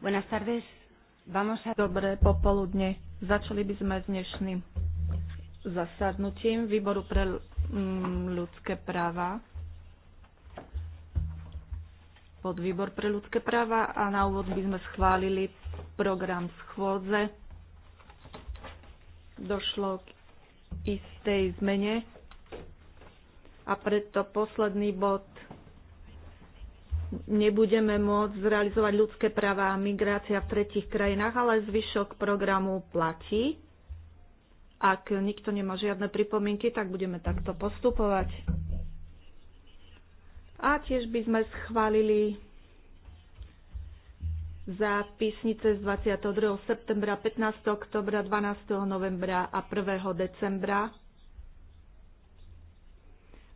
Buenas tardes. Vamos a... Dobré popoludne. Začali by sme dnešným zasadnutím Výboru pre mm, ľudské práva. Pod Výbor pre ľudské práva a na úvod by sme schválili program schôdze. Došlo k istej zmene a preto posledný bod nebudeme môcť zrealizovať ľudské práva a migrácia v tretich krajinách, ale zvyšok programu platí. Ak nikto nemá žiadne pripomienky, tak budeme takto postupovať. A tiež by sme schválili zápisnice z 22. septembra, 15. oktobra, 12. novembra a 1. decembra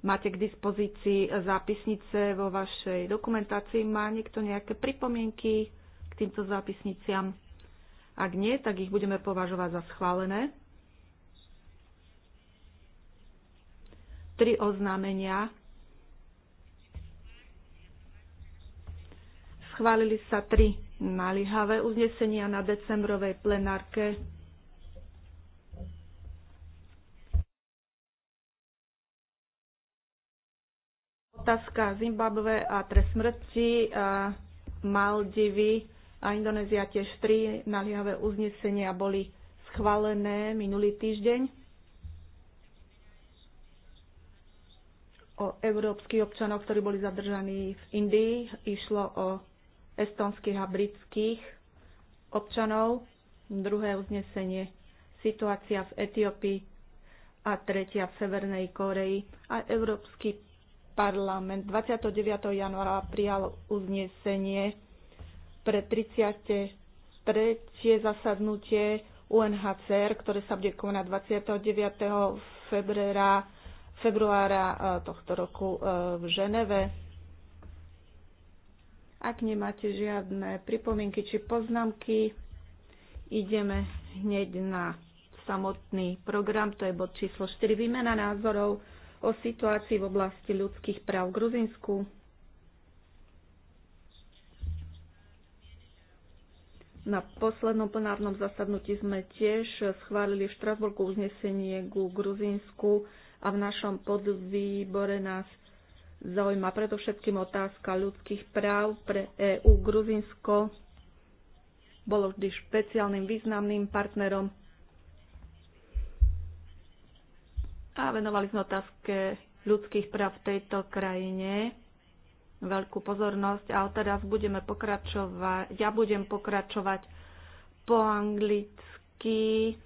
Máte k dispozícii zápisnice vo vašej dokumentácii. Má niekto nejaké pripomienky k týmto zápisniciam? Ak nie, tak ich budeme považovať za schválené. Tri oznámenia. Schválili sa tri naliehavé uznesenia na decembrovej plenárke Otázka Zimbabwe a trest smrti, Maldivy a Indonézia tiež tri naliehavé uznesenia boli schválené minulý týždeň. o európskych občanov, ktorí boli zadržaní v Indii. Išlo o estonských a britských občanov. Druhé uznesenie situácia v Etiópii a tretia v Severnej Koreji. A Európsky parlament 29. januára prijal uznesenie pre 33. zasadnutie UNHCR, ktoré sa bude konať 29. februára, februára e, tohto roku e, v Ženeve. Ak nemáte žiadne pripomienky či poznámky, ideme hneď na samotný program, to je bod číslo 4, výmena názorov o situácii v oblasti ľudských práv v Gruzinsku. Na poslednom plenárnom zasadnutí sme tiež schválili v Štrasburgu uznesenie ku Gruzinsku a v našom podvýbore nás zaujíma predovšetkým otázka ľudských práv pre EÚ. Gruzinsko. bolo vždy špeciálnym významným partnerom a venovali sme otázke ľudských práv v tejto krajine veľkú pozornosť a teraz budeme pokračovať, ja budem pokračovať po anglicky,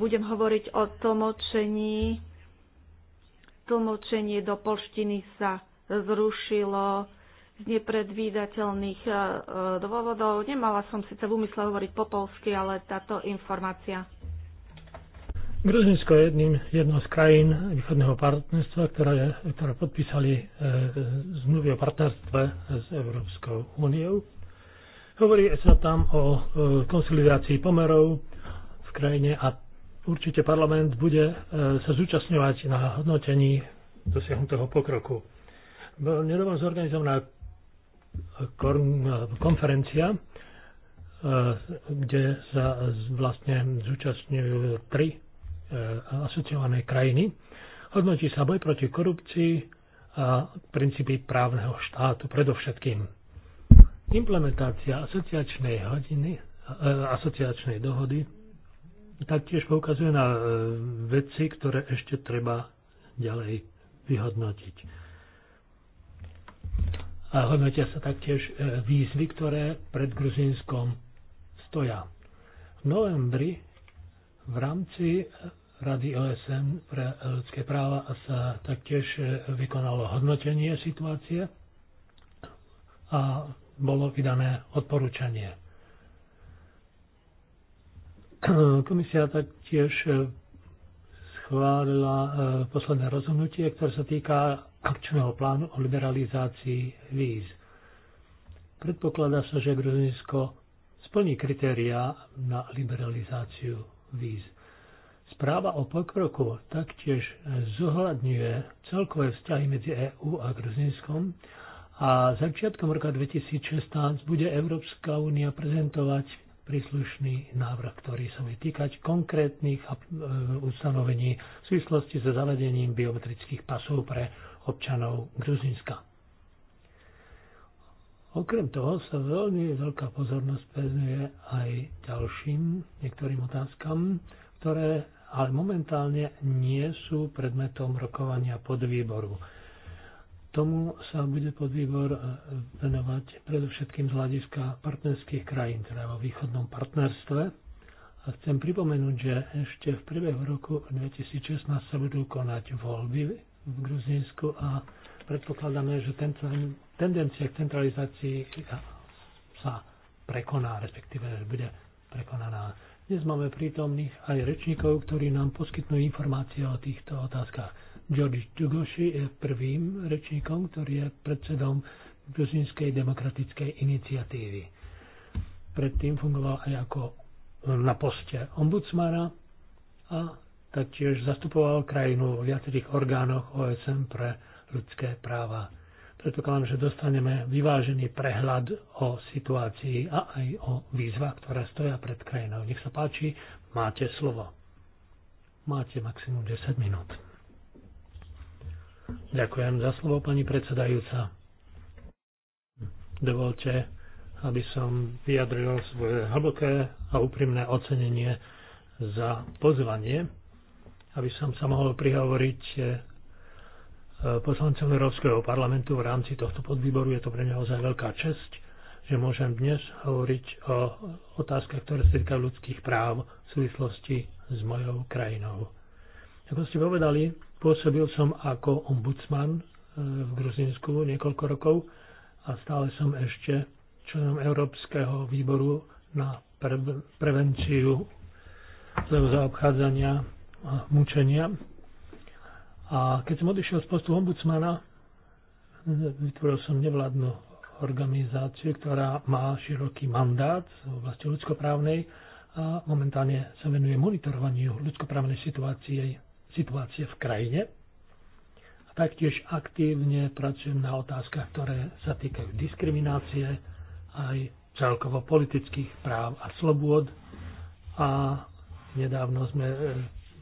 budem hovoriť o tlmočení. Tlmočenie do polštiny sa zrušilo z nepredvídateľných e, e, dôvodov. Nemala som síce v úmysle hovoriť po polsky, ale táto informácia Gruzinsko je jedným, jednou z krajín východného partnerstva, ktoré, ktoré podpísali e, zmluvy o partnerstve s Európskou úniou. Hovorí sa tam o e, konsolidácii pomerov v krajine a určite parlament bude e, sa zúčastňovať na hodnotení dosiahnutého pokroku. Bol nedávno zorganizovaná konferencia, e, kde sa vlastne zúčastňujú tri E, asociované krajiny. Hodnotí sa boj proti korupcii a princípy právneho štátu predovšetkým. Implementácia asociačnej hodiny, e, asociačnej dohody taktiež poukazuje na e, veci, ktoré ešte treba ďalej vyhodnotiť. A hodnotia sa taktiež výzvy, ktoré pred Gruzínskom stoja. V novembri v rámci Rady OSN pre ľudské práva sa taktiež vykonalo hodnotenie situácie a bolo vydané odporúčanie. Komisia taktiež schválila e, posledné rozhodnutie, ktoré sa týka akčného plánu o liberalizácii víz. Predpokladá sa, že Gruzinsko splní kritériá na liberalizáciu víz. Správa o pokroku taktiež zohľadňuje celkové vzťahy medzi EÚ a Gruzinskom a začiatkom roka 2016 bude Európska únia prezentovať príslušný návrh, ktorý sa bude týkať konkrétnych e, ustanovení v súvislosti so zavedením biometrických pasov pre občanov Gruzinska. Okrem toho sa veľmi veľká pozornosť venuje aj ďalším niektorým otázkam, ktoré ale momentálne nie sú predmetom rokovania podvýboru. Tomu sa bude podvýbor e, venovať predovšetkým z hľadiska partnerských krajín, teda vo východnom partnerstve. A chcem pripomenúť, že ešte v priebehu roku 2016 sa budú konať voľby v Gruzínsku a predpokladáme, že tento tendencia k centralizácii sa prekoná, respektíve bude prekonaná. Dnes máme prítomných aj rečníkov, ktorí nám poskytnú informácie o týchto otázkach. George Dugoshi je prvým rečníkom, ktorý je predsedom Gruzinskej demokratickej iniciatívy. Predtým fungoval aj ako na poste ombudsmana a taktiež zastupoval krajinu v viacerých orgánoch OSM pre ľudské práva predpokladám, že dostaneme vyvážený prehľad o situácii a aj o výzvach, ktoré stoja pred krajinou. Nech sa páči, máte slovo. Máte maximum 10 minút. Ďakujem za slovo, pani predsedajúca. Dovolte, aby som vyjadril svoje hlboké a úprimné ocenenie za pozvanie, aby som sa mohol prihovoriť poslancom Európskeho parlamentu v rámci tohto podvýboru. Je to pre neho ozaj veľká česť, že môžem dnes hovoriť o otázkach, ktoré sa týkajú ľudských práv v súvislosti s mojou krajinou. Ako ste povedali, pôsobil som ako ombudsman e, v Gruzinsku niekoľko rokov a stále som ešte členom Európskeho výboru na prevenciu zaobchádzania a mučenia a keď som odišiel z postu ombudsmana, vytvoril som nevládnu organizáciu, ktorá má široký mandát v oblasti ľudskoprávnej a momentálne sa venuje monitorovaniu ľudskoprávnej situácie, situácie v krajine. A taktiež aktívne pracujem na otázkach, ktoré sa týkajú diskriminácie, aj celkovo politických práv a slobôd. A nedávno sme e,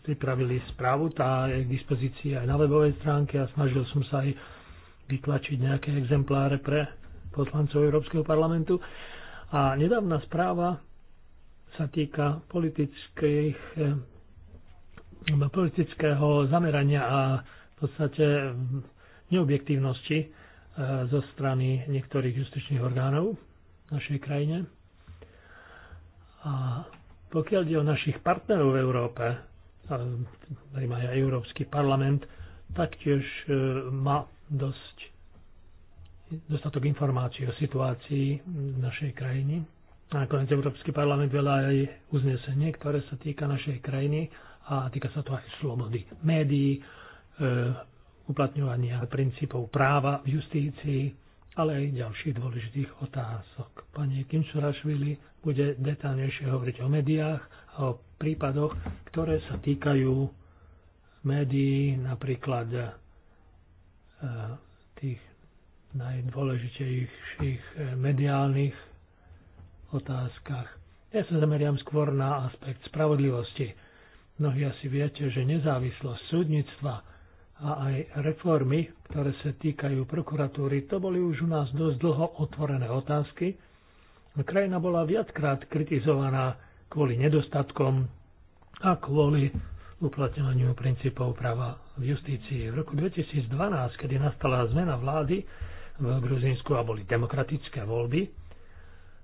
pripravili správu, tá je k dispozícii aj na webovej stránke a snažil som sa aj vytlačiť nejaké exempláre pre poslancov Európskeho parlamentu. A nedávna správa sa týka politických, eh, politického zamerania a v podstate neobjektívnosti eh, zo strany niektorých justičných orgánov v našej krajine. A pokiaľ ide o našich partnerov v Európe, aj Európsky parlament, taktiež e, má dosť dostatok informácií o situácii v našej krajine. A nakoniec Európsky parlament veľa aj uznesenie, ktoré sa týka našej krajiny a týka sa to aj slobody médií, e, uplatňovania princípov práva v justícii, ale aj ďalších dôležitých otázok. Pani Kimčurašvili bude detálnejšie hovoriť o médiách o prípadoch, ktoré sa týkajú médií, napríklad e, tých najdôležitejších e, mediálnych otázkach. Ja sa zameriam skôr na aspekt spravodlivosti. Mnohí asi viete, že nezávislosť súdnictva a aj reformy, ktoré sa týkajú prokuratúry, to boli už u nás dosť dlho otvorené otázky. Krajina bola viackrát kritizovaná kvôli nedostatkom a kvôli uplatňovaniu princípov práva v justícii. V roku 2012, kedy nastala zmena vlády v Gruzínsku a boli demokratické voľby,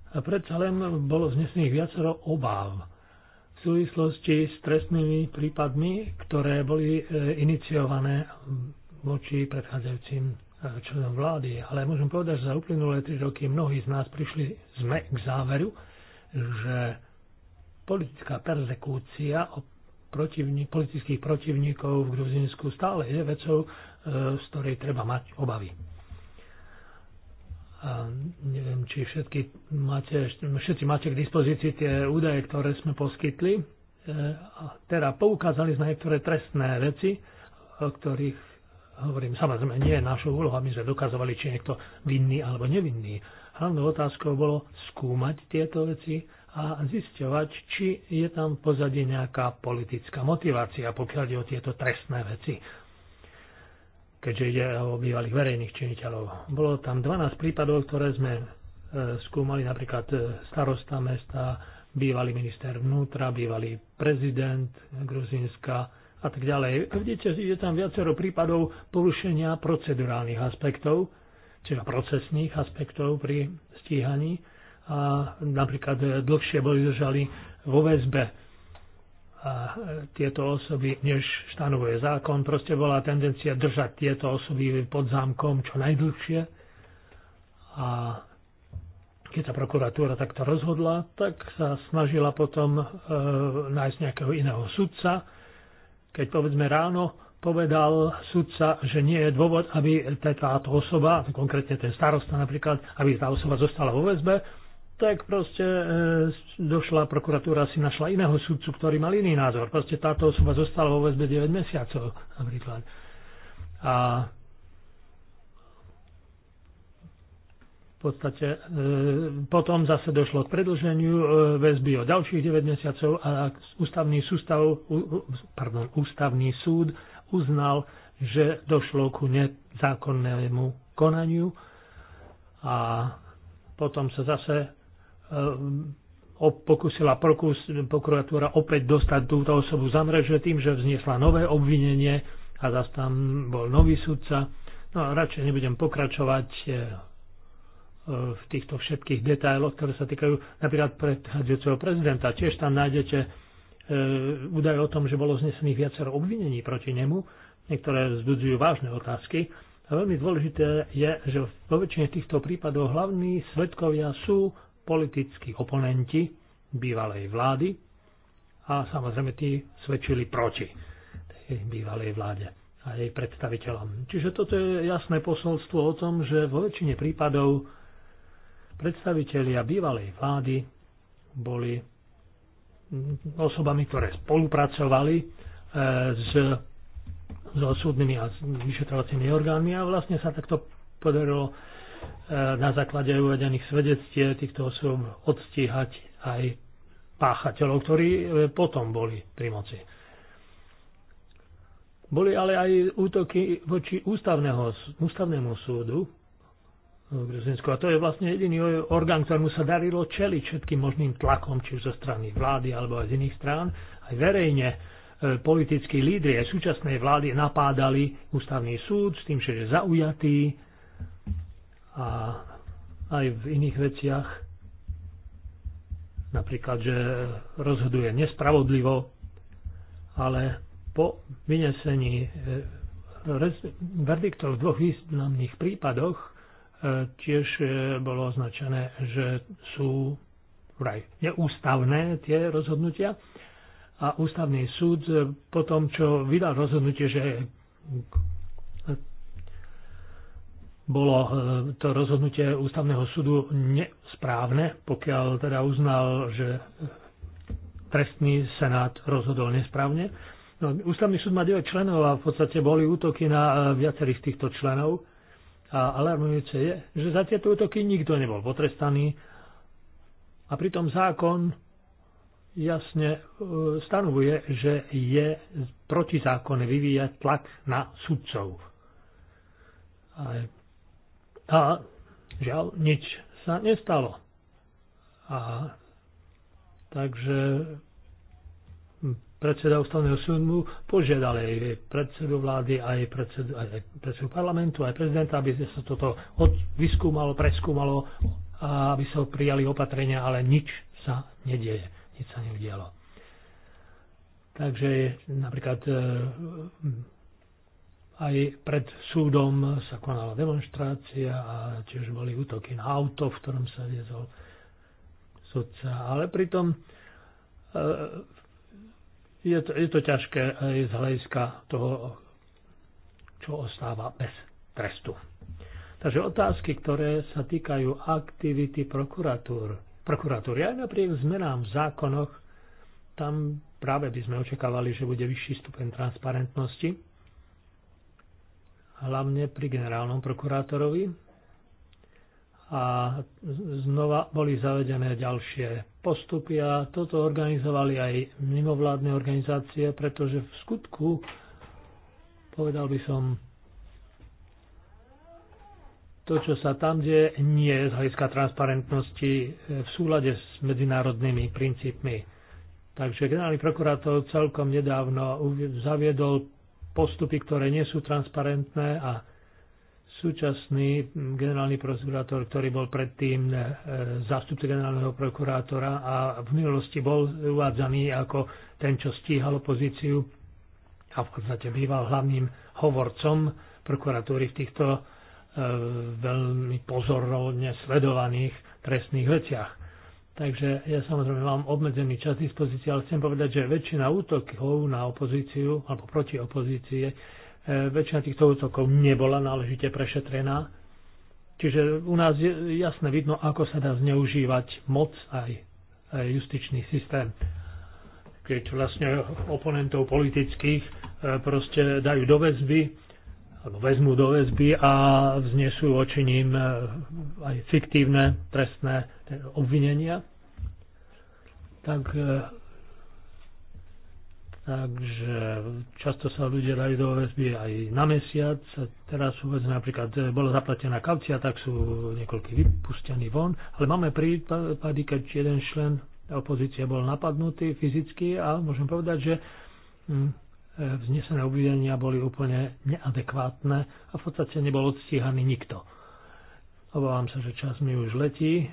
a predsa len bolo znesených viacero obáv v súvislosti s trestnými prípadmi, ktoré boli e, iniciované voči predchádzajúcim e, členom vlády. Ale môžem povedať, že za uplynulé tri roky mnohí z nás prišli sme k záveru, že politická persekúcia protivní, politických protivníkov v Gruzinsku stále je vecou, e, z ktorej treba mať obavy. A neviem, či všetky máte, všetci máte k dispozícii tie údaje, ktoré sme poskytli. E, a teda poukázali sme niektoré trestné veci, o ktorých hovorím, samozrejme nie je našou úlohou, aby sme dokazovali, či je niekto vinný alebo nevinný. Hlavnou otázkou bolo skúmať tieto veci a zisťovať, či je tam pozadie nejaká politická motivácia, pokiaľ je o tieto trestné veci. Keďže ide o bývalých verejných činiteľov. Bolo tam 12 prípadov, ktoré sme e, skúmali, napríklad e, starosta mesta, bývalý minister vnútra, bývalý prezident Gruzínska a tak ďalej. Vidíte, je tam viacero prípadov porušenia procedurálnych aspektov, čiže teda procesných aspektov pri stíhaní a napríklad eh, dlhšie boli držali vo väzbe. A eh, tieto osoby, než stanovuje zákon, proste bola tendencia držať tieto osoby pod zámkom čo najdlhšie. A keď sa prokuratúra takto rozhodla, tak sa snažila potom e, nájsť nejakého iného sudca. Keď povedzme ráno povedal sudca, že nie je dôvod, aby táto osoba, konkrétne ten starosta napríklad, aby tá osoba zostala vo väzbe, tak proste e, došla prokuratúra, si našla iného sudcu, ktorý mal iný názor. Proste táto osoba zostala vo väzbe 9 mesiacov napríklad. A v podstate e, potom zase došlo k predlženiu e, väzby o ďalších 9 mesiacov a ústavný, sústav, u, pardon, ústavný súd uznal, že došlo ku nezákonnému konaniu a potom sa zase Ehm, pokusila prokuratúra opäť dostať túto osobu za mreže tým, že vzniesla nové obvinenie a zase tam bol nový sudca. No radšej nebudem pokračovať eh, eh, v týchto všetkých detailoch, ktoré sa týkajú napríklad predchádzajúceho prezidenta. Tiež tam nájdete eh, údaj o tom, že bolo znesených viacero obvinení proti nemu. Niektoré vzbudzujú vážne otázky. A veľmi dôležité je, že vo väčšine týchto prípadov hlavní svetkovia sú politickí oponenti bývalej vlády a samozrejme tí svedčili proti tej bývalej vláde a jej predstaviteľom. Čiže toto je jasné posolstvo o tom, že vo väčšine prípadov predstavitelia bývalej vlády boli osobami, ktoré spolupracovali s, e, s so súdnymi a vyšetrovacími orgánmi a vlastne sa takto podarilo na základe uvedených svedectie týchto osôb odstíhať aj páchateľov, ktorí e, potom boli pri moci. Boli ale aj útoky voči ústavného, ústavnému súdu v Gruzinsku. A to je vlastne jediný orgán, ktorému sa darilo čeliť všetkým možným tlakom, či už zo strany vlády alebo aj z iných strán. Aj verejne e, politickí lídry aj súčasnej vlády napádali ústavný súd s tým, že je zaujatý a aj v iných veciach, napríklad, že rozhoduje nespravodlivo, ale po vynesení e, verdiktov v dvoch významných prípadoch e, tiež e, bolo označené, že sú vraj neústavné tie rozhodnutia a ústavný súd po tom, čo vydal rozhodnutie, že bolo e, to rozhodnutie ústavného súdu nesprávne, pokiaľ teda uznal, že trestný senát rozhodol nesprávne. No, ústavný súd má 9 členov a v podstate boli útoky na e, viacerých týchto členov. A alarmujúce je, že za tieto útoky nikto nebol potrestaný a pritom zákon jasne e, stanovuje, že je protizákonné vyvíjať tlak na sudcov. A a žiaľ, nič sa nestalo. A takže predseda ústavného súdu požiadal aj predsedu vlády, aj predsedu, aj predsedu parlamentu, aj prezidenta, aby sa toto od, vyskúmalo, preskúmalo a aby sa prijali opatrenia, ale nič sa nedieje, nič sa neudialo. Takže napríklad e, aj pred súdom sa konala demonstrácia a tiež boli útoky na auto, v ktorom sa viezol sudca. Ale pritom eh, je to, je to ťažké aj z hľadiska toho, čo ostáva bez trestu. Takže otázky, ktoré sa týkajú aktivity prokuratúr, prokuratúry, aj napriek zmenám v zákonoch, tam práve by sme očakávali, že bude vyšší stupeň transparentnosti hlavne pri generálnom prokurátorovi. A znova boli zavedené ďalšie postupy a toto organizovali aj mimovládne organizácie, pretože v skutku, povedal by som, to, čo sa tam deje, nie je z hľadiska transparentnosti e, v súlade s medzinárodnými princípmi. Takže generálny prokurátor celkom nedávno zaviedol postupy, ktoré nie sú transparentné a súčasný mm, generálny prokurátor, ktorý bol predtým e, zástupca generálneho prokurátora a v minulosti bol uvádzaný ako ten, čo stíhal opozíciu a v podstate býval hlavným hovorcom prokuratúry v týchto e, veľmi pozorovne sledovaných trestných veciach. Takže ja samozrejme mám obmedzený čas dispozície, ale chcem povedať, že väčšina útokov na opozíciu alebo proti opozície, e, väčšina týchto útokov nebola náležite prešetrená. Čiže u nás je jasne vidno, ako sa dá zneužívať moc aj, aj justičný systém. Keď vlastne oponentov politických e, proste dajú do väzby, alebo vezmú do väzby a vznesú voči ním eh, aj fiktívne trestné obvinenia. Tak, eh, takže často sa ľudia dali do väzby aj na mesiac. Teraz vôbec napríklad, eh, bola zaplatená kaucia, tak sú niekoľkí vypustení von. Ale máme prípady, keď jeden člen opozície bol napadnutý fyzicky a môžem povedať, že hm, vznesené obvinenia boli úplne neadekvátne a v podstate nebol odstíhaný nikto. Obávam sa, že čas mi už letí,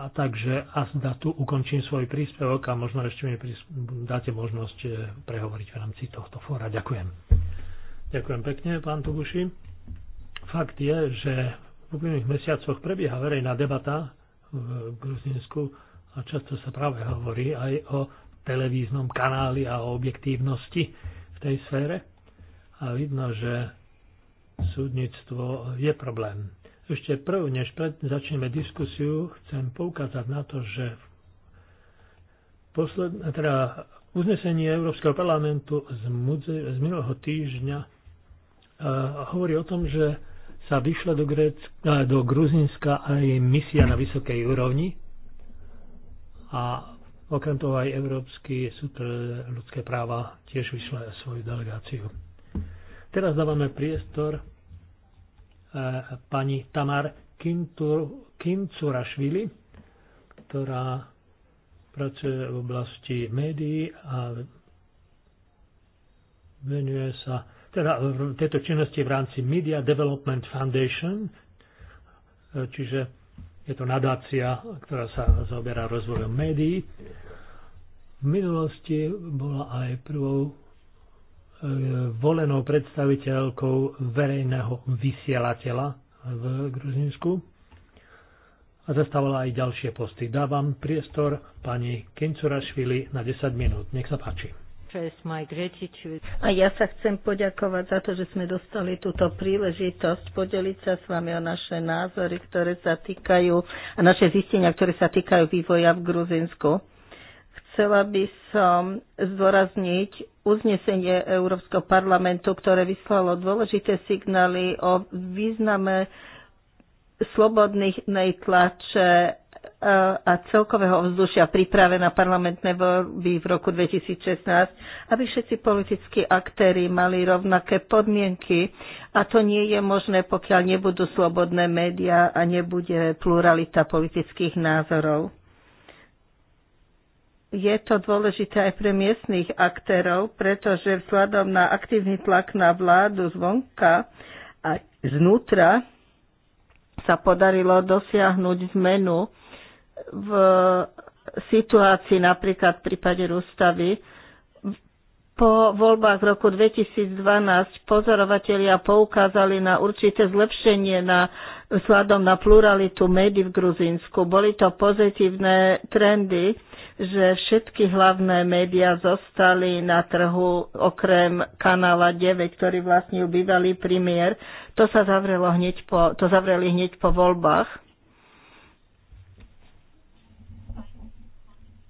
a takže azda tu ukončím svoj príspevok a možno ešte mi dáte možnosť e, prehovoriť v rámci tohto fóra. Ďakujem. Ďakujem pekne, pán Tuguši. Fakt je, že v uplynulých mesiacoch prebieha verejná debata v Gruzinsku a často sa práve hovorí aj o televíznom kanáli a o objektívnosti tej sfére a vidno, že súdnictvo je problém. Ešte prv, než pred, začneme diskusiu, chcem poukázať na to, že posledné teda uznesenie Európskeho parlamentu z, muze, z minulého týždňa e, hovorí o tom, že sa vyšla do, Grécka, e, do Gruzinska aj misia na vysokej úrovni a Okrem toho aj Európsky súd pre ľudské práva tiež vyšle svoju delegáciu. Teraz dávame priestor e, pani Tamar Kincurašvili, ktorá pracuje v oblasti médií a venuje sa teda v tejto činnosti v rámci Media Development Foundation, e, čiže je to nadácia, ktorá sa zaoberá rozvojom médií. V minulosti bola aj prvou e, volenou predstaviteľkou verejného vysielateľa v Gruzinsku a zastávala aj ďalšie posty. Dávam priestor pani Kincurašvili na 10 minút. Nech sa páči. A ja sa chcem poďakovať za to, že sme dostali túto príležitosť podeliť sa s vami o naše názory, ktoré sa týkajú, a naše zistenia, ktoré sa týkajú vývoja v Gruzinsku. Chcela by som zdôrazniť uznesenie Európskeho parlamentu, ktoré vyslalo dôležité signály o význame slobodnej tlače a celkového ovzdušia príprave na parlamentné voľby v roku 2016, aby všetci politickí aktéry mali rovnaké podmienky a to nie je možné, pokiaľ nebudú slobodné médiá a nebude pluralita politických názorov. Je to dôležité aj pre miestných aktérov, pretože vzhľadom na aktívny tlak na vládu zvonka a znútra sa podarilo dosiahnuť zmenu v situácii napríklad v prípade Rústavy. Po voľbách v roku 2012 pozorovatelia poukázali na určité zlepšenie na, vzhľadom na pluralitu médií v Gruzínsku. Boli to pozitívne trendy, že všetky hlavné médiá zostali na trhu okrem kanála 9, ktorý vlastnil bývalý premiér. To sa zavrelo hneď po, to zavreli hneď po voľbách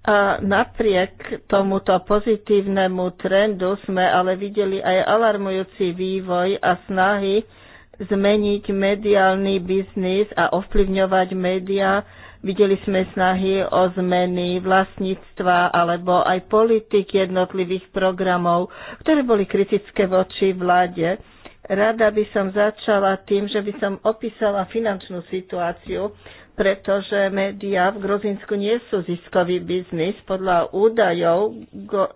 A napriek tomuto pozitívnemu trendu sme ale videli aj alarmujúci vývoj a snahy zmeniť mediálny biznis a ovplyvňovať médiá. Videli sme snahy o zmeny vlastníctva alebo aj politik jednotlivých programov, ktoré boli kritické voči vláde. Rada by som začala tým, že by som opísala finančnú situáciu pretože médiá v Gruzínsku nie sú ziskový biznis. Podľa údajov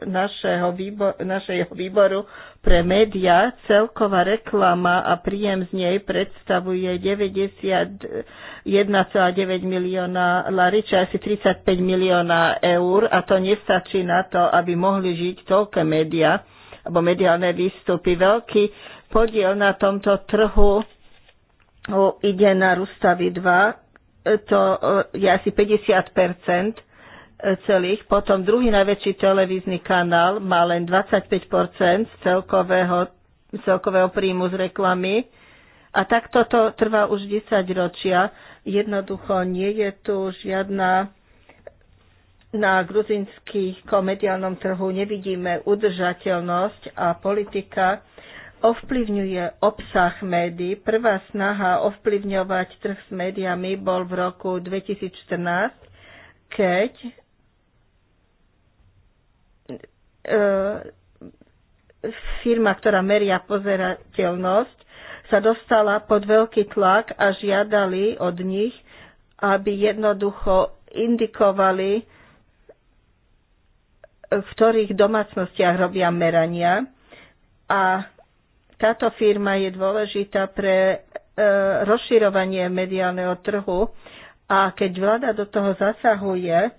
našeho výboru, našeho výboru pre médiá celková reklama a príjem z nej predstavuje 91,9 milióna lari, čiže asi 35 milióna eur a to nestačí na to, aby mohli žiť toľké médiá alebo mediálne výstupy. Veľký podiel na tomto trhu ide na Rustavi 2, to e, je asi 50 e, celých. Potom druhý najväčší televízny kanál má len 25 z celkového, celkového príjmu z reklamy. A takto to trvá už 10 ročia. Jednoducho nie je tu žiadna na gruzinských komediálnom trhu nevidíme udržateľnosť a politika ovplyvňuje obsah médií. Prvá snaha ovplyvňovať trh s médiami bol v roku 2014, keď e, firma, ktorá meria pozerateľnosť, sa dostala pod veľký tlak a žiadali od nich, aby jednoducho indikovali, v ktorých domácnostiach robia merania. A táto firma je dôležitá pre e, rozširovanie mediálneho trhu a keď vláda do toho zasahuje,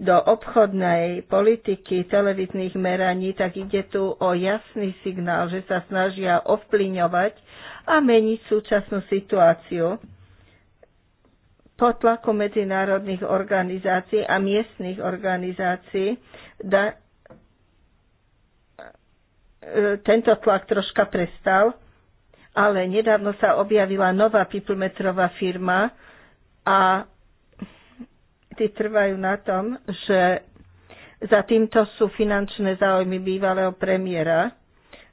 do obchodnej politiky televíznych meraní, tak ide tu o jasný signál, že sa snažia ovplyňovať a meniť súčasnú situáciu pod tlaku medzinárodných organizácií a miestnych organizácií da, tento tlak troška prestal, ale nedávno sa objavila nová piplmetrová firma a tí trvajú na tom, že za týmto sú finančné záujmy bývalého premiéra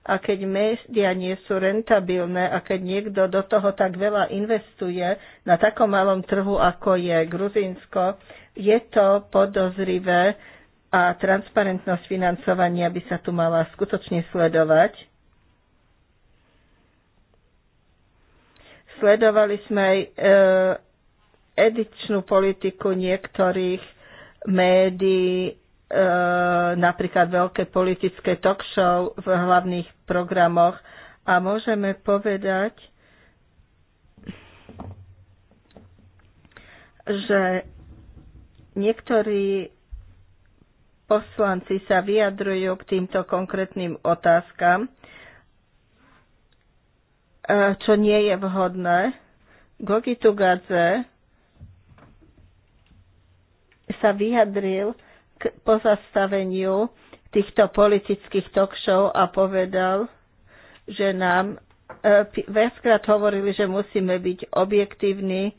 a keď médiá nie sú rentabilné a keď niekto do toho tak veľa investuje na takom malom trhu, ako je Gruzínsko, je to podozrivé a transparentnosť financovania by sa tu mala skutočne sledovať. Sledovali sme aj e, edičnú politiku niektorých médií, e, napríklad veľké politické talk show v hlavných programoch a môžeme povedať, že niektorí poslanci sa vyjadrujú k týmto konkrétnym otázkam, e, čo nie je vhodné. Gogi Tugadze sa vyjadril k pozastaveniu týchto politických tokšov a povedal, že nám e, viackrát hovorili, že musíme byť objektívni,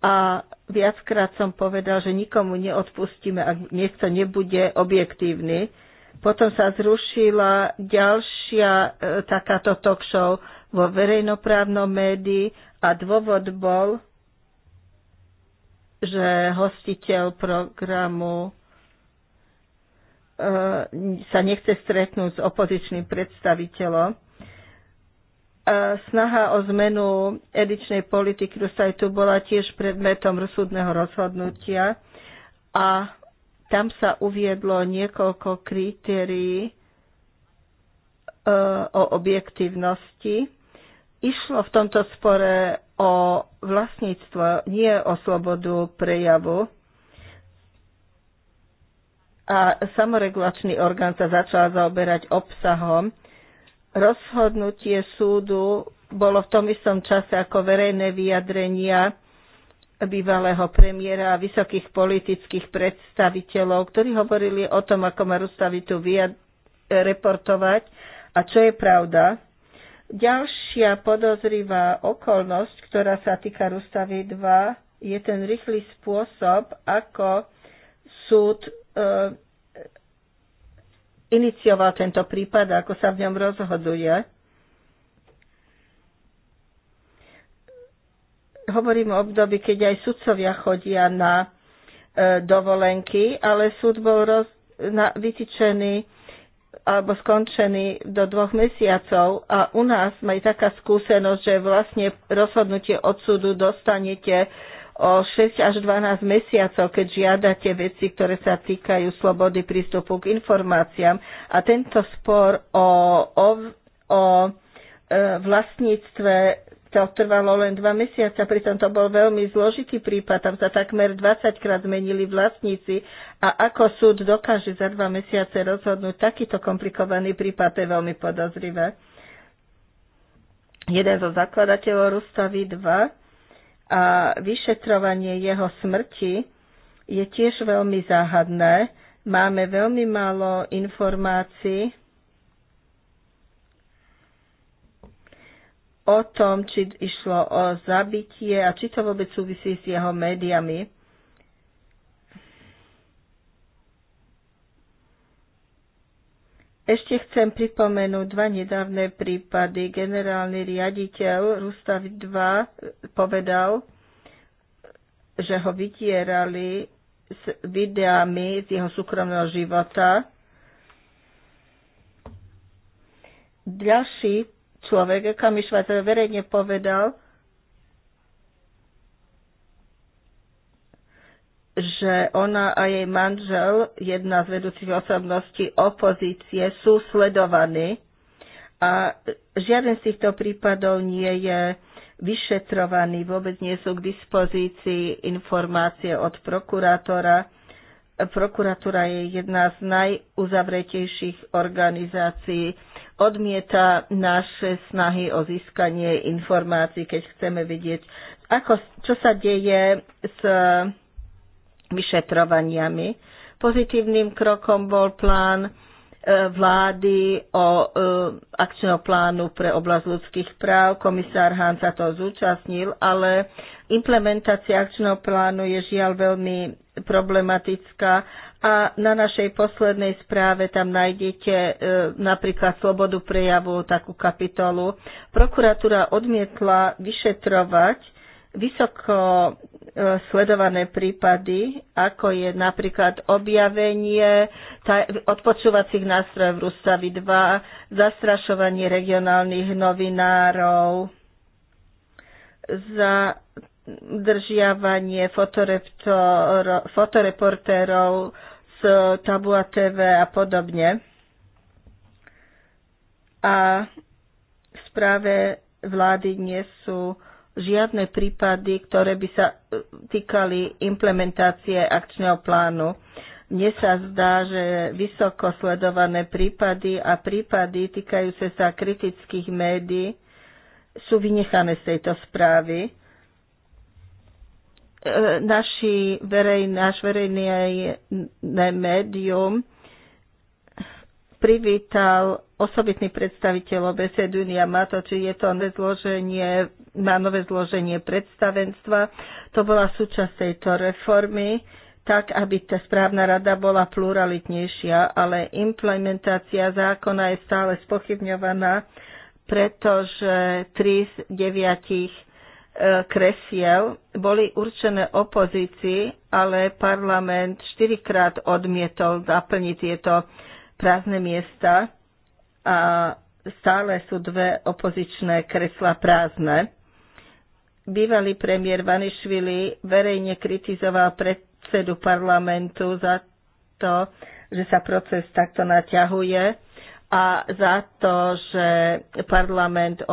a viackrát som povedal, že nikomu neodpustíme, ak niekto nebude objektívny. Potom sa zrušila ďalšia e, takáto talk show vo verejnoprávnom médii a dôvod bol, že hostiteľ programu e, sa nechce stretnúť s opozičným predstaviteľom snaha o zmenu edičnej politiky tu bola tiež predmetom rozsudného rozhodnutia a tam sa uviedlo niekoľko kritérií e, o objektívnosti. Išlo v tomto spore o vlastníctvo, nie o slobodu prejavu. A samoregulačný orgán sa začal zaoberať obsahom rozhodnutie súdu bolo v tom istom čase ako verejné vyjadrenia bývalého premiéra a vysokých politických predstaviteľov, ktorí hovorili o tom, ako má Rustavitu reportovať a čo je pravda. Ďalšia podozrivá okolnosť, ktorá sa týka Rustavy 2, je ten rýchly spôsob, ako súd e, inicioval tento prípad a ako sa v ňom rozhoduje. Hovorím o období, keď aj sudcovia chodia na e, dovolenky, ale súd bol roz, na, vytičený alebo skončený do dvoch mesiacov a u nás majú taká skúsenosť, že vlastne rozhodnutie od súdu dostanete o 6 až 12 mesiacov, keď žiadate veci, ktoré sa týkajú slobody prístupu k informáciám. A tento spor o, o, o e, vlastníctve to trvalo len dva mesiaca, pritom to bol veľmi zložitý prípad, tam sa takmer 20 krát zmenili vlastníci a ako súd dokáže za dva mesiace rozhodnúť takýto komplikovaný prípad, to je veľmi podozrivé. Jeden zo zakladateľov Rustavy 2 a vyšetrovanie jeho smrti je tiež veľmi záhadné. Máme veľmi málo informácií o tom, či išlo o zabitie a či to vôbec súvisí s jeho médiami. Ešte chcem pripomenúť dva nedávne prípady. Generálny riaditeľ Rustav 2 povedal, že ho vydierali s videami z jeho súkromného života. Ďalší človek, Kami Švajcar, verejne povedal, že ona a jej manžel, jedna z vedúcich osobností opozície, sú sledovaní a žiaden z týchto prípadov nie je vyšetrovaní, vôbec nie sú k dispozícii informácie od prokurátora. Prokuratúra je jedna z najuzavretejších organizácií, odmieta naše snahy o získanie informácií, keď chceme vidieť, ako, čo sa deje s vyšetrovaniami. Pozitívnym krokom bol plán e, vlády o e, akčného plánu pre oblasť ľudských práv. Komisár Hán sa to zúčastnil, ale implementácia akčného plánu je žiaľ veľmi problematická a na našej poslednej správe tam nájdete e, napríklad slobodu prejavu, takú kapitolu. Prokuratúra odmietla vyšetrovať vysoko e, sledované prípady, ako je napríklad objavenie odpočúvacích nástrojov Rustavy 2, zastrašovanie regionálnych novinárov, zadržiavanie fotoreportérov z Tabua TV a podobne. A v správe vlády nie sú žiadne prípady, ktoré by sa e, týkali implementácie akčného plánu. Mne sa zdá, že vysoko sledované prípady a prípady týkajúce sa kritických médií sú vynechané z tejto správy. E, naši verej, náš verejný médium privítal osobitný predstaviteľ OBSE Dunia Mato, či je to nové zloženie, má nové zloženie predstavenstva. To bola súčasť tejto reformy tak, aby tá správna rada bola pluralitnejšia, ale implementácia zákona je stále spochybňovaná, pretože 3 z 9 e, kresiel boli určené opozícii, ale parlament štyrikrát odmietol zaplniť tieto prázdne miesta a stále sú dve opozičné kresla prázdne. Bývalý premiér Vanišvili verejne kritizoval predsedu parlamentu za to, že sa proces takto naťahuje a za to, že parlament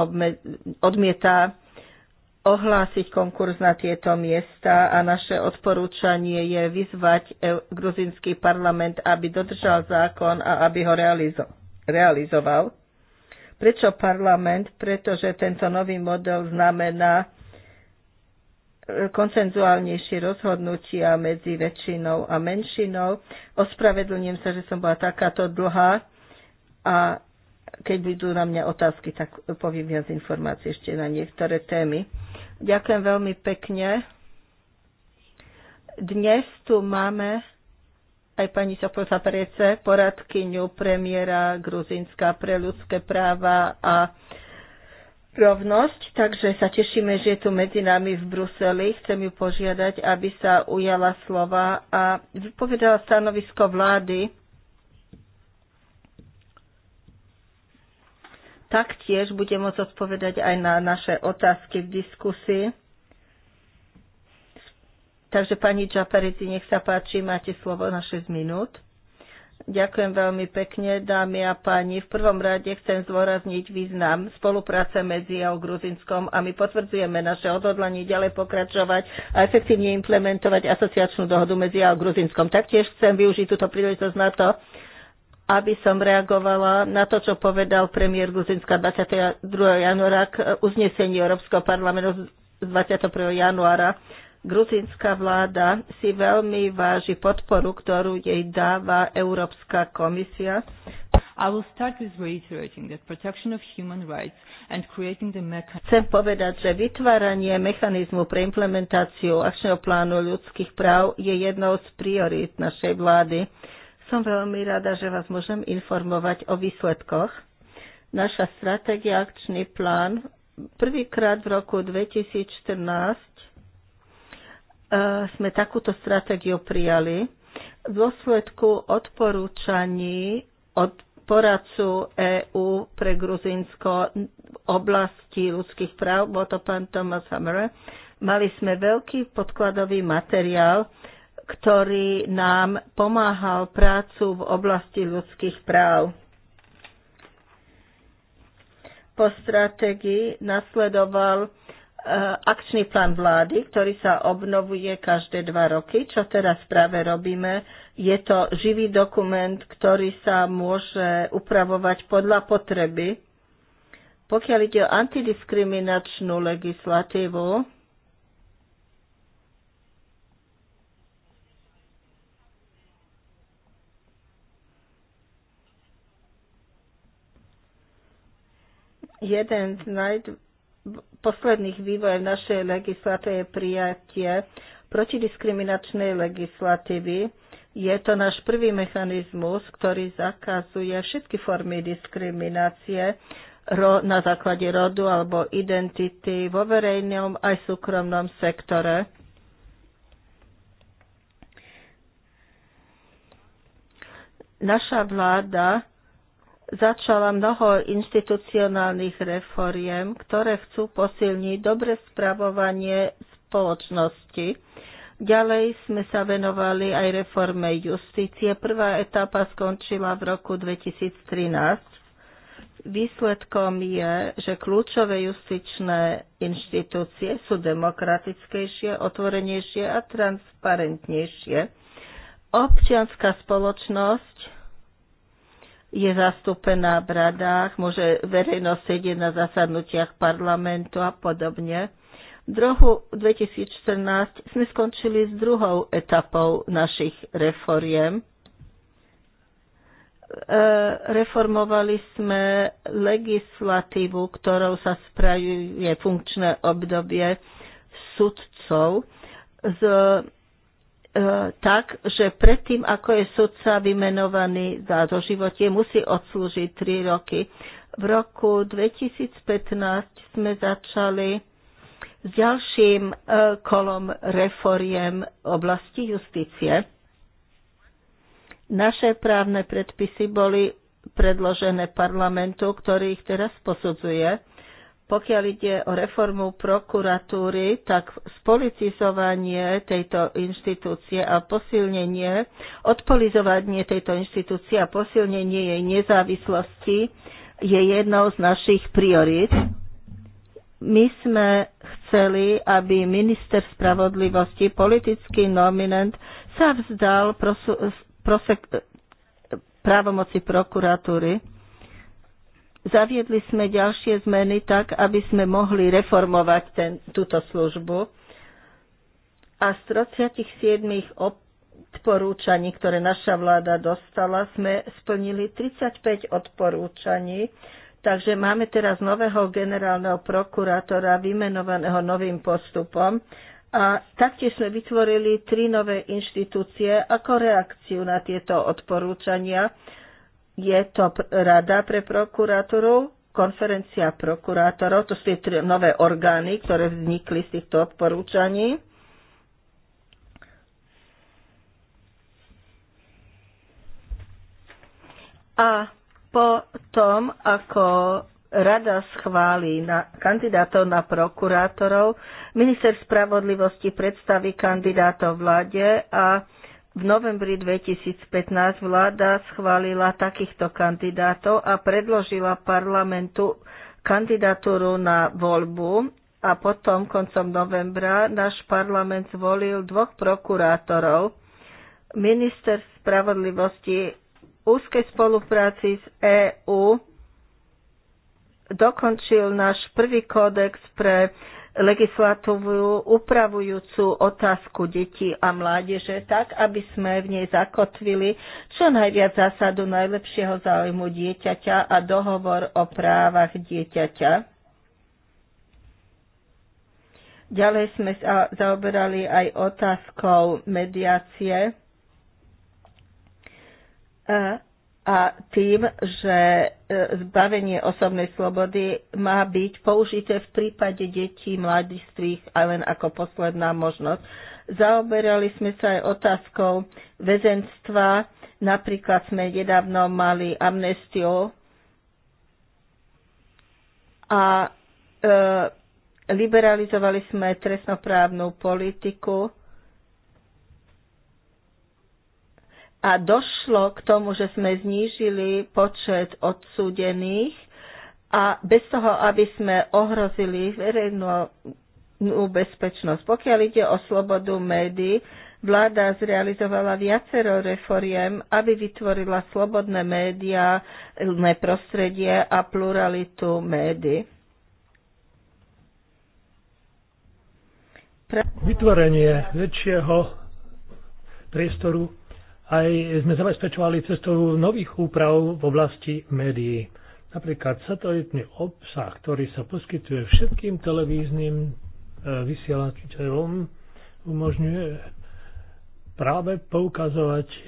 odmieta ohlásiť konkurs na tieto miesta a naše odporúčanie je vyzvať e, gruzinský parlament, aby dodržal zákon a aby ho realizo- realizoval. Prečo parlament? Pretože tento nový model znamená e, koncenzuálnejšie rozhodnutia medzi väčšinou a menšinou. Ospravedlňujem sa, že som bola takáto dlhá a keď budú na mňa otázky, tak poviem viac informácií ešte na niektoré témy. Ďakujem veľmi pekne. Dnes tu máme aj pani Sopota Prece, poradkyňu premiéra Gruzinska pre ľudské práva a rovnosť, takže sa tešíme, že je tu medzi nami v Bruseli. Chcem ju požiadať, aby sa ujala slova a vypovedala stanovisko vlády taktiež bude môcť odpovedať aj na naše otázky v diskusii. Takže pani Čaperiti, nech sa páči, máte slovo na 6 minút. Ďakujem veľmi pekne, dámy a páni. V prvom rade chcem zdôrazniť význam spolupráce medzi a Gruzinskom a my potvrdzujeme naše odhodlanie ďalej pokračovať a efektívne implementovať asociačnú dohodu medzi a Gruzinskom. Taktiež chcem využiť túto príležitosť na to, aby som reagovala na to, čo povedal premiér Gruzinska 22. januára k eh, uznesení Európskeho parlamentu z 21. januára. Gruzinská vláda si veľmi váži podporu, ktorú jej dáva Európska komisia. Chcem povedať, že vytváranie mechanizmu pre implementáciu akčného plánu ľudských práv je jednou z priorít našej vlády. Som veľmi rada, že vás môžem informovať o výsledkoch. Naša stratégia akčný plán prvýkrát v roku 2014 e, sme takúto stratégiu prijali v dôsledku odporúčaní od poradcu EÚ pre Gruzinsko v oblasti ľudských práv, bol to pán Thomas Hammer, mali sme veľký podkladový materiál, ktorý nám pomáhal prácu v oblasti ľudských práv. Po stratégii nasledoval e, akčný plán vlády, ktorý sa obnovuje každé dva roky. Čo teraz práve robíme, je to živý dokument, ktorý sa môže upravovať podľa potreby. Pokiaľ ide o antidiskriminačnú legislatívu, Jeden z najposledných vývojov našej legislatívy je prijatie protidiskriminačnej legislatívy. Je to náš prvý mechanizmus, ktorý zakazuje všetky formy diskriminácie na základe rodu alebo identity vo verejnom aj súkromnom sektore. Naša vláda začala mnoho institucionálnych reforiem, ktoré chcú posilniť dobre spravovanie spoločnosti. Ďalej sme sa venovali aj reforme justície. Prvá etapa skončila v roku 2013. Výsledkom je, že kľúčové justičné inštitúcie sú demokratickejšie, otvorenejšie a transparentnejšie. Občianská spoločnosť je zastúpená v radách, môže verejnosť sedieť na zasadnutiach parlamentu a podobne. V roku 2014 sme skončili s druhou etapou našich reforiem. E, reformovali sme legislatívu, ktorou sa spravuje funkčné obdobie sudcov z E, tak, že predtým, ako je sudca vymenovaný za doživotie, musí odslúžiť 3 roky. V roku 2015 sme začali s ďalším e, kolom reforiem oblasti justície. Naše právne predpisy boli predložené parlamentu, ktorý ich teraz posudzuje pokiaľ ide o reformu prokuratúry, tak spolitizovanie tejto inštitúcie a posilnenie, odpolizovanie tejto inštitúcie a posilnenie jej nezávislosti je jednou z našich priorit. My sme chceli, aby minister spravodlivosti, politický nominant, sa vzdal prosek- právomoci prokuratúry Zaviedli sme ďalšie zmeny tak, aby sme mohli reformovať ten, túto službu. A z 37 odporúčaní, ktoré naša vláda dostala, sme splnili 35 odporúčaní, takže máme teraz nového generálneho prokurátora vymenovaného novým postupom a taktiež sme vytvorili tri nové inštitúcie ako reakciu na tieto odporúčania je to Rada pre prokurátorov, konferencia prokurátorov, to sú tie nové orgány, ktoré vznikli z týchto odporúčaní. A potom, ako rada schváli na kandidátov na prokurátorov, minister spravodlivosti predstaví kandidátov vláde a v novembri 2015 vláda schválila takýchto kandidátov a predložila parlamentu kandidatúru na voľbu a potom koncom novembra náš parlament zvolil dvoch prokurátorov. Minister spravodlivosti úzkej spolupráci s EÚ dokončil náš prvý kódex pre legislatívu upravujúcu otázku detí a mládeže tak, aby sme v nej zakotvili čo najviac zásadu najlepšieho záujmu dieťaťa a dohovor o právach dieťaťa. Ďalej sme sa zaoberali aj otázkou mediácie. A e, a tým, že e, zbavenie osobnej slobody má byť použité v prípade detí, mladistvých aj len ako posledná možnosť. Zaoberali sme sa aj otázkou väzenstva, napríklad sme nedávno mali amnestiu a e, liberalizovali sme trestnoprávnu politiku a došlo k tomu, že sme znížili počet odsúdených a bez toho, aby sme ohrozili verejnú bezpečnosť. Pokiaľ ide o slobodu médií, vláda zrealizovala viacero reforiem, aby vytvorila slobodné médiá, prostredie a pluralitu médií. Vytvorenie väčšieho priestoru aj sme zabezpečovali cestou nových úprav v oblasti médií. Napríklad satelitný obsah, ktorý sa poskytuje všetkým televíznym e, vysielateľom, umožňuje práve poukazovať e,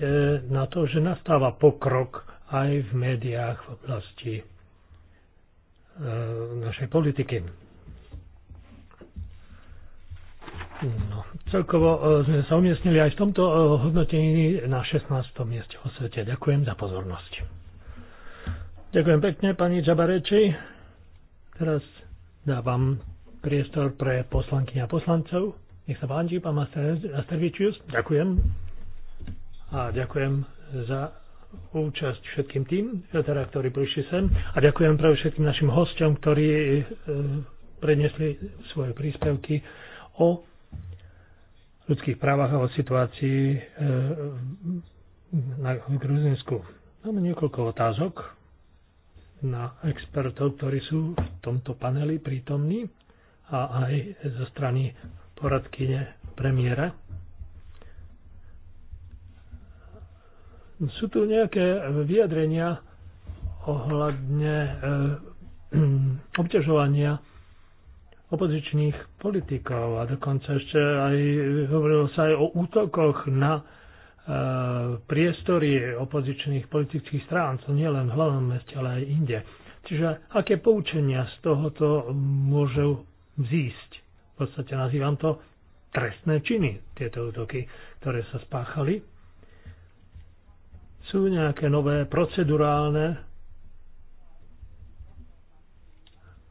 na to, že nastáva pokrok aj v médiách v oblasti e, našej politiky. No, celkovo e, sme sa umiestnili aj v tomto e, hodnotení na 16. mieste vo svete. Ďakujem za pozornosť. Ďakujem pekne, pani Čabareči. Teraz dávam priestor pre poslanky a poslancov. Nech sa páči, pán Mastervičius. Ďakujem. A ďakujem za účasť všetkým tým, teda, ktorí prišli sem. A ďakujem pre všetkým našim hosťom, ktorí e, prednesli svoje príspevky o ľudských právach a o situácii e, na Gruzinsku. Máme niekoľko otázok na expertov, ktorí sú v tomto paneli prítomní a aj zo strany poradkyne premiéra. Sú tu nejaké vyjadrenia ohľadne e, obťažovania opozičných politikov a dokonca ešte aj hovorilo sa aj o útokoch na e, priestory opozičných politických strán, to nie len v hlavnom meste, ale aj inde. Čiže aké poučenia z tohoto môžu vzísť? V podstate nazývam to trestné činy, tieto útoky, ktoré sa spáchali. Sú nejaké nové procedurálne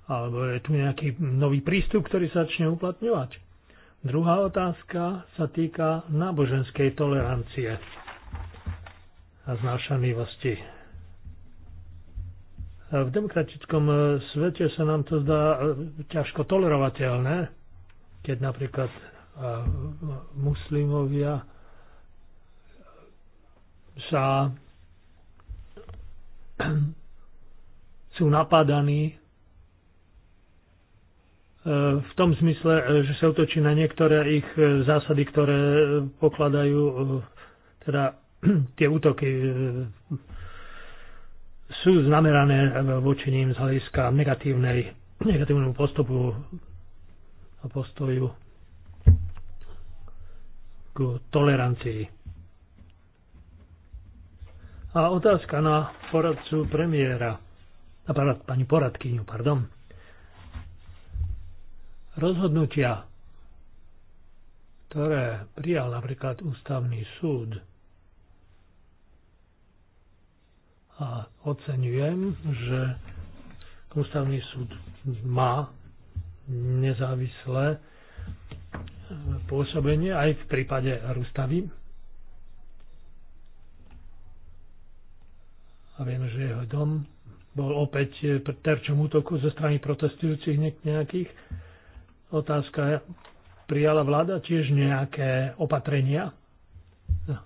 alebo je tu nejaký nový prístup, ktorý sa začne uplatňovať. Druhá otázka sa týka náboženskej tolerancie a znášanlivosti. V demokratickom svete sa nám to zdá e, ťažko tolerovateľné, keď napríklad e, muslimovia sa sú napadaní v tom zmysle, e, že sa utočí na niektoré ich e, zásady, ktoré e, pokladajú teda tie útoky sú znamerané voči ním z hľadiska negatívnej, negatívnemu postupu a postoju k tolerancii. A otázka na poradcu premiéra, na pani poradkyňu, pardon. Rozhodnutia, ktoré prijal napríklad ústavný súd, a oceňujem, že ústavný súd má nezávislé pôsobenie aj v prípade rústavy. A viem, že jeho dom bol opäť terčom útoku zo strany protestujúcich nejakých otázka, prijala vláda tiež nejaké opatrenia,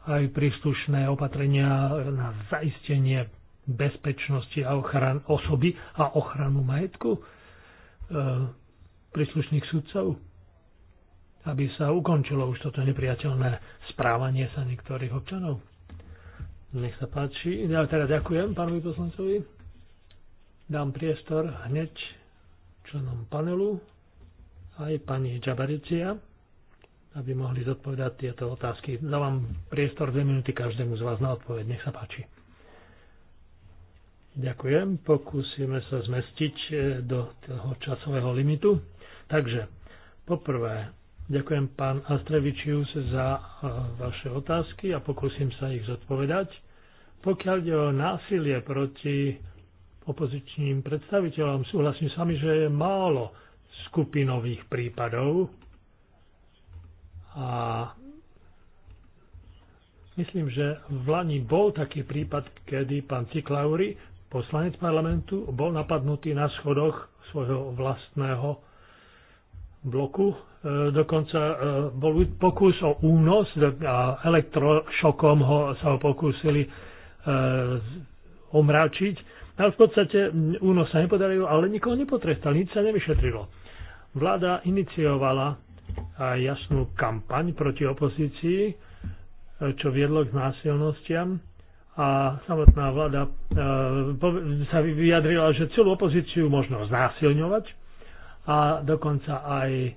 aj príslušné opatrenia na zaistenie bezpečnosti a ochran osoby a ochranu majetku e, príslušných sudcov, aby sa ukončilo už toto nepriateľné správanie sa niektorých občanov. Nech sa páči. Ja teda ďakujem pánovi poslancovi. Dám priestor hneď členom panelu aj pani Džabaricia, aby mohli zodpovedať tieto otázky. Dávam priestor dve minúty každému z vás na odpoveď. Nech sa páči. Ďakujem. Pokúsime sa zmestiť e, do toho časového limitu. Takže, poprvé, ďakujem pán Astrevičius za e, vaše otázky a pokúsim sa ich zodpovedať. Pokiaľ ide o násilie proti opozičným predstaviteľom, súhlasím s vami, že je málo skupinových prípadov a myslím, že v Lani bol taký prípad, kedy pán Ciklauri, poslanec parlamentu, bol napadnutý na schodoch svojho vlastného bloku. E, dokonca e, bol pokus o únos a elektrošokom ho, sa ho pokúsili e, omráčiť. A v podstate únos sa nepodaril, ale nikoho nepotrestal, nič sa nevyšetrilo. Vláda iniciovala aj jasnú kampaň proti opozícii, e, čo viedlo k násilnostiam a samotná vláda e, sa vyjadrila, že celú opozíciu možno znásilňovať a dokonca aj e,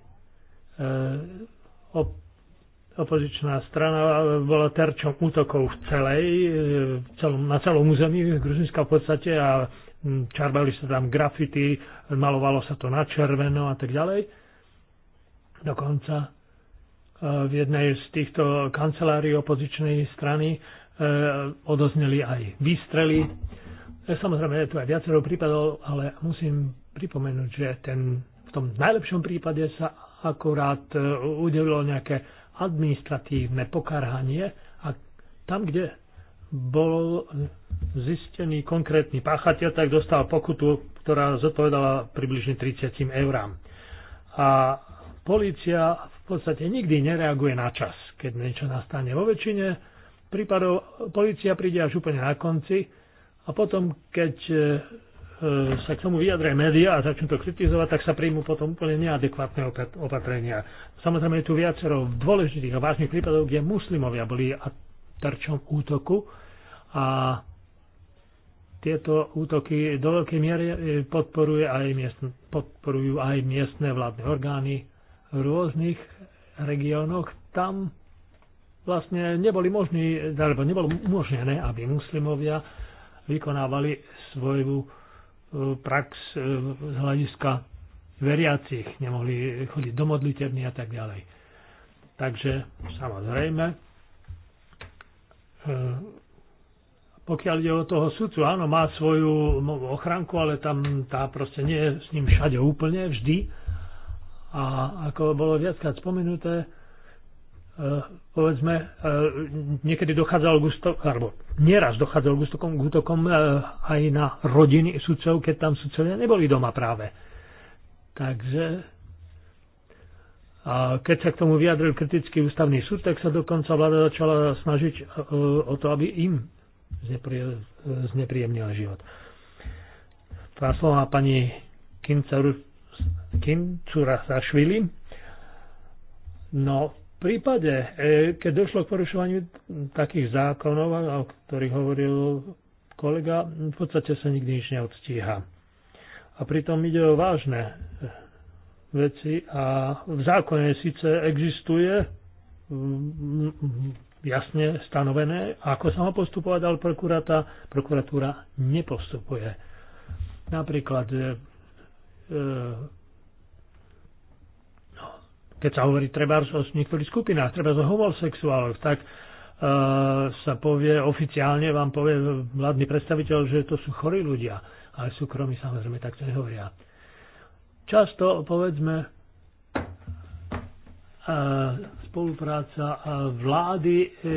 opozičná strana bola terčom útokov v celej, na celom území Gruzinska v podstate a Mm, čarbali sa tam grafity, malovalo sa to na červeno a tak ďalej. Dokonca e, v jednej z týchto kancelárií opozičnej strany e, odozneli aj výstrely. E, samozrejme, je tu aj viacero prípadov, ale musím pripomenúť, že ten, v tom najlepšom prípade sa akurát udelilo nejaké administratívne pokarhanie a tam, kde bolo zistený konkrétny páchateľ, tak dostal pokutu, ktorá zodpovedala približne 30 eurám. A polícia v podstate nikdy nereaguje na čas, keď niečo nastane. Vo väčšine prípadov polícia príde až úplne na konci a potom, keď e, sa k tomu vyjadria médiá a začnú to kritizovať, tak sa príjmu potom úplne neadekvátne opatrenia. Samozrejme je tu viacero dôležitých a vážnych prípadov, kde muslimovia boli a terčom útoku a tieto útoky do veľkej miery e, podporuje aj miestne, podporujú aj miestne vládne orgány v rôznych regiónoch. Tam vlastne neboli možní, alebo nebolo umožnené, aby muslimovia vykonávali svoju e, prax e, z hľadiska veriacich, nemohli chodiť do modlitevní a tak ďalej. Takže samozrejme pokiaľ ide o toho sudcu, áno, má svoju ochranku, ale tam tá proste nie je s ním všade úplne, vždy. A ako bolo viackrát spomenuté, eh, povedzme, eh, niekedy dochádzalo k útokom, alebo nieraz dochádzalo k útokom, k útokom eh, aj na rodiny sudcov, keď tam sudcovia neboli doma práve. Takže a keď sa k tomu vyjadril kritický ústavný súd, tak sa dokonca vláda začala snažiť o to, aby im znepríjemnila život. Pán slova pani Kincura Sašvili. No, v prípade, e, keď došlo k porušovaniu takých zákonov, o ktorých hovoril kolega, v podstate sa nikdy nič neodstíha. A pritom ide o vážne e, veci a v zákone síce existuje jasne stanovené. Ako sa ho postupovať, ale prokurata, prokuratúra nepostupuje. Napríklad, e, e, no, keď sa hovorí treba o niektorých skupinách, treba o homosexuáloch, tak e, sa povie oficiálne, vám povie vládny predstaviteľ, že to sú chorí ľudia, ale súkromí samozrejme takto nehovoria. Často, povedzme, spolupráca vlády e,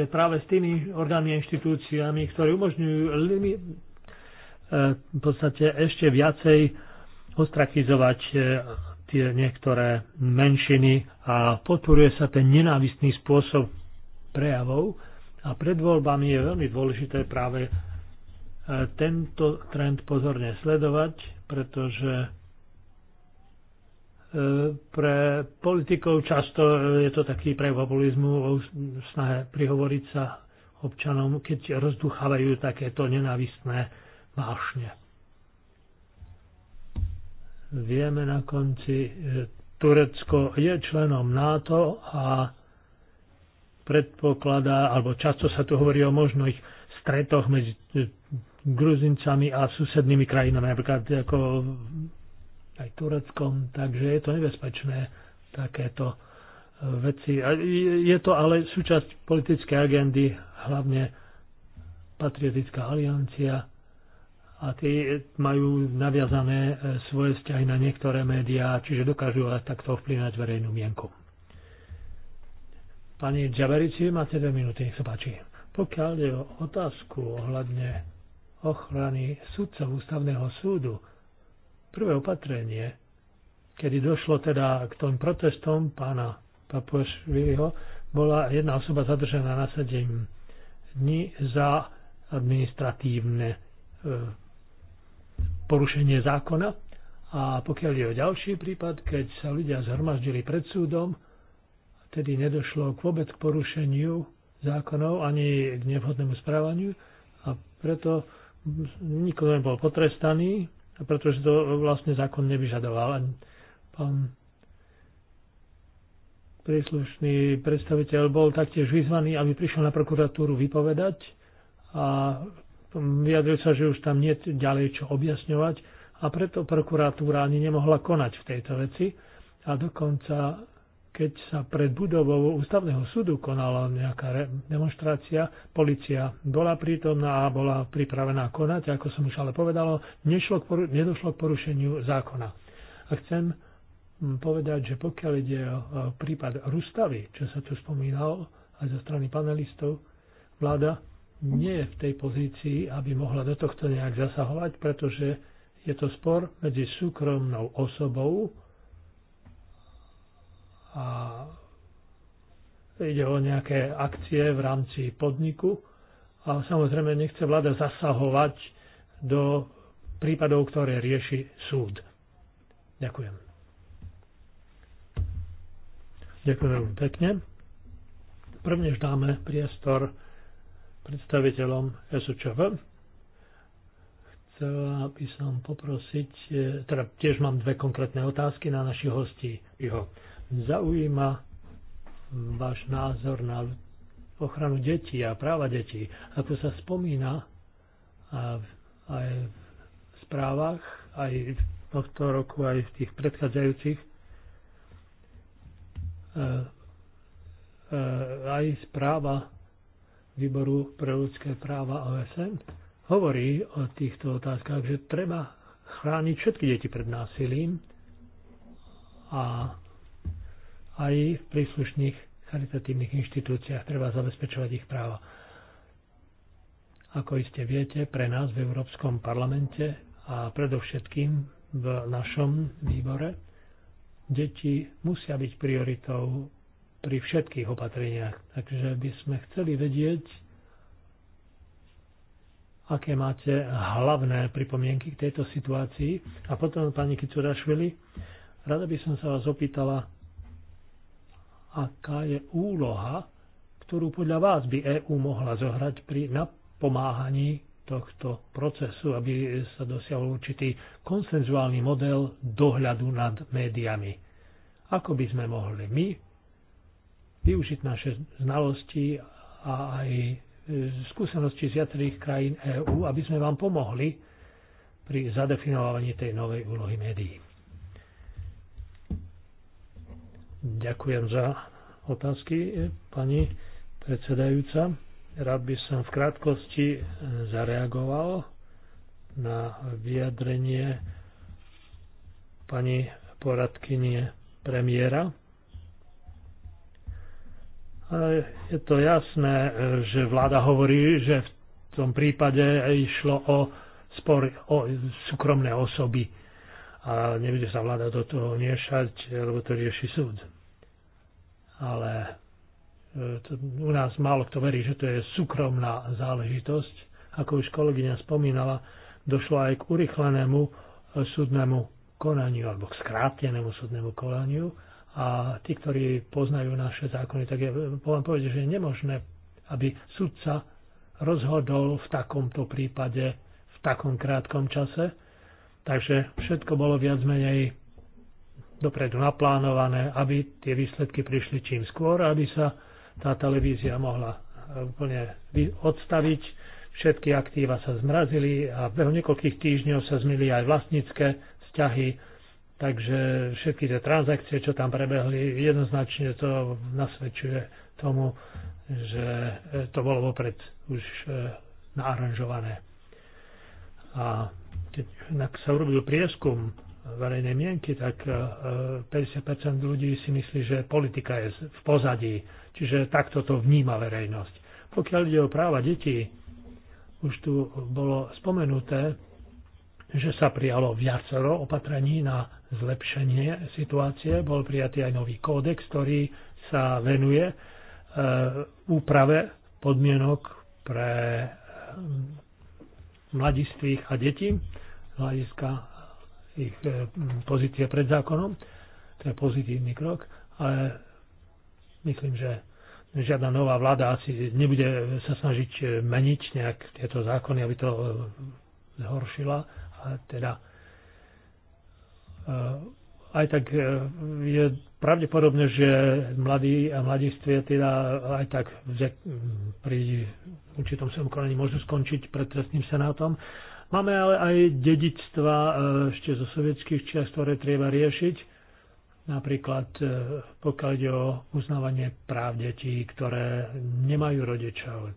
je práve s tými orgánmi a inštitúciami, ktoré umožňujú e, v podstate ešte viacej ostrakizovať e, tie niektoré menšiny a podporuje sa ten nenávistný spôsob prejavov a pred voľbami je veľmi dôležité práve tento trend pozorne sledovať, pretože pre politikov často je to taký pre populizmu o snahe prihovoriť sa občanom, keď rozduchávajú takéto nenávistné vášne. Vieme na konci, že Turecko je členom NATO a predpokladá, alebo často sa tu hovorí o možných stretoch medzi Gruzincami a susednými krajinami, napríklad ako aj Tureckom, takže je to nebezpečné takéto e, veci. Je to ale súčasť politickej agendy, hlavne Patriotická aliancia a tie majú naviazané e, svoje vzťahy na niektoré médiá, čiže dokážu aj takto vplyvať verejnú mienku. Pani Džaberici, máte dve minúty, nech sa páči. Pokiaľ je o otázku ohľadne ochrany sudcov ústavného súdu, prvé opatrenie, kedy došlo teda k tom protestom pána Papuašviliho, bola jedna osoba zadržaná na 7 dní za administratívne e, porušenie zákona. A pokiaľ je o ďalší prípad, keď sa ľudia zhromaždili pred súdom, tedy nedošlo k vôbec k porušeniu zákonov ani k nevhodnému správaniu a preto nikto nebol potrestaný pretože to vlastne zákon nevyžadoval. Pán príslušný predstaviteľ bol taktiež vyzvaný, aby prišiel na prokuratúru vypovedať a vyjadril sa, že už tam nie ďalej čo objasňovať a preto prokuratúra ani nemohla konať v tejto veci a dokonca keď sa pred budovou ústavného súdu konala nejaká demonstrácia, policia bola prítomná a bola pripravená konať, ako som už ale povedal, nešlo k poru- nedošlo k porušeniu zákona. A chcem mm, povedať, že pokiaľ ide o prípad Rustavy, čo sa tu spomínalo aj zo strany panelistov, vláda nie je v tej pozícii, aby mohla do tohto nejak zasahovať, pretože je to spor medzi súkromnou osobou a ide o nejaké akcie v rámci podniku a samozrejme nechce vláda zasahovať do prípadov, ktoré rieši súd. Ďakujem. Ďakujem veľmi pekne. Prvnež dáme priestor predstaviteľom SUČV. Chcela by som poprosiť, eh, teda tiež mám dve konkrétne otázky na našich hostí. Iho zaujíma váš názor na ochranu detí a práva detí. Ako sa spomína aj v správach, aj v tohto roku, aj v tých predchádzajúcich, e, e, aj správa Výboru pre ľudské práva OSN hovorí o týchto otázkach, že treba chrániť všetky deti pred násilím a aj v príslušných charitatívnych inštitúciách treba zabezpečovať ich práva. Ako iste viete, pre nás v Európskom parlamente a predovšetkým v našom výbore deti musia byť prioritou pri všetkých opatreniach. Takže by sme chceli vedieť, aké máte hlavné pripomienky k tejto situácii. A potom, pani Kicurašvili, rada by som sa vás opýtala, aká je úloha, ktorú podľa vás by EÚ mohla zohrať pri napomáhaní tohto procesu, aby sa dosiahol určitý konsenzuálny model dohľadu nad médiami. Ako by sme mohli my využiť naše znalosti a aj skúsenosti z viacerých krajín EÚ, aby sme vám pomohli pri zadefinovaní tej novej úlohy médií. Ďakujem za otázky, pani predsedajúca. Rád by som v krátkosti e, zareagoval na vyjadrenie pani poradkynie premiéra. je to jasné, e, že vláda hovorí, že v tom prípade išlo o spor o e, súkromné osoby a nebude sa vláda do toho miešať, lebo to rieši súd. Ale e, to, u nás málo kto verí, že to je súkromná záležitosť. Ako už kolegyňa spomínala, došlo aj k urychlenému e, súdnemu konaniu alebo k skrátenému súdnemu konaniu a tí, ktorí poznajú naše zákony, tak je poviem povedať, že je nemožné, aby súdca rozhodol v takomto prípade v takom krátkom čase Takže všetko bolo viac menej dopredu naplánované, aby tie výsledky prišli čím skôr, aby sa tá televízia mohla eh, úplne odstaviť. Všetky aktíva sa zmrazili a v niekoľkých týždňov sa zmili aj vlastnícke vzťahy, takže všetky tie transakcie, čo tam prebehli, jednoznačne to nasvedčuje tomu, že eh, to bolo vopred už eh, naaranžované. A keď sa urobil prieskum verejnej mienky, tak 50% e, ľudí si myslí, že politika je v pozadí, čiže takto to vníma verejnosť. Pokiaľ ide o práva detí, už tu bolo spomenuté, že sa prijalo viacero opatrení na zlepšenie situácie. Bol prijatý aj nový kódex, ktorý sa venuje e, úprave podmienok pre mladistvých a detí, z hľadiska ich e, pozície pred zákonom. To je pozitívny krok, ale myslím, že žiadna nová vláda asi nebude sa snažiť e, meniť nejak tieto zákony, aby to e, zhoršila. A teda aj tak je pravdepodobne, že mladí a mladistvie teda aj tak pri určitom svojom konaní môžu skončiť pred trestným senátom. Máme ale aj dedictva e, ešte zo sovietských čiast, ktoré treba riešiť. Napríklad e, pokiaľ ide o uznávanie práv detí, ktoré nemajú rodičov.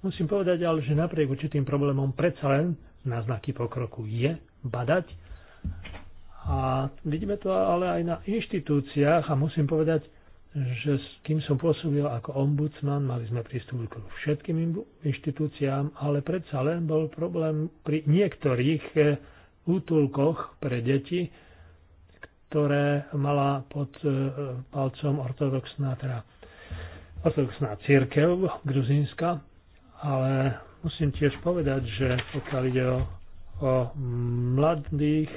Musím povedať ale, že napriek určitým problémom predsa len náznaky pokroku je badať a vidíme to ale aj na inštitúciách a musím povedať, že s kým som pôsobil ako ombudsman, mali sme prístup k všetkým inštitúciám, ale predsa len bol problém pri niektorých eh, útulkoch pre deti, ktoré mala pod eh, palcom ortodoxná, teda ortodoxná církev gruzínska, ale musím tiež povedať, že pokiaľ ide o, o mladých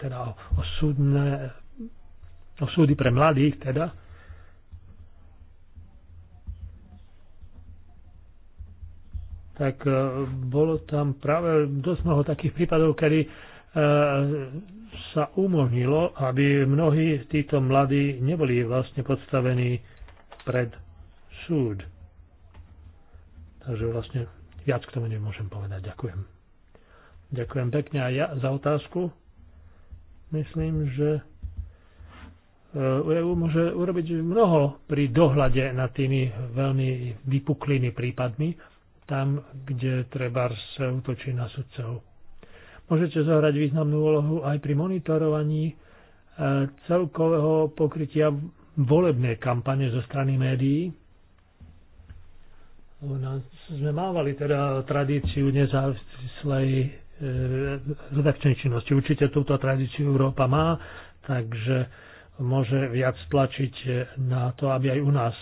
teda o súdne, o súdy pre mladých teda, tak e, bolo tam práve dosť mnoho takých prípadov, kedy e, sa umožnilo, aby mnohí títo mladí neboli vlastne podstavení pred súd. Takže vlastne viac k tomu nemôžem povedať. Ďakujem. Ďakujem pekne aj ja za otázku myslím, že EU môže urobiť mnoho pri dohľade nad tými veľmi vypuklými prípadmi, tam, kde treba sa útočí na sudcov. Môžete zahrať významnú úlohu aj pri monitorovaní e, celkového pokrytia volebnej kampane zo strany médií. U nás sme mávali teda tradíciu nezávislej redakčnej činnosti. Určite túto tradíciu Európa má, takže môže viac tlačiť na to, aby aj u nás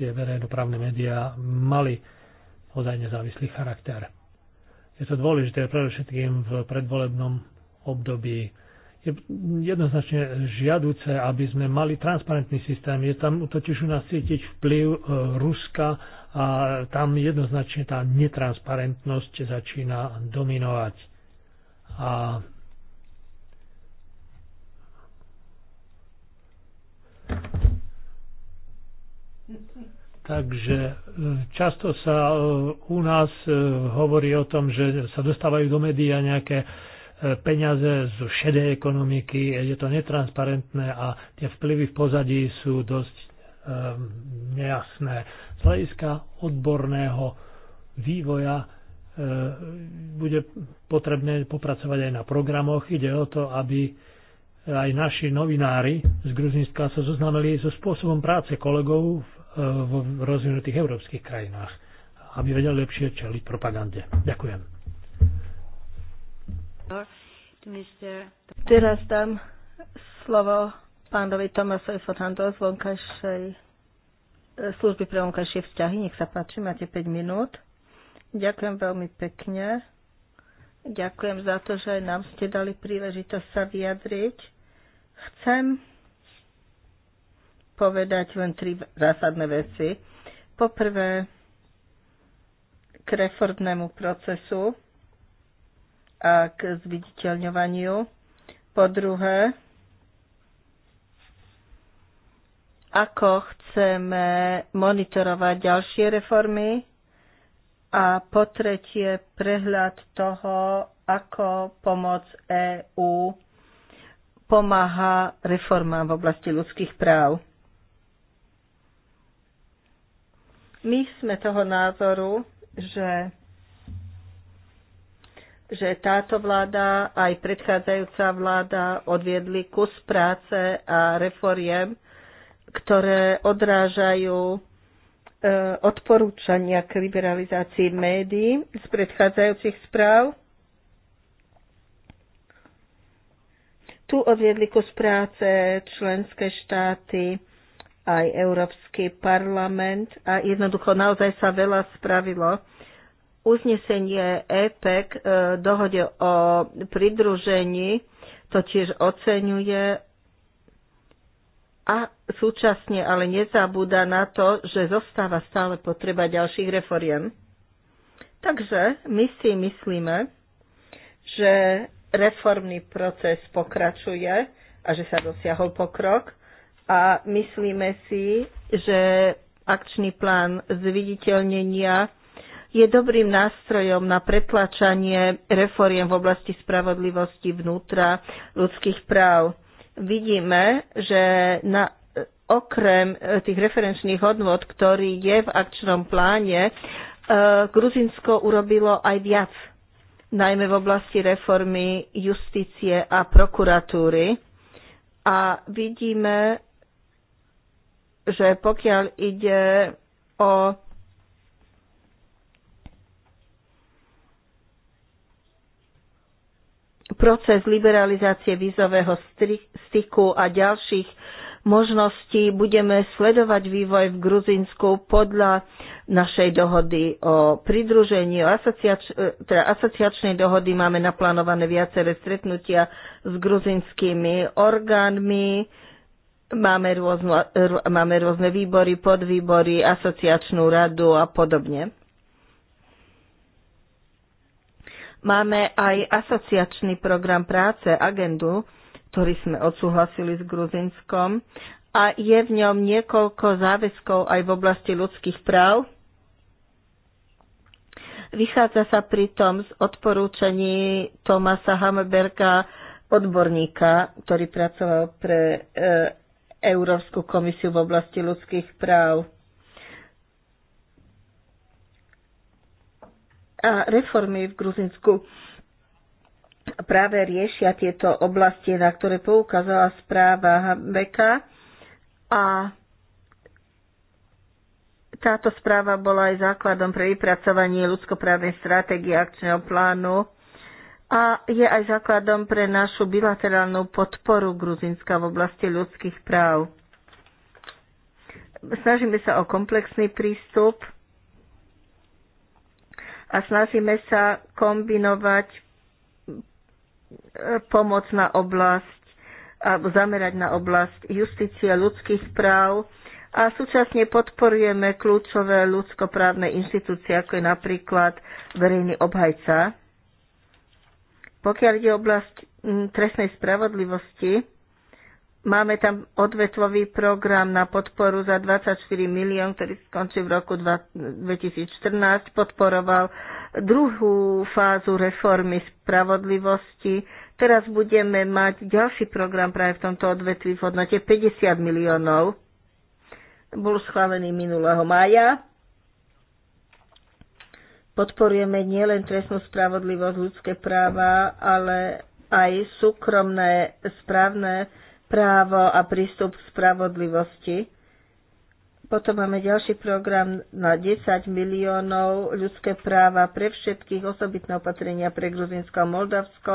tie verejnoprávne médiá mali ozaj nezávislý charakter. Je to dôležité predovšetkým v predvolebnom období. Je jednoznačne žiaduce, aby sme mali transparentný systém. Je tam totiž u nás cítiť vplyv e, Ruska a tam jednoznačne tá netransparentnosť začína dominovať. A Takže e, často sa e, u nás e, hovorí o tom, že sa dostávajú do médií nejaké peniaze z šedej ekonomiky, je to netransparentné a tie vplyvy v pozadí sú dosť nejasné. Z hľadiska odborného vývoja bude potrebné popracovať aj na programoch. Ide o to, aby aj naši novinári z Gruzinska sa zoznámili so spôsobom práce kolegov v e, rozvinutých európskych krajinách, aby vedeli lepšie čeliť propagande. Ďakujem. Teraz dám slovo pánovi Tomasovi Fernando z vonkajšej e, služby pre vonkajšie vzťahy. Nech sa páči, máte 5 minút. Ďakujem veľmi pekne. Ďakujem za to, že aj nám ste dali príležitosť sa vyjadriť. Chcem povedať len tri zásadné veci. Poprvé, k reformnému procesu a k zviditeľňovaniu. Po druhé, ako chceme monitorovať ďalšie reformy a po tretie prehľad toho, ako pomoc EÚ pomáha reformám v oblasti ľudských práv. My sme toho názoru, že, že táto vláda aj predchádzajúca vláda odviedli kus práce a reforiem, ktoré odrážajú Eh, odporúčania k liberalizácii médií z predchádzajúcich správ. Tu odviedli kus práce členské štáty, aj Európsky parlament a jednoducho naozaj sa veľa spravilo. Uznesenie EPEC eh, dohode o pridružení to tiež oceňuje a súčasne ale nezabúda na to, že zostáva stále potreba ďalších reforiem. Takže my si myslíme, že reformný proces pokračuje a že sa dosiahol pokrok a myslíme si, že akčný plán zviditeľnenia je dobrým nástrojom na pretlačanie reforiem v oblasti spravodlivosti vnútra ľudských práv vidíme, že na, okrem e, tých referenčných hodnot, ktorý je v akčnom pláne, e, Gruzinsko urobilo aj viac, najmä v oblasti reformy justície a prokuratúry. A vidíme, že pokiaľ ide o proces liberalizácie vízového styku a ďalších možností budeme sledovať vývoj v Gruzinsku podľa našej dohody o pridružení, o asociač- teda asociačnej dohody máme naplánované viaceré stretnutia s gruzinskými orgánmi, máme, rôzno, máme rôzne výbory, podvýbory, asociačnú radu a podobne. Máme aj asociačný program práce, agendu, ktorý sme odsúhlasili s Gruzinskom a je v ňom niekoľko záväzkov aj v oblasti ľudských práv. Vychádza sa pritom z odporúčaní Tomasa Hammerberga, odborníka, ktorý pracoval pre e, Európsku komisiu v oblasti ľudských práv a reformy v Gruzinsku práve riešia tieto oblasti, na ktoré poukázala správa Beka a táto správa bola aj základom pre vypracovanie ľudskoprávnej stratégie akčného plánu a je aj základom pre našu bilaterálnu podporu Gruzinska v oblasti ľudských práv. Snažíme sa o komplexný prístup a snažíme sa kombinovať e, pomoc na oblasť alebo zamerať na oblasť justície ľudských práv a súčasne podporujeme kľúčové ľudskoprávne inštitúcie, ako je napríklad verejný obhajca. Pokiaľ ide oblasť trestnej spravodlivosti, Máme tam odvetvový program na podporu za 24 milión, ktorý skončí v roku 2014. Podporoval druhú fázu reformy spravodlivosti. Teraz budeme mať ďalší program práve v tomto odvetví v hodnote 50 miliónov. Bol schválený minulého mája. Podporujeme nielen trestnú spravodlivosť, ľudské práva, ale aj súkromné správne právo a prístup k spravodlivosti. Potom máme ďalší program na 10 miliónov ľudské práva pre všetkých osobitné opatrenia pre Gruzinsko a Moldavsko.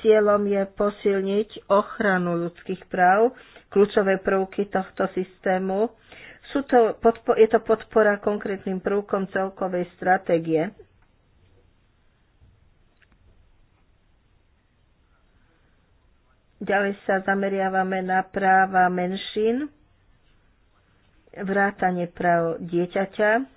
Cieľom je posilniť ochranu ľudských práv, kľúčové prvky tohto systému. Sú to, je to podpora konkrétnym prvkom celkovej stratégie Ďalej sa zameriavame na práva menšín, vrátanie práv dieťaťa,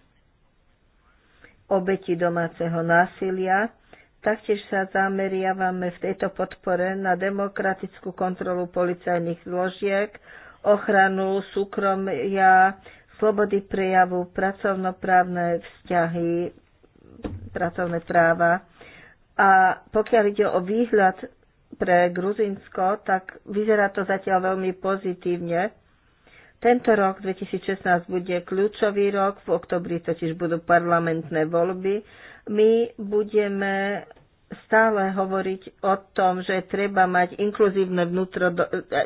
obeti domáceho násilia. Taktiež sa zameriavame v tejto podpore na demokratickú kontrolu policajných zložiek, ochranu súkromia, slobody prejavu, pracovnoprávne vzťahy, pracovné práva. A pokiaľ ide o výhľad pre Gruzinsko, tak vyzerá to zatiaľ veľmi pozitívne. Tento rok 2016 bude kľúčový rok, v oktobri totiž budú parlamentné voľby. My budeme stále hovoriť o tom, že treba mať inkluzívne vnútro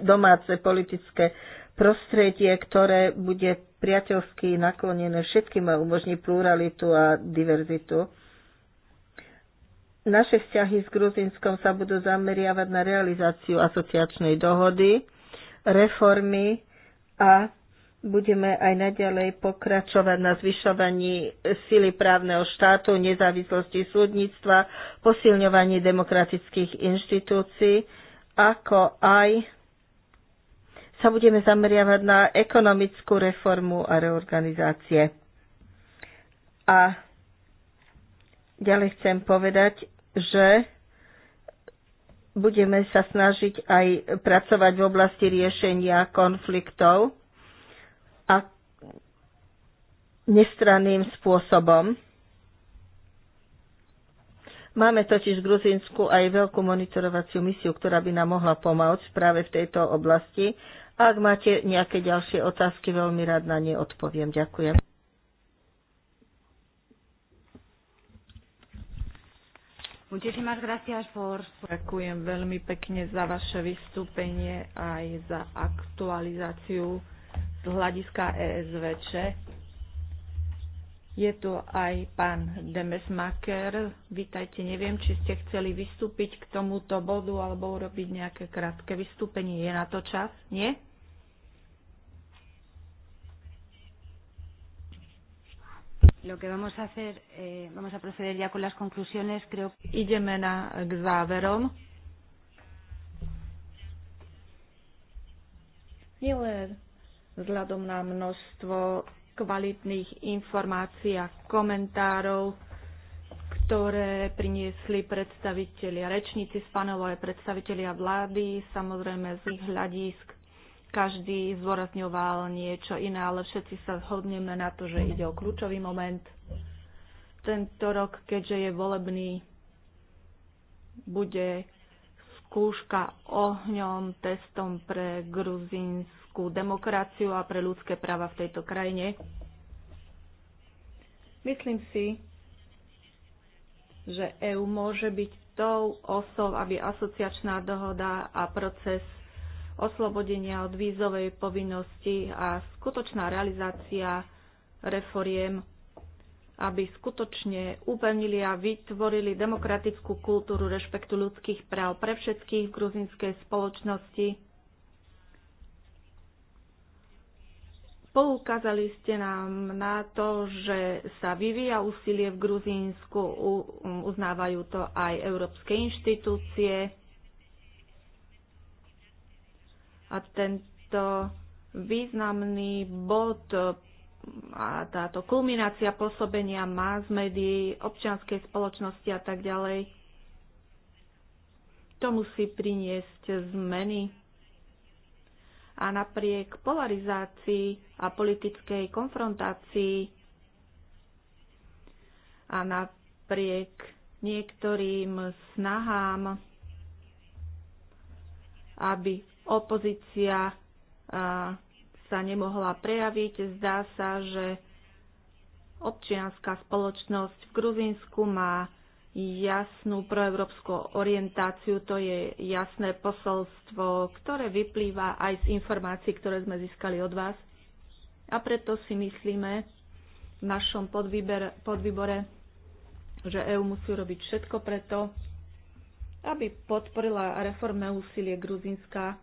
domáce politické prostredie, ktoré bude priateľsky naklonené všetkým a umožní pluralitu a diverzitu. Naše vzťahy s Gruzinskom sa budú zameriavať na realizáciu asociačnej dohody, reformy a budeme aj naďalej pokračovať na zvyšovaní sily právneho štátu, nezávislosti súdnictva, posilňovaní demokratických inštitúcií, ako aj sa budeme zameriavať na ekonomickú reformu a reorganizácie. A ďalej chcem povedať, že budeme sa snažiť aj pracovať v oblasti riešenia konfliktov a nestranným spôsobom. Máme totiž v Gruzínsku aj veľkú monitorovaciu misiu, ktorá by nám mohla pomôcť práve v tejto oblasti. Ak máte nejaké ďalšie otázky, veľmi rád na ne odpoviem. Ďakujem. Muchísimas gracias por... Ďakujem veľmi pekne za vaše vystúpenie aj za aktualizáciu z hľadiska ESVČ. Je tu aj pán Demesmaker. Vítajte, neviem, či ste chceli vystúpiť k tomuto bodu alebo urobiť nejaké krátke vystúpenie. Je na to čas? Nie? Lo que vamos a hacer, eh, vamos a proceder ya con las conclusiones, creo. Ideme na, k záverom. Nielen vzhľadom na množstvo kvalitných informácií a komentárov, ktoré priniesli predstaviteľi a rečníci z panelu predstaviteľi a vlády, samozrejme z ich hľadísk každý zdôrazňoval niečo iné, ale všetci sa zhodneme na to, že ide o kľúčový moment. Tento rok, keďže je volebný, bude skúška ohňom, testom pre gruzínsku demokraciu a pre ľudské práva v tejto krajine. Myslím si, že EÚ môže byť tou osou, aby asociačná dohoda a proces oslobodenia od vízovej povinnosti a skutočná realizácia reforiem, aby skutočne upevnili a vytvorili demokratickú kultúru rešpektu ľudských práv pre všetkých v gruzinskej spoločnosti. Poukázali ste nám na to, že sa vyvíja úsilie v Gruzínsku, uznávajú to aj európske inštitúcie a tento významný bod e, a táto kulminácia pôsobenia z médií, občianskej spoločnosti a tak ďalej, to musí priniesť zmeny. A napriek polarizácii a politickej konfrontácii a napriek niektorým snahám, aby opozícia sa nemohla prejaviť. Zdá sa, že občianská spoločnosť v Gruzínsku má jasnú proeurópsku orientáciu. To je jasné posolstvo, ktoré vyplýva aj z informácií, ktoré sme získali od vás. A preto si myslíme v našom podvýbore, že EÚ musí robiť všetko preto, aby podporila reformné úsilie Gruzínska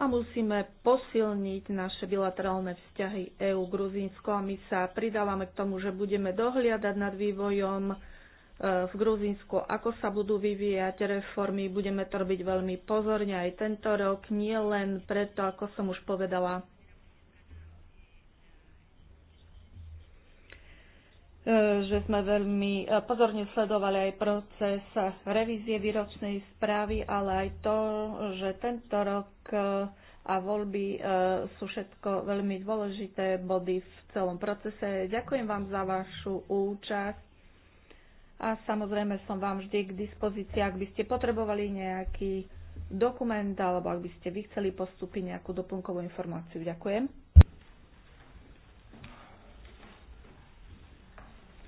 a musíme posilniť naše bilaterálne vzťahy EU-Gruzínsko a my sa pridávame k tomu, že budeme dohliadať nad vývojom e, v Gruzínsku, ako sa budú vyvíjať reformy. Budeme to robiť veľmi pozorne aj tento rok, nie len preto, ako som už povedala, E, že sme veľmi e, pozorne sledovali aj proces revízie výročnej správy, ale aj to, že tento rok e, a voľby sú všetko veľmi dôležité body v celom procese. Ďakujem vám za vašu účasť a samozrejme som vám vždy k dispozícii, ak by ste potrebovali nejaký dokument alebo ak by ste vy chceli postúpiť nejakú doplnkovú informáciu. Ďakujem.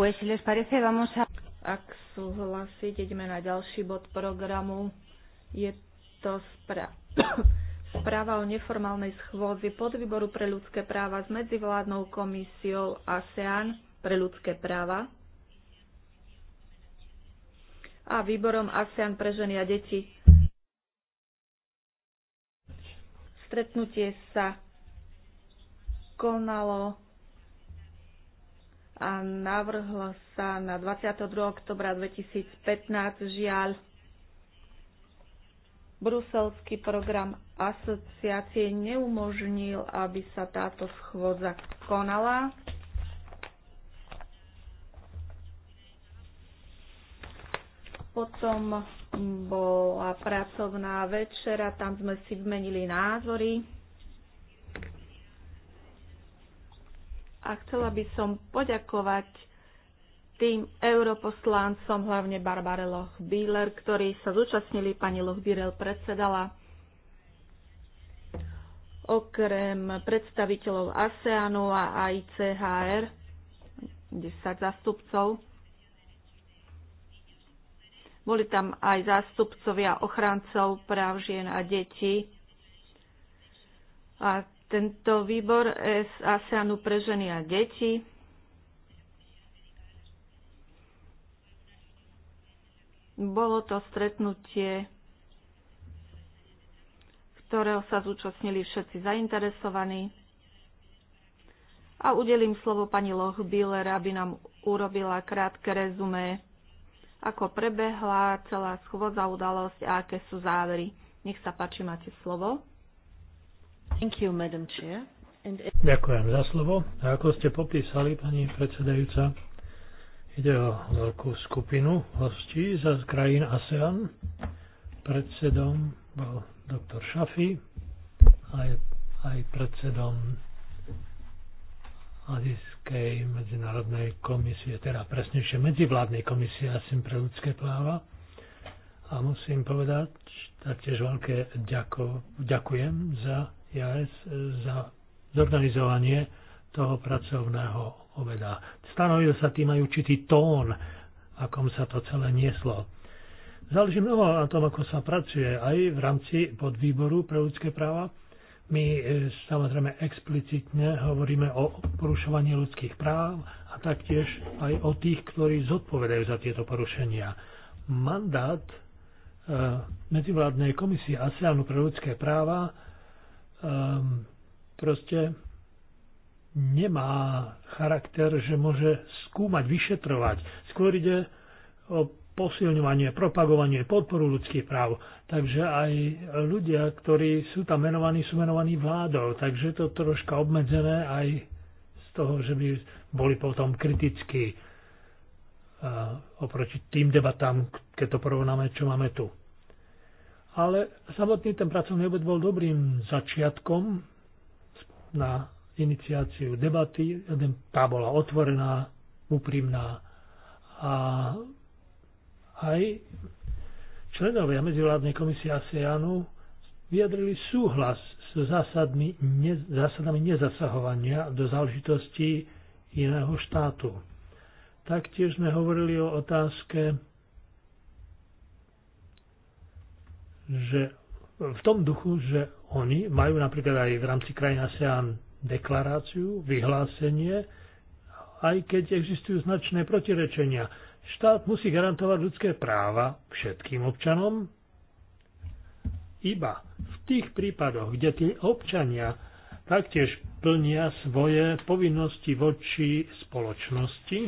Pues, si les parece, vamos a... Ak súhlasiť, ideme na ďalší bod programu. Je to spra- správa o neformálnej schôdzi podvýboru pre ľudské práva s medzivládnou komisiou ASEAN pre ľudské práva a výborom ASEAN pre ženy a deti. Stretnutie sa konalo a navrhlo sa na 22. oktobra 2015 žiaľ bruselský program asociácie neumožnil, aby sa táto schôdza konala. Potom bola pracovná večera, tam sme si vmenili názory. a chcela by som poďakovať tým europoslancom, hlavne Barbare Loch-Bieler, ktorí sa zúčastnili, pani Loch-Bieler predsedala. Okrem predstaviteľov ASEANu a ICHR 10 zastupcov, boli tam aj zástupcovia ochrancov práv žien a detí. A tento výbor S ASEANu pre ženy a deti. Bolo to stretnutie, ktorého sa zúčastnili všetci zainteresovaní. A udelím slovo pani Lochbiller, aby nám urobila krátke rezumé, ako prebehla celá schôdza udalosť a aké sú závery. Nech sa páči, máte slovo. You, Ďakujem za slovo. A ako ste popísali, pani predsedajúca, ide o veľkú skupinu hostí z krajín ASEAN. Predsedom bol doktor Šafi, aj, aj predsedom Azijskej medzinárodnej komisie, teda presnejšie medzivládnej komisie ASIM pre ľudské práva. A musím povedať, taktiež veľké ďako, ďakujem za JAS za zorganizovanie toho pracovného obeda. Stanovil sa tým aj určitý tón, akom sa to celé nieslo. Záleží mnoho na tom, ako sa pracuje aj v rámci podvýboru pre ľudské práva. My e, samozrejme explicitne hovoríme o porušovaní ľudských práv a taktiež aj o tých, ktorí zodpovedajú za tieto porušenia. Mandát e, medzivládnej komisie ASEANu pre ľudské práva um, proste nemá charakter, že môže skúmať, vyšetrovať. Skôr ide o posilňovanie, propagovanie, podporu ľudských práv. Takže aj ľudia, ktorí sú tam menovaní, sú menovaní vládou. Takže to troška obmedzené aj z toho, že by boli potom kritickí eh, oproti tým debatám, keď to porovnáme, čo máme tu ale samotný ten pracovný obed bol dobrým začiatkom na iniciáciu debaty. Tá bola otvorená, úprimná a aj členovia medzivládnej komisie ASEANu vyjadrili súhlas s zásadmi, ne, zásadami nezasahovania do záležitostí iného štátu. Taktiež sme hovorili o otázke že v tom duchu, že oni majú napríklad aj v rámci krajina ASEAN deklaráciu, vyhlásenie, aj keď existujú značné protirečenia. Štát musí garantovať ľudské práva všetkým občanom, iba v tých prípadoch, kde tie občania taktiež plnia svoje povinnosti voči spoločnosti,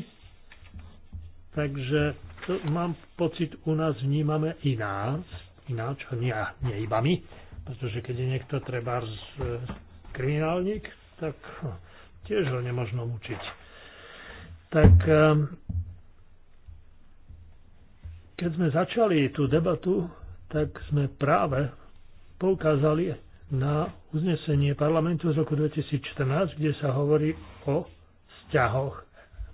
takže to mám pocit, u nás vnímame ináč, ináč, a nie, nie iba my, pretože keď je niekto treba z, e, kriminálnik, tak tiež ho nemožno mučiť. Tak e, keď sme začali tú debatu, tak sme práve poukázali na uznesenie parlamentu z roku 2014, kde sa hovorí o vzťahoch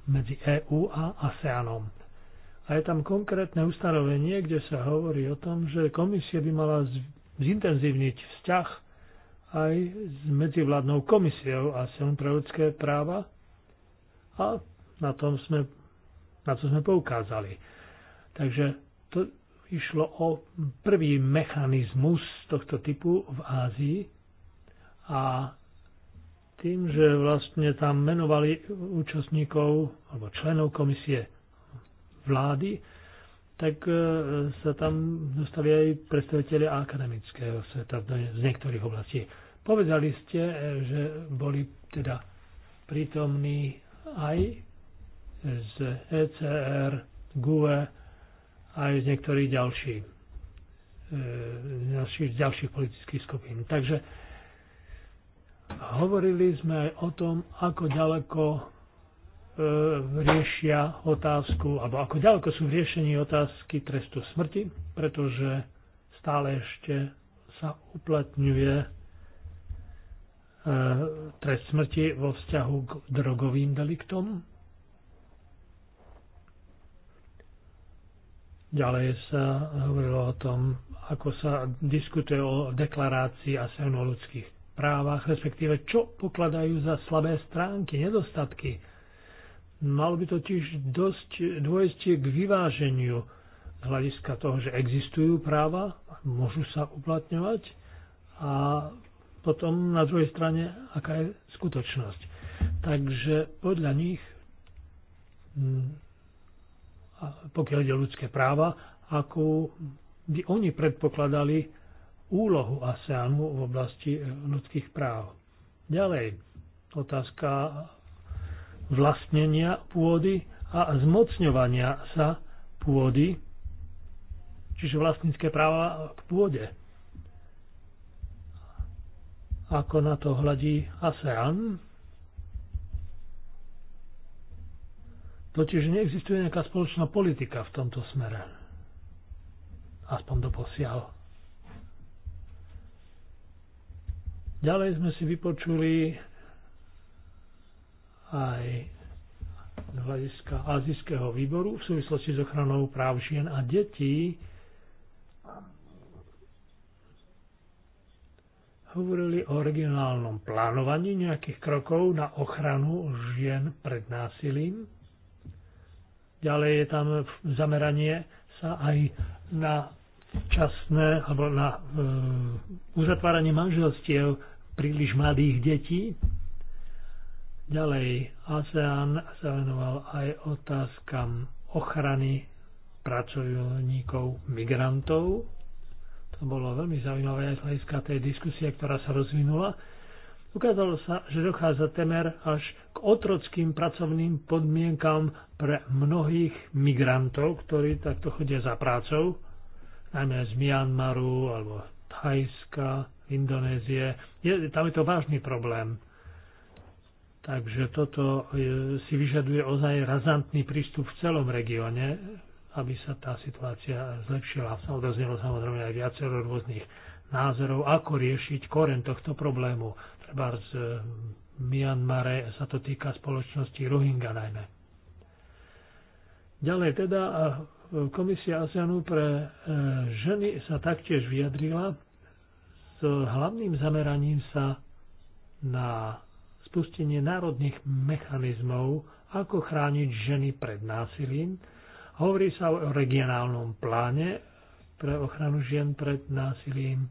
medzi EÚ a ASEANom. A je tam konkrétne ustanovenie, kde sa hovorí o tom, že komisia by mala zintenzívniť vzťah aj s medzivládnou komisiou a silom pre ľudské práva. A na, tom sme, na to sme poukázali. Takže to išlo o prvý mechanizmus tohto typu v Ázii a tým, že vlastne tam menovali účastníkov alebo členov komisie vlády, tak e, sa tam dostali aj predstaviteľi akademického sveta z niektorých oblastí. Povedali ste, e, že boli teda prítomní aj z ECR, GUE, aj z niektorých e, ďalších, z ďalších politických skupín. Takže hovorili sme aj o tom, ako ďaleko E, riešia otázku, alebo ako ďaleko sú v riešení otázky trestu smrti, pretože stále ešte sa uplatňuje e, trest smrti vo vzťahu k drogovým deliktom. Ďalej sa hovorilo o tom, ako sa diskutuje o deklarácii a o ľudských právach, respektíve čo pokladajú za slabé stránky, nedostatky Mal by totiž dosť dôjsť k vyváženiu z hľadiska toho, že existujú práva, môžu sa uplatňovať a potom na druhej strane, aká je skutočnosť. Takže podľa nich, mm, pokiaľ ide ľudské práva, ako by oni predpokladali úlohu ASEANu v oblasti ľudských práv. Ďalej, otázka vlastnenia pôdy a zmocňovania sa pôdy, čiže vlastnícke práva k pôde. Ako na to hľadí ASEAN, totiž neexistuje nejaká spoločná politika v tomto smere. Aspoň do posiaľ. Ďalej sme si vypočuli aj z hľadiska azijského výboru v súvislosti s ochranou práv žien a detí hovorili o regionálnom plánovaní nejakých krokov na ochranu žien pred násilím. Ďalej je tam zameranie sa aj na časné alebo na e, uzatváranie manželstiev príliš mladých detí, Ďalej, ASEAN sa venoval aj otázkam ochrany pracovníkov migrantov. To bolo veľmi zaujímavé aj z hľadiska tej diskusie, ktorá sa rozvinula. Ukázalo sa, že dochádza temer až k otrockým pracovným podmienkam pre mnohých migrantov, ktorí takto chodia za prácou, najmä z Myanmaru alebo Thajska, Indonézie. Je, tam je to vážny problém. Takže toto e, si vyžaduje ozaj razantný prístup v celom regióne, aby sa tá situácia zlepšila. Odoznelo samozrejme aj viacero rôznych názorov, ako riešiť koren tohto problému. Treba z e, Myanmare sa to týka spoločnosti Rohingya najmä. Ďalej teda e, Komisia ASEANu pre ženy sa taktiež vyjadrila s hlavným zameraním sa na spustenie národných mechanizmov, ako chrániť ženy pred násilím. Hovorí sa o regionálnom pláne pre ochranu žien pred násilím.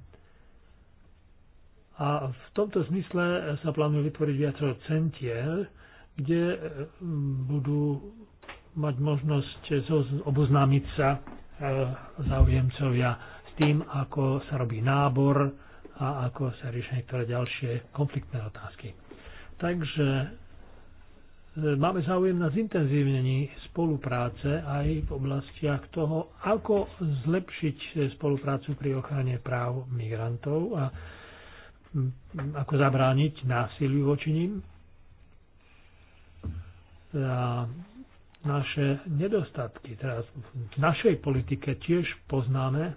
A v tomto zmysle sa plánuje vytvoriť viacero centier, kde eh, budú mať možnosť oboznámiť sa eh, záujemcovia s tým, ako sa robí nábor a ako sa riešia niektoré ďalšie konfliktné otázky. Takže e, máme záujem na zintenzívnení spolupráce aj v oblastiach toho, ako zlepšiť e, spoluprácu pri ochrane práv migrantov a ako zabrániť násiliu voči nim. A naše nedostatky teraz v našej politike tiež poznáme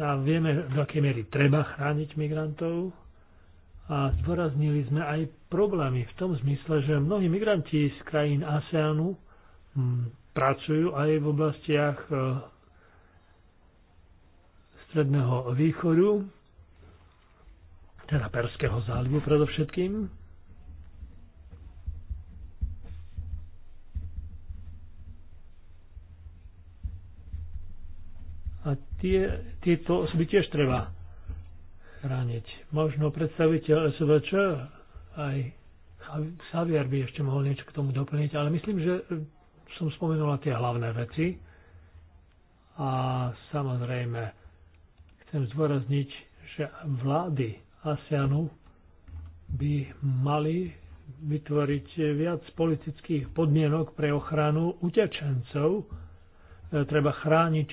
a vieme, do akej miery treba chrániť migrantov a zdôraznili sme aj problémy v tom zmysle, že mnohí migranti z krajín ASEANu hm, pracujú aj v oblastiach e, Stredného východu, teda Perského zálivu predovšetkým. A tie, tieto osoby tiež treba chrániť. Možno predstaviteľ SVČ aj Xavier by ešte mohol niečo k tomu doplniť, ale myslím, že e, som spomenula tie hlavné veci. A samozrejme, chcem zdôrazniť, že vlády ASEANu by mali vytvoriť viac politických podmienok pre ochranu utečencov. E, treba chrániť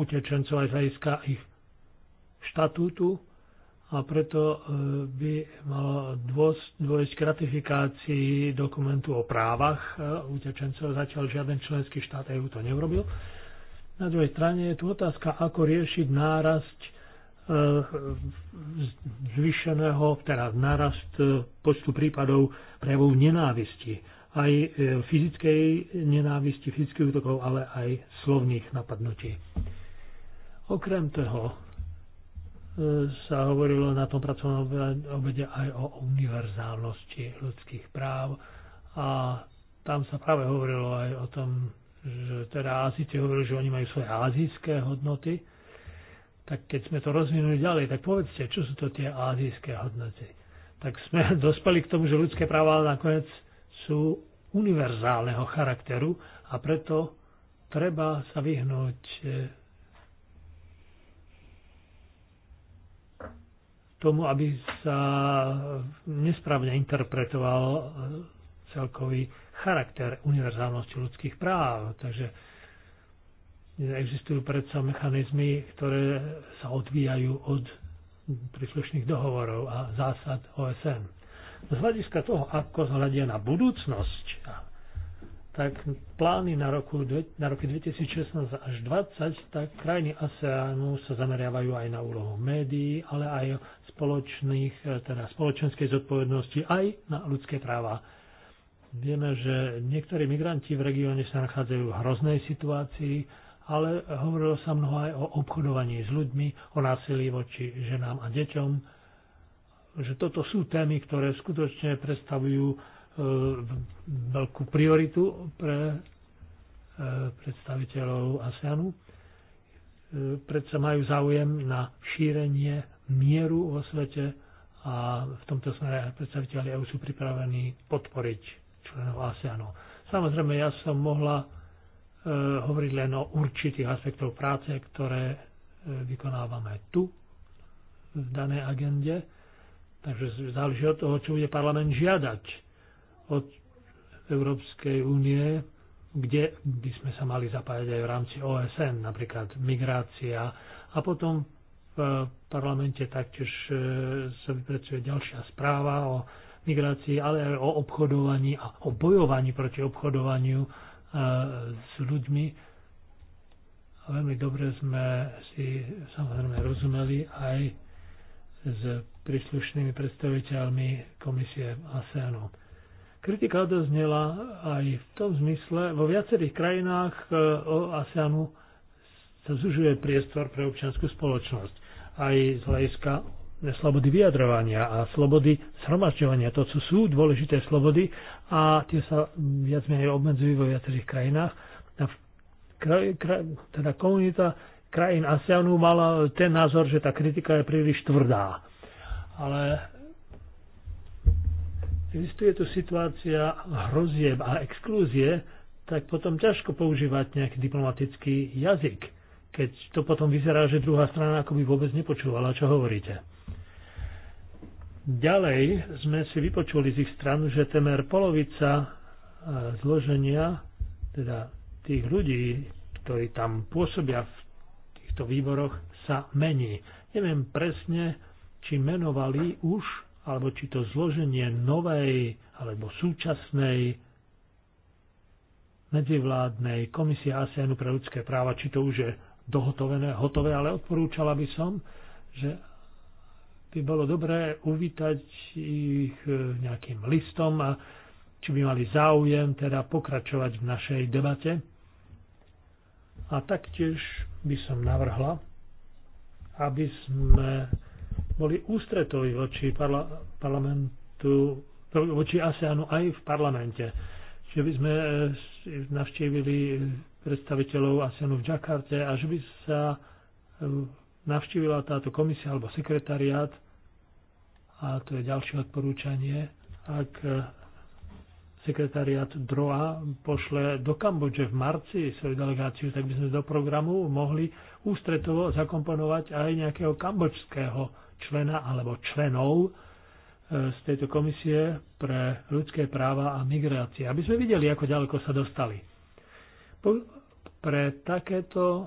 utečencov aj z hľadiska ich štatútu a preto e, by malo dôjsť k ratifikácii dokumentu o právach e, utečencov. Zatiaľ žiaden členský štát EU to neurobil. Na druhej strane je tu otázka, ako riešiť nárast e, zvyšeného, teda nárast počtu prípadov prejavov nenávisti. Aj fyzickej nenávisti, fyzických útokov, ale aj slovných napadnutí. Okrem toho, sa hovorilo na tom pracovnom obede aj o univerzálnosti ľudských práv a tam sa práve hovorilo aj o tom, že teda Azite hovorili, že oni majú svoje azijské hodnoty, tak keď sme to rozvinuli ďalej, tak povedzte, čo sú to tie azijské hodnoty. Tak sme dospeli k tomu, že ľudské práva nakoniec sú univerzálneho charakteru a preto treba sa vyhnúť eh, tomu, aby sa nesprávne interpretoval celkový charakter univerzálnosti ľudských práv. Takže existujú predsa mechanizmy, ktoré sa odvíjajú od príslušných dohovorov a zásad OSN. Z hľadiska toho, ako hľadia na budúcnosť tak plány na, roku, na roky 2016 až 2020, tak krajiny ASEANu sa zameriavajú aj na úlohu médií, ale aj spoločných, e, teda spoločenskej zodpovednosti, aj na ľudské práva. Vieme, že niektorí migranti v regióne sa nachádzajú v hroznej situácii, ale hovorilo sa mnoho aj o obchodovaní s ľuďmi, o násilí voči ženám a deťom, že toto sú témy, ktoré skutočne predstavujú E, veľkú prioritu pre e, predstaviteľov ASEANu. E, predsa majú záujem na šírenie mieru vo svete a v tomto smere predstaviteľi EU sú pripravení podporiť členov ASEANu. Samozrejme, ja som mohla hovoriť len o určitých aspektov práce, ktoré vykonávame tu, v danej agende. Takže záleží od toho, čo bude parlament žiadať od Európskej únie, kde by sme sa mali zapájať aj v rámci OSN, napríklad migrácia. A potom v parlamente taktiež e, sa vypracuje ďalšia správa o migrácii, ale aj o obchodovaní a o bojovaní proti obchodovaniu e, s ľuďmi. A veľmi dobre sme si samozrejme rozumeli aj s príslušnými predstaviteľmi komisie ASEANu. Kritika odoznela aj v tom zmysle, vo viacerých krajinách eh, o ASEANu sa zužuje priestor pre občianskú spoločnosť. Aj z hľadiska slobody vyjadrovania a slobody shromažďovania, To co sú dôležité slobody a tie sa viac menej obmedzujú vo viacerých krajinách. A kraj, kraj, teda komunita krajín ASEANu mala ten názor, že tá kritika je príliš tvrdá. Ale existuje tu situácia hrozieb a exklúzie, tak potom ťažko používať nejaký diplomatický jazyk, keď to potom vyzerá, že druhá strana ako by vôbec nepočúvala, čo hovoríte. Ďalej sme si vypočuli z ich stran, že temer polovica e, zloženia, teda tých ľudí, ktorí tam pôsobia v týchto výboroch, sa mení. Neviem presne, či menovali už alebo či to zloženie novej alebo súčasnej medzivládnej komisie ASEANu pre ľudské práva, či to už je dohotovené, hotové, ale odporúčala by som, že by bolo dobré uvítať ich nejakým listom a či by mali záujem teda pokračovať v našej debate. A taktiež by som navrhla, aby sme boli ústretoví voči parla- parlamentu, voči ASEANu aj v parlamente. Že by sme eh, navštívili predstaviteľov ASEANu v Džakarte a že by sa eh, navštívila táto komisia alebo sekretariát a to je ďalšie odporúčanie, ak eh, sekretariat DROA pošle do Kambodže v marci svoju delegáciu, tak by sme do programu mohli ústretovo zakomponovať aj nejakého kambočského člena alebo členov e, z tejto komisie pre ľudské práva a migrácie, aby sme videli, ako ďaleko sa dostali. Pre takéto e,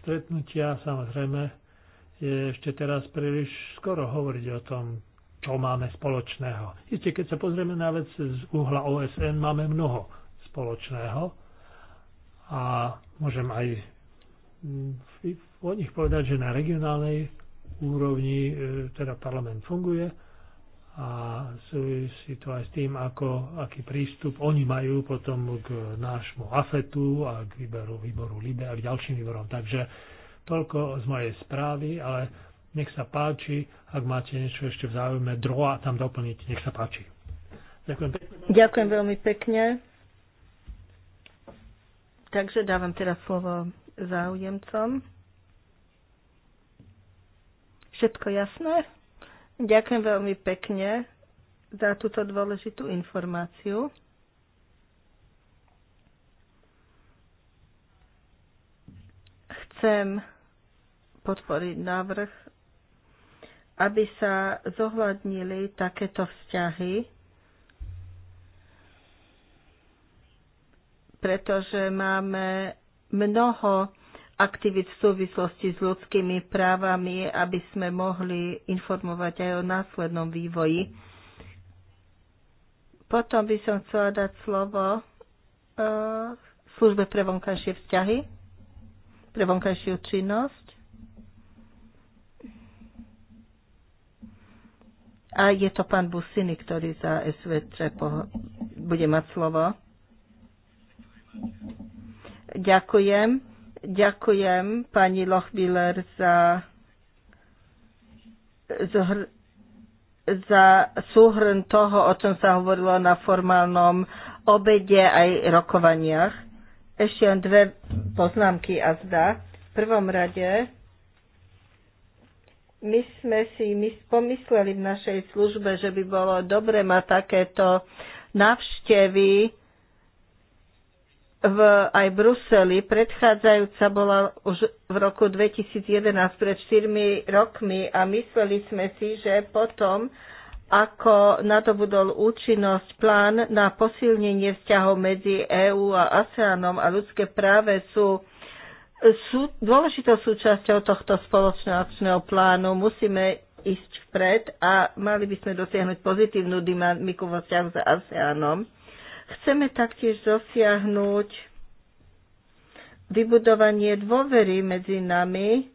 stretnutia samozrejme je ešte teraz príliš skoro hovoriť o tom, čo máme spoločného. Isté, keď sa pozrieme na vec z uhla OSN, máme mnoho spoločného a môžem aj o mm, nich povedať, že na regionálnej úrovni e, teda parlament funguje a súvisí to aj s tým, ako, aký prístup oni majú potom k nášmu AFETu a k výberu, výboru LIBE a k ďalším výborom. Takže toľko z mojej správy, ale nech sa páči, ak máte niečo ešte v záujme droa tam doplniť, nech sa páči. Ďakujem pekne. Ďakujem veľmi pekne. Takže dávam teraz slovo záujemcom. Všetko jasné? Ďakujem veľmi pekne za túto dôležitú informáciu. Chcem podporiť návrh, aby sa zohľadnili takéto vzťahy, pretože máme mnoho aktivít v súvislosti s ľudskými právami, aby sme mohli informovať aj o následnom vývoji. Potom by som chcela dať slovo uh, službe pre vonkajšie vzťahy, pre vonkajšiu činnosť. A je to pán Businy, ktorý za SVČ bude mať slovo. Ďakujem. Ďakujem pani Lochbiller za, za súhrn toho, o čom sa hovorilo na formálnom obede aj rokovaniach. Ešte len dve poznámky a zda. V prvom rade my sme si my pomysleli v našej službe, že by bolo dobre mať takéto návštevy v, aj Bruseli. Predchádzajúca bola už v roku 2011, pred 4 rokmi a mysleli sme si, že potom, ako nadobudol účinnosť plán na posilnenie vzťahov medzi EÚ a ASEANom a ľudské práve sú, sú dôležitou súčasťou tohto spoločného plánu. Musíme ísť vpred a mali by sme dosiahnuť pozitívnu dynamiku vo vzťahu s ASEANom Chceme taktiež dosiahnuť vybudovanie dôvery medzi nami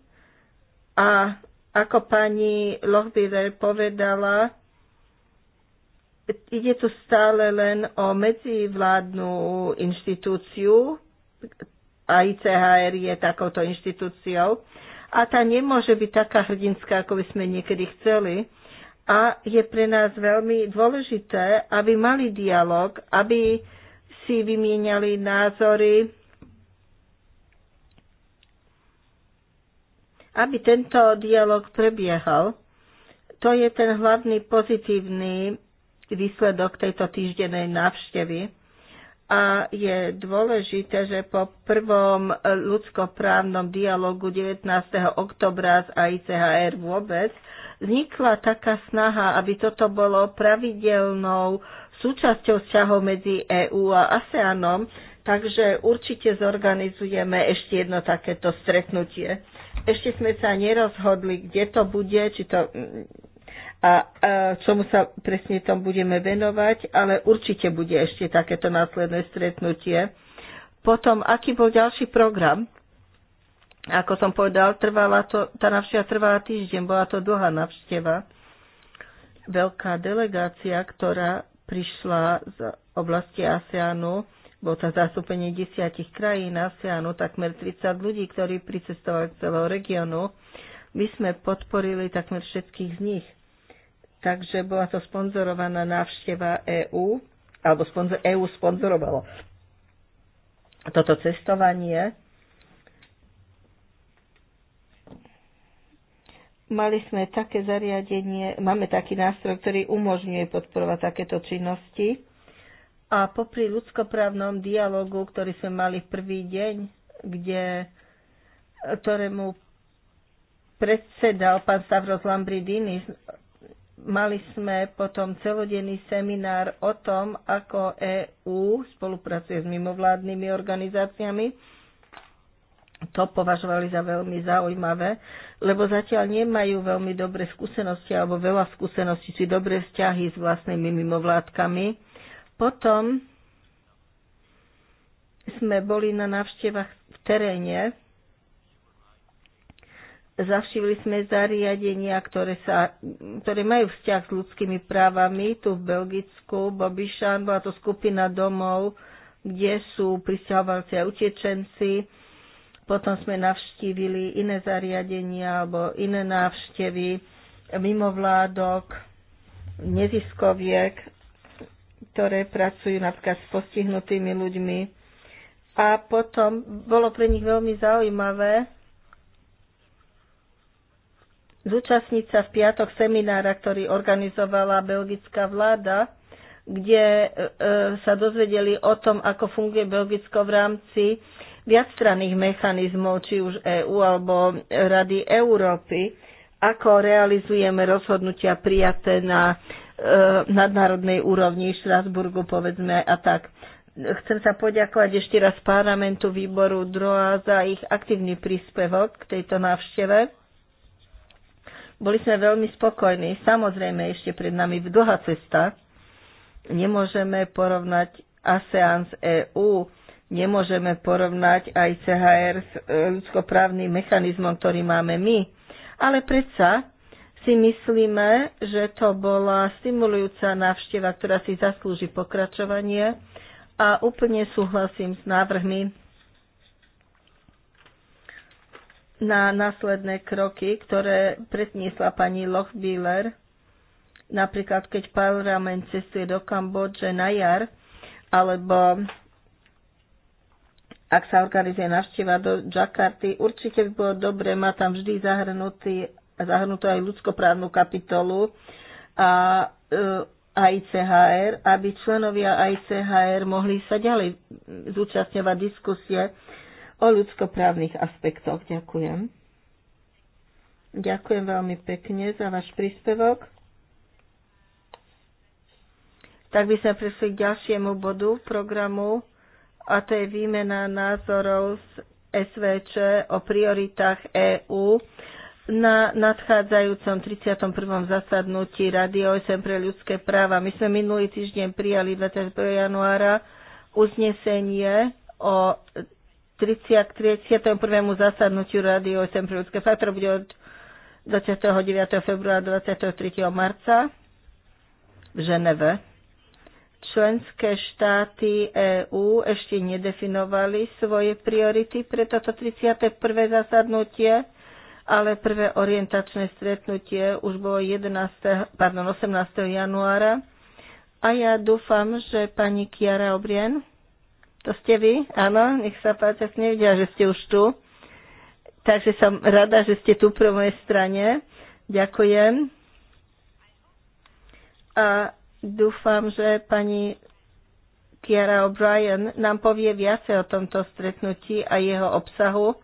a ako pani Lochbiller povedala, ide tu stále len o medzivládnu inštitúciu, a ICHR je takouto inštitúciou, a tá nemôže byť taká hrdinská, ako by sme niekedy chceli, a je pre nás veľmi dôležité, aby mali dialog, aby si vymieniali názory, aby tento dialog prebiehal. To je ten hlavný pozitívny výsledok tejto týždenej návštevy. A je dôležité, že po prvom e, ľudskoprávnom dialogu 19. oktobra z AICHR vôbec vznikla taká snaha, aby toto bolo pravidelnou súčasťou vzťahov medzi EÚ a ASEANom, takže určite zorganizujeme ešte jedno takéto stretnutie. Ešte sme sa nerozhodli, kde to bude, či to a, čomu sa presne tom budeme venovať, ale určite bude ešte takéto následné stretnutie. Potom, aký bol ďalší program? Ako som povedal, trvala to, tá navšteva trvala týždeň, bola to dlhá navšteva. Veľká delegácia, ktorá prišla z oblasti ASEANu, bolo to zastúpenie desiatich krajín ASEANu, takmer 30 ľudí, ktorí pricestovali z celého regiónu. My sme podporili takmer všetkých z nich. Takže bola to sponzorovaná návšteva EÚ, alebo EÚ sponzorovalo toto cestovanie Mali sme také zariadenie, máme taký nástroj, ktorý umožňuje podporovať takéto činnosti. A popri ľudskoprávnom dialogu, ktorý sme mali v prvý deň, kde, ktorému predsedal pán Stavros Lambridini, mali sme potom celodenný seminár o tom, ako EÚ spolupracuje s mimovládnymi organizáciami to považovali za veľmi zaujímavé, lebo zatiaľ nemajú veľmi dobré skúsenosti alebo veľa skúseností či dobré vzťahy s vlastnými mimovládkami. Potom sme boli na návštevách v teréne. Zavšívli sme zariadenia, ktoré, sa, ktoré majú vzťah s ľudskými právami tu v Belgicku, Bobišan, bola to skupina domov, kde sú pristahovalci a utečenci, potom sme navštívili iné zariadenia alebo iné návštevy mimovládok, neziskoviek, ktoré pracujú napríklad s postihnutými ľuďmi. A potom bolo pre nich veľmi zaujímavé zúčastniť sa v piatok seminára, ktorý organizovala belgická vláda, kde e, e, sa dozvedeli o tom, ako funguje Belgicko v rámci viacstranných mechanizmov, či už EÚ alebo Rady Európy, ako realizujeme rozhodnutia prijaté na e, nadnárodnej úrovni Štrasburgu, povedzme a tak. Chcem sa poďakovať ešte raz parlamentu výboru DROA za ich aktívny príspevok k tejto návšteve. Boli sme veľmi spokojní. Samozrejme, ešte pred nami dlhá cesta. Nemôžeme porovnať ASEAN s EÚ nemôžeme porovnať aj CHR s e, ľudskoprávnym mechanizmom, ktorý máme my. Ale predsa si myslíme, že to bola stimulujúca návšteva, ktorá si zaslúži pokračovanie a úplne súhlasím s návrhmi na následné kroky, ktoré predniesla pani Lochbieler, napríklad keď parlament cestuje do Kambodže na jar, alebo ak sa organizuje navštíva do Jakarty, určite by bolo dobre, má tam vždy zahrnutý, zahrnutú aj ľudskoprávnu kapitolu a e, ICHR, aby členovia ICHR mohli sa ďalej zúčastňovať diskusie o ľudskoprávnych aspektoch. Ďakujem. Ďakujem veľmi pekne za váš príspevok. Tak by sme prešli k ďalšiemu bodu programu a to je výmena názorov z SVČ o prioritách EÚ na nadchádzajúcom 31. zasadnutí Rady OSN pre ľudské práva. My sme minulý týždeň prijali 21. januára uznesenie o 31. zasadnutiu Rady OSN pre ľudské práva, ktoré bude od 29. februára 23. marca v Ženeve členské štáty EÚ ešte nedefinovali svoje priority pre toto 31. zasadnutie, ale prvé orientačné stretnutie už bolo 11, pardon, 18. januára. A ja dúfam, že pani Kiara Obrien, to ste vy, áno, nech sa páči, nevidia, že ste už tu. Takže som rada, že ste tu pro mojej strane. Ďakujem. A Dúfam, že pani Kiara O'Brien nám povie viacej o tomto stretnutí a jeho obsahu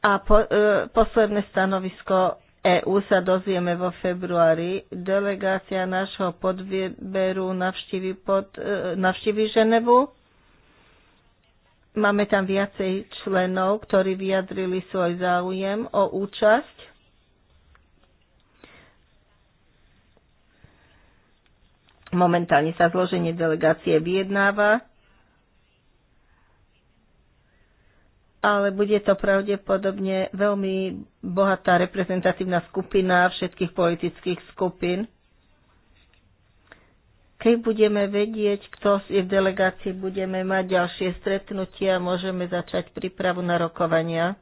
a po, e, posledné stanovisko EÚ sa dozvieme vo februári. Delegácia nášho podvieberu navštívi, pod, e, navštívi Ženevu. Máme tam viacej členov, ktorí vyjadrili svoj záujem o účasť. Momentálne sa zloženie delegácie vyjednáva, ale bude to pravdepodobne veľmi bohatá reprezentatívna skupina všetkých politických skupín. Keď budeme vedieť, kto je v delegácii, budeme mať ďalšie stretnutia a môžeme začať prípravu na rokovania.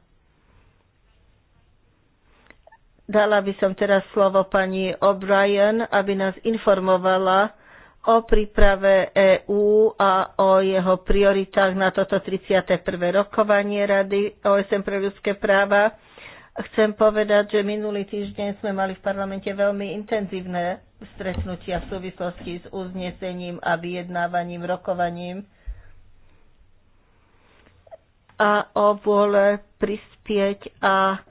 Dala by som teraz slovo pani O'Brien, aby nás informovala o príprave EÚ a o jeho prioritách na toto 31. rokovanie Rady OSN pre ľudské práva. Chcem povedať, že minulý týždeň sme mali v parlamente veľmi intenzívne stretnutia v súvislosti s uznesením a vyjednávaním, rokovaním a o vôle prispieť a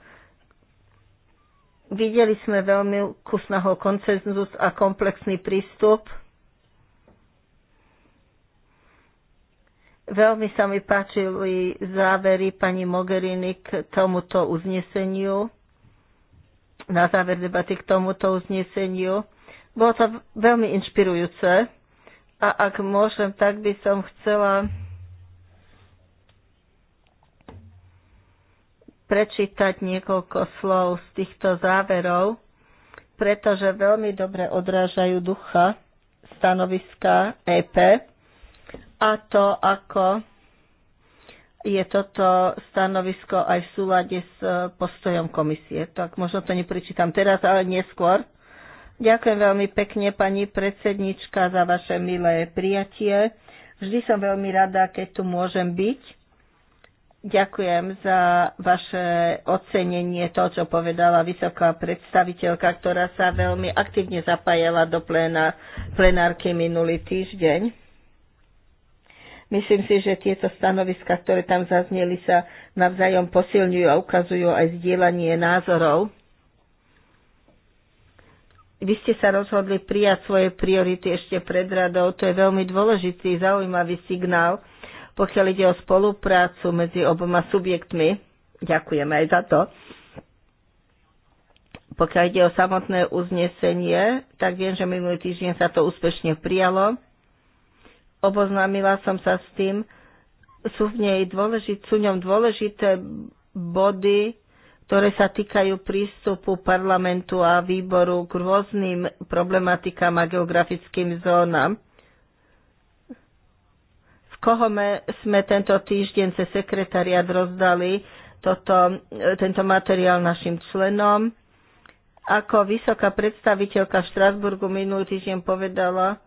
Videli sme veľmi kusnáho koncenzus a komplexný prístup. Veľmi sa mi páčili závery pani Mogherini k tomuto uzneseniu, na záver debaty k tomuto uzneseniu. Bolo to veľmi inšpirujúce a ak môžem, tak by som chcela prečítať niekoľko slov z týchto záverov, pretože veľmi dobre odrážajú ducha stanoviska EP a to, ako je toto stanovisko aj v súlade s eh, postojom komisie. Tak možno to neprečítam teraz, ale neskôr. Ďakujem veľmi pekne, pani predsednička, za vaše milé prijatie. Vždy som veľmi rada, keď tu môžem byť Ďakujem za vaše ocenenie to, čo povedala vysoká predstaviteľka, ktorá sa veľmi aktívne zapájala do pléna, plenárky minulý týždeň. Myslím si, že tieto stanoviska, ktoré tam zazneli, sa navzájom posilňujú a ukazujú aj zdieľanie názorov. Vy ste sa rozhodli prijať svoje priority ešte pred radou. To je veľmi dôležitý, zaujímavý signál, pokiaľ ide o spoluprácu medzi oboma subjektmi. Ďakujeme aj za to. Pokiaľ ide o samotné uznesenie, tak viem, že minulý týždeň sa to úspešne prijalo. Oboznámila som sa s tým. Sú, v nej dôležité, sú ňom dôležité body, ktoré sa týkajú prístupu parlamentu a výboru k rôznym problematikám a geografickým zónam. Kohome sme tento týždeň cez sekretariat rozdali toto, e, tento materiál našim členom. Ako vysoká predstaviteľka v Štrasburgu minulý týždeň povedala,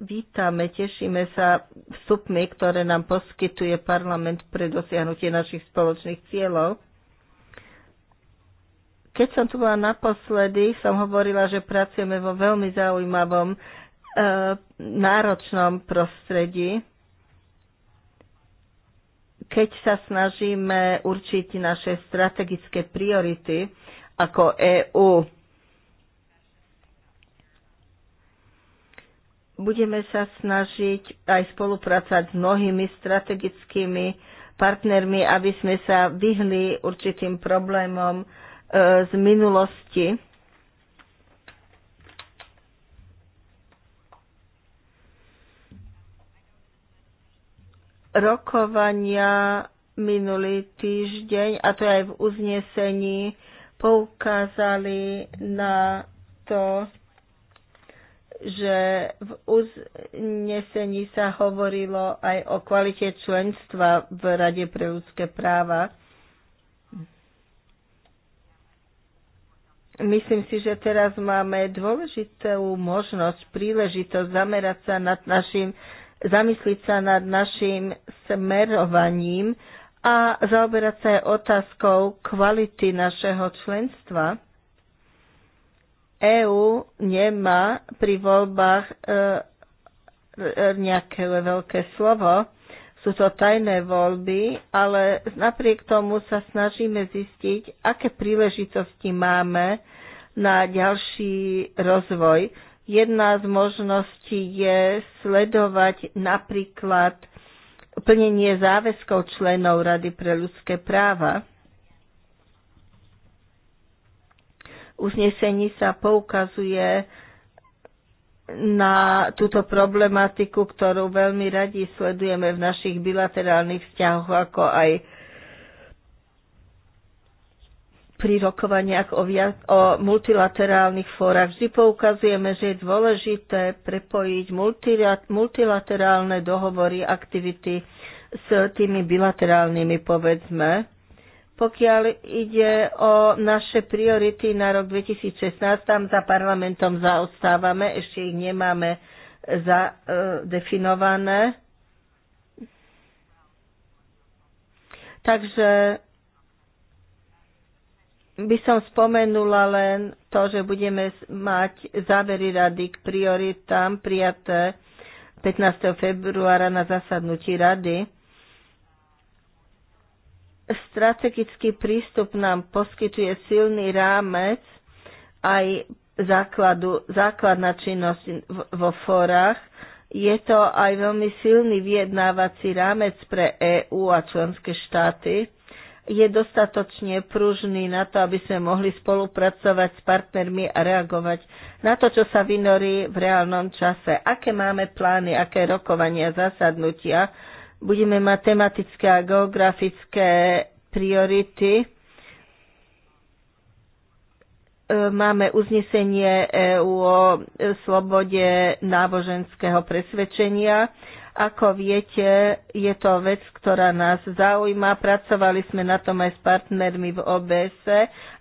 vítame, tešíme sa vstupmi, ktoré nám poskytuje parlament pre dosiahnutie našich spoločných cieľov. Keď som tu bola naposledy, som hovorila, že pracujeme vo veľmi zaujímavom, e, náročnom prostredí keď sa snažíme určiť naše strategické priority ako EÚ, budeme sa snažiť aj spolupracovať s mnohými strategickými partnermi, aby sme sa vyhli určitým problémom e, z minulosti rokovania minulý týždeň, a to aj v uznesení, poukázali na to, že v uznesení sa hovorilo aj o kvalite členstva v Rade pre ľudské práva. Myslím si, že teraz máme dôležitú možnosť, príležitosť zamerať sa nad našim zamysliť sa nad našim smerovaním a zaoberať sa aj otázkou kvality našeho členstva. EÚ nemá pri voľbách e, e, nejaké veľké slovo. Sú to tajné voľby, ale napriek tomu sa snažíme zistiť, aké príležitosti máme na ďalší rozvoj Jedna z možností je sledovať napríklad plnenie záväzkov členov Rady pre ľudské práva. Uznesení sa poukazuje na túto problematiku, ktorú veľmi radi sledujeme v našich bilaterálnych vzťahoch, ako aj pri rokovaniach o, viac, o multilaterálnych fórach vždy poukazujeme, že je dôležité prepojiť multilaterálne dohovory, aktivity s tými bilaterálnymi, povedzme. Pokiaľ ide o naše priority na rok 2016, tam za parlamentom zaostávame, ešte ich nemáme zadefinované. E, Takže by som spomenula len to, že budeme mať závery rady k prioritám prijaté 15. februára na zasadnutí rady. Strategický prístup nám poskytuje silný rámec aj základu, základná činnosť vo fórach. Je to aj veľmi silný vyjednávací rámec pre EÚ a členské štáty je dostatočne pružný na to, aby sme mohli spolupracovať s partnermi a reagovať na to, čo sa vynorí v reálnom čase. Aké máme plány, aké rokovania, zasadnutia. Budeme mať tematické a geografické priority. E, máme uznesenie EU o e, slobode náboženského presvedčenia ako viete, je to vec, ktorá nás zaujíma. Pracovali sme na tom aj s partnermi v obs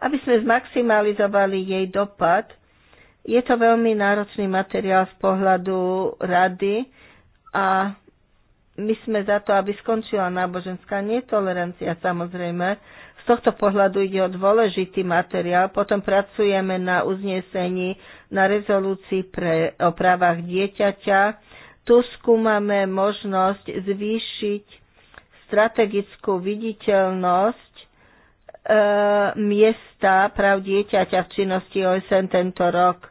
aby sme zmaximalizovali jej dopad. Je to veľmi náročný materiál z pohľadu rady a my sme za to, aby skončila náboženská netolerancia samozrejme. Z tohto pohľadu ide o dôležitý materiál. Potom pracujeme na uznesení, na rezolúcii pre, o právach dieťaťa tu skúmame možnosť zvýšiť strategickú viditeľnosť e, miesta práv dieťaťa v činnosti OSN tento rok.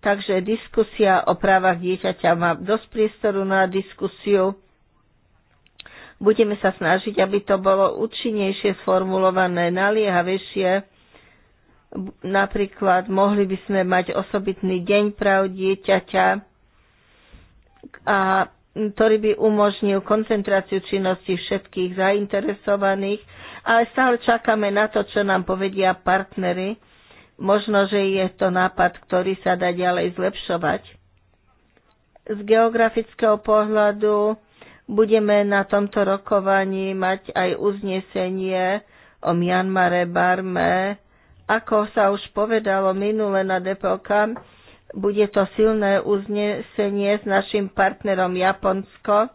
Takže diskusia o právach dieťaťa má dosť priestoru na diskusiu. Budeme sa snažiť, aby to bolo účinnejšie sformulované, naliehavejšie. Napríklad mohli by sme mať osobitný deň práv dieťaťa, a ktorý by umožnil koncentráciu činnosti všetkých zainteresovaných, ale stále čakáme na to, čo nám povedia partnery. Možno, že je to nápad, ktorý sa dá ďalej zlepšovať. Z geografického pohľadu budeme na tomto rokovaní mať aj uznesenie o Mianmare, Barme. Ako sa už povedalo minule na DPOK, bude to silné uznesenie s našim partnerom Japonsko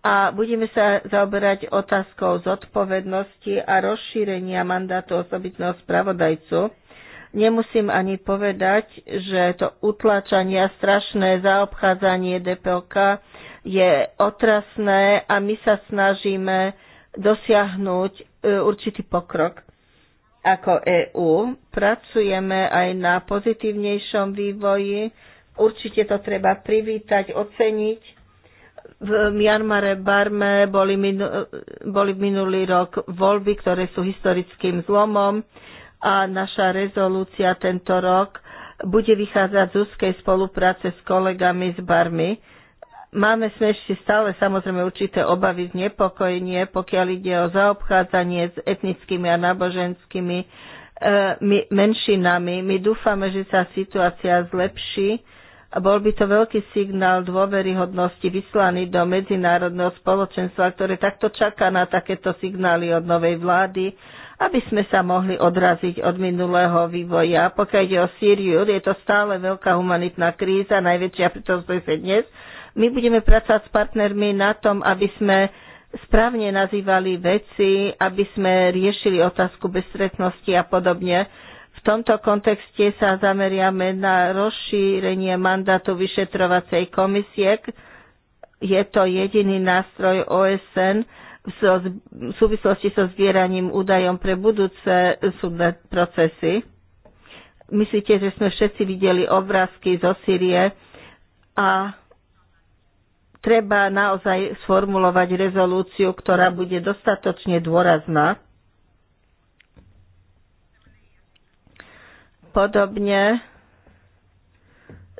a budeme sa zaoberať otázkou zodpovednosti a rozšírenia mandátu osobitného spravodajcu. Nemusím ani povedať, že to utlačanie a strašné zaobchádzanie DPOK je otrasné a my sa snažíme dosiahnuť e, určitý pokrok ako EÚ. Pracujeme aj na pozitívnejšom vývoji. Určite to treba privítať, oceniť v Mianmare, Barme boli, minu, boli minulý rok voľby, ktoré sú historickým zlomom a naša rezolúcia tento rok bude vychádzať z úzkej spolupráce s kolegami z Barmy. Máme sme ešte stále samozrejme určité obavy z nepokojenie, pokiaľ ide o zaobchádzanie s etnickými a náboženskými e, menšinami. My dúfame, že sa situácia zlepší. Bol by to veľký signál dôveryhodnosti vyslaný do medzinárodného spoločenstva, ktoré takto čaká na takéto signály od novej vlády, aby sme sa mohli odraziť od minulého vývoja. Pokiaľ ide o Sýriu, je to stále veľká humanitná kríza, najväčšia pri tom sme dnes, my budeme pracovať s partnermi na tom, aby sme správne nazývali veci, aby sme riešili otázku bezstretnosti a podobne. V tomto kontexte sa zameriame na rozšírenie mandátu vyšetrovacej komisie. Je to jediný nástroj OSN v súvislosti so zbieraním údajom pre budúce súdne procesy. Myslíte, že sme všetci videli obrázky zo Syrie a treba naozaj sformulovať rezolúciu, ktorá bude dostatočne dôrazná. Podobne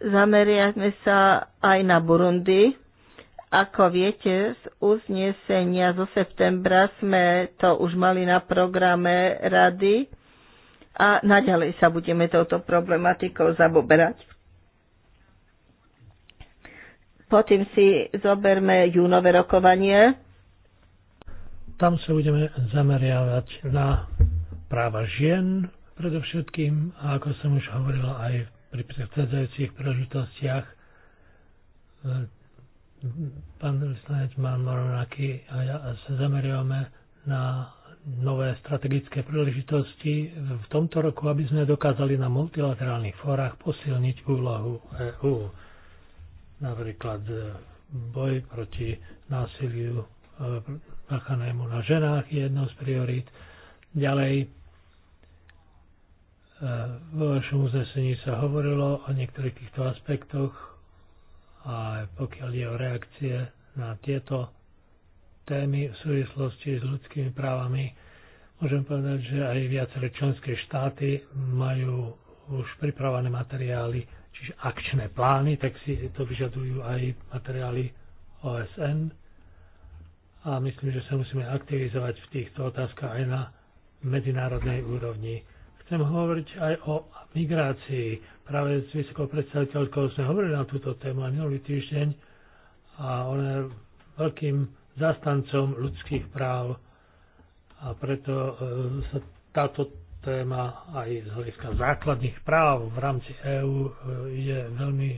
zameriame sa aj na Burundi. Ako viete, z uznesenia zo septembra sme to už mali na programe rady a naďalej sa budeme touto problematikou zaoberať. Potom si zoberme júnové rokovanie. Tam sa budeme zameriavať na práva žien predovšetkým, a ako som už hovorila aj pri predchádzajúcich príležitostiach, pán vyslanec má Moronaki a ja sa zameriavame na nové strategické príležitosti v tomto roku, aby sme dokázali na multilaterálnych fórach posilniť úlohu EÚ napríklad e, boj proti násiliu e, páchanému na ženách je jednou z priorít. Ďalej e, vo vašom uznesení sa hovorilo o niektorých týchto aspektoch a pokiaľ je o reakcie na tieto témy v súvislosti s ľudskými právami, môžem povedať, že aj viaceré členské štáty majú už pripravené materiály čiže akčné plány, tak si to vyžadujú aj materiály OSN. A myslím, že sa musíme aktivizovať v týchto otázkach aj na medzinárodnej úrovni. Chcem hovoriť aj o migrácii. Práve s vysokou predstaviteľkou sme hovorili na túto tému aj minulý týždeň a on je veľkým zastancom ľudských práv a preto e, sa táto téma aj z hľadiska základných práv v rámci EÚ e, je veľmi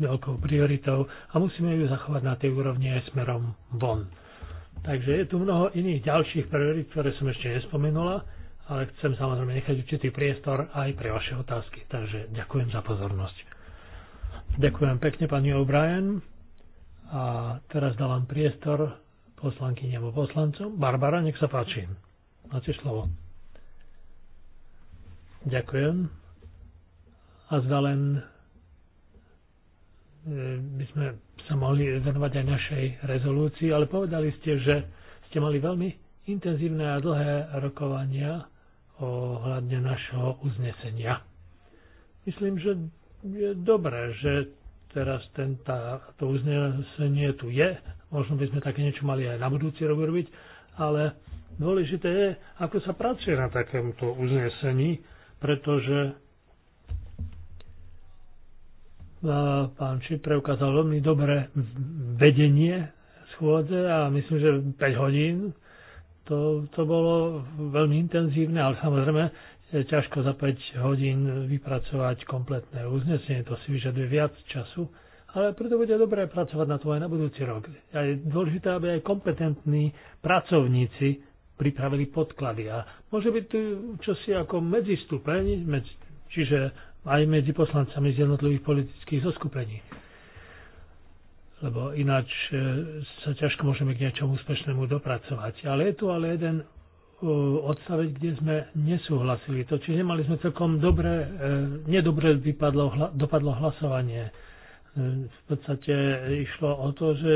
veľkou prioritou a musíme ju zachovať na tej úrovni aj smerom von. Takže je tu mnoho iných ďalších priorit, ktoré som ešte nespomenula, ale chcem samozrejme nechať určitý priestor aj pre vaše otázky. Takže ďakujem za pozornosť. Ďakujem pekne pani O'Brien a teraz dávam priestor poslankyňam a poslancom. Barbara, nech sa páči. Máte slovo. Ďakujem. A zda len e, by sme sa mohli venovať aj našej rezolúcii, ale povedali ste, že ste mali veľmi intenzívne a dlhé rokovania ohľadne našho uznesenia. Myslím, že je dobré, že teraz tenta, to uznesenie tu je. Možno by sme také niečo mali aj na budúci rok robiť, ale dôležité je, ako sa pracuje na takomto uznesení pretože pán čip ukázal veľmi dobré vedenie schôdze a myslím, že 5 hodín to, to bolo veľmi intenzívne, ale samozrejme ťažko za 5 hodín vypracovať kompletné uznesenie, to si vyžaduje viac času, ale preto bude dobré pracovať na to aj na budúci rok. A je dôležité, aby aj kompetentní pracovníci pripravili podklady. A môže byť tu eh, čosi ako medzistupeň, eh, medzi, čiže aj medzi poslancami z jednotlivých politických zoskupení. Lebo ináč eh, sa ťažko môžeme k niečomu úspešnému dopracovať. Ale je tu ale jeden odstaveť, kde sme nesúhlasili. To, čiže nemali sme celkom dobre, nedobre vypadlo, dopadlo hlasovanie. V podstate išlo o to, že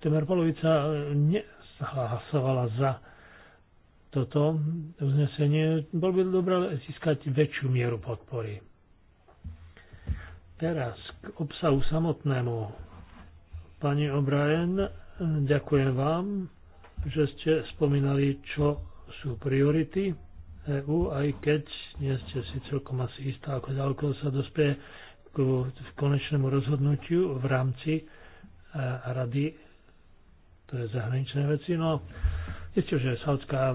temer polovica nehlasovala za toto uznesenie, bolo by dobré získať väčšiu mieru podpory. Teraz k obsahu samotnému. Pani O'Brien, ďakujem vám, že ste spomínali, čo sú priority EU, aj keď nie ste si celkom asi istá, ako ďaleko sa dospie k konečnému rozhodnutiu v rámci e, Rady, to je zahraničné veci. No, Viete, že Saudská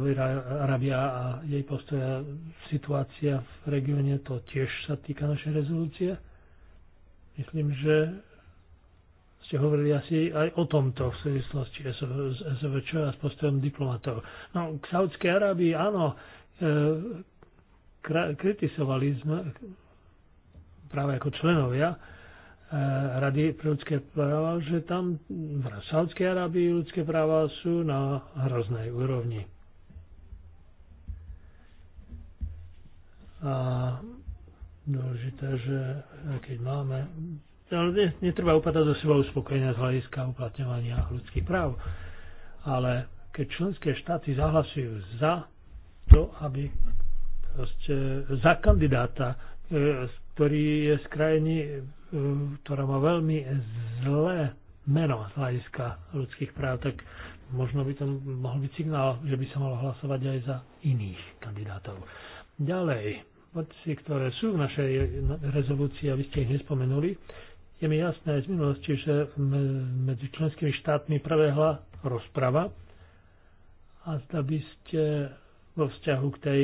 Arábia a jej postoja situácia v regióne, to tiež sa týka našej rezolúcie. Myslím, že ste hovorili asi aj o tomto v súvislosti s SVČ a s postojom diplomatov. No, k Saudskej Arábii áno, e, kritizovali sme práve ako členovia Eh, Rady pre ľudské práva, že tam v Sádskej Arábii ľudské práva sú na hroznej úrovni. A dôležité, že keď máme... Ale netreba upadať do seba uspokojenia z hľadiska uplatňovania ľudských práv. Ale keď členské štáty zahlasujú za to, aby za kandidáta eh, ktorý je z krajiny, e, ktorá má veľmi zlé meno z hľadiska ľudských práv, tak možno by to mohol byť signál, že by sa malo hlasovať aj za iných kandidátov. Ďalej, veci, ktoré sú v našej rezolúcii, aby ste ich nespomenuli, je mi jasné aj z minulosti, že medzi členskými štátmi prebehla rozprava a zda by ste vo vzťahu k tej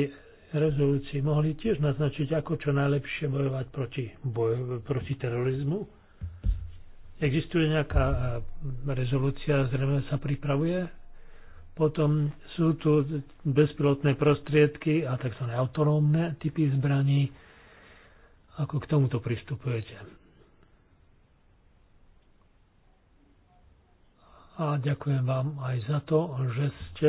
rezolúcii mohli tiež naznačiť, ako čo najlepšie bojovať proti, bojo, proti terorizmu. Existuje nejaká e, rezolúcia, zrejme sa pripravuje. Potom sú tu bezpilotné prostriedky a tzv. autonómne typy zbraní. Ako k tomuto pristupujete? A ďakujem vám aj za to, že ste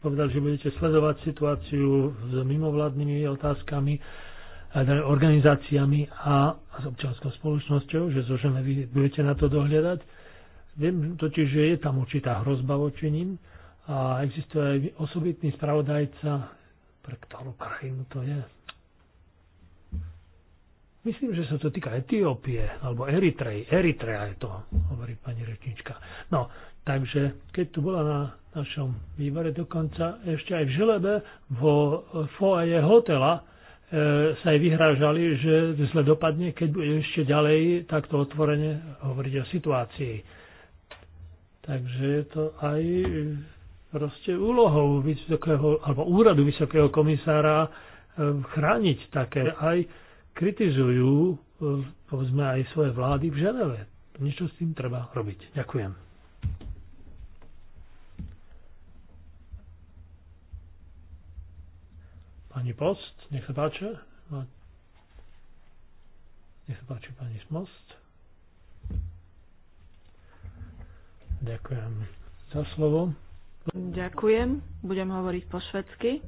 Povedal, že budete sledovať situáciu s mimovládnymi otázkami, teda organizáciami a s občianskou spoločnosťou, že zožeme, vy budete na to dohľadať. Viem totiž, že je tam určitá hrozba voči ním a existuje aj osobitný spravodajca, pre ktorú krajinu to je. Myslím, že sa to týka Etiópie, alebo Eritrej. Eritrea je to, hovorí pani rečnička. No, Takže keď tu bola na našom výbore, dokonca ešte aj v Želebe, vo foaje hotela, e, sa aj vyhrážali, že zle dopadne, keď bude ešte ďalej takto otvorene hovoriť o situácii. Takže je to aj e, proste úlohou vysokého, alebo úradu vysokého komisára e, chrániť také. Aj kritizujú, e, povedzme, aj svoje vlády v Ženeve. Niečo s tým treba robiť. Ďakujem. Pani Post, nech sa páči. Nech sa páči pani Most. Ďakujem za slovo. Ďakujem. Budem hovoriť po švedsky.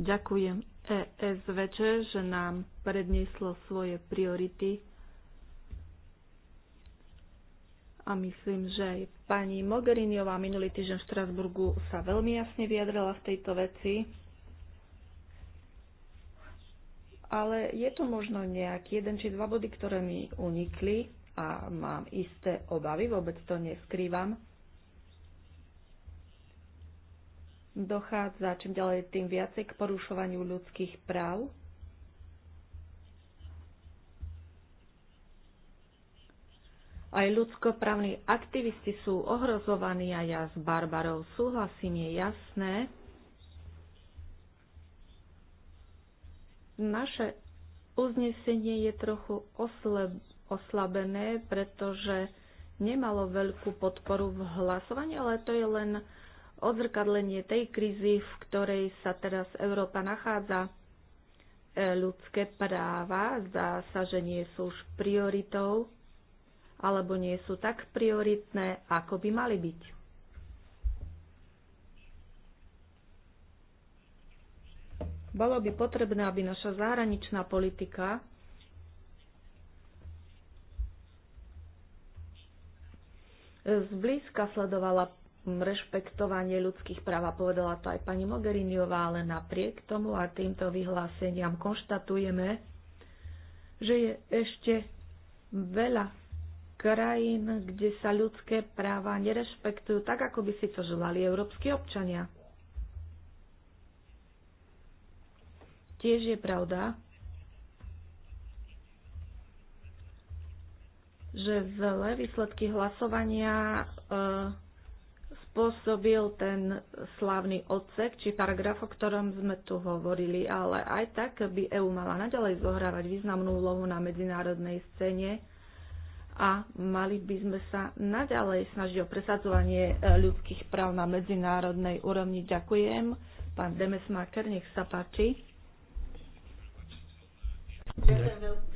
Ďakujem ESVČ, že nám prednieslo svoje priority a myslím, že aj pani Mogheriniová minulý týždeň v Štrasburgu sa veľmi jasne vyjadrila v tejto veci. Ale je tu možno nejaký jeden či dva body, ktoré mi unikli a mám isté obavy, vôbec to neskrývam. Dochádza čím ďalej tým viacej k porušovaniu ľudských práv Aj ľudskoprávni aktivisti sú ohrozovaní a ja s Barbarou súhlasím, je jasné. Naše uznesenie je trochu osleb- oslabené, pretože nemalo veľkú podporu v hlasovaní, ale to je len odzrkadlenie tej krízy, v ktorej sa teraz Európa nachádza. E, ľudské práva zdá sa, že nie sú už prioritou alebo nie sú tak prioritné, ako by mali byť. Bolo by potrebné, aby naša zahraničná politika zblízka sledovala rešpektovanie ľudských práv a povedala to aj pani Mogheriniová, ale napriek tomu a týmto vyhláseniam konštatujeme, že je ešte veľa krajín, kde sa ľudské práva nerešpektujú tak, ako by si to želali európsky občania. Tiež je pravda, že zlé výsledky hlasovania e, spôsobil ten slávny odsek či paragraf, o ktorom sme tu hovorili, ale aj tak by EU mala naďalej zohrávať významnú úlohu na medzinárodnej scéne a mali by sme sa naďalej snažiť o presadzovanie e, ľudských práv na medzinárodnej úrovni. Ďakujem. Pán Demesmaker, nech sa páči.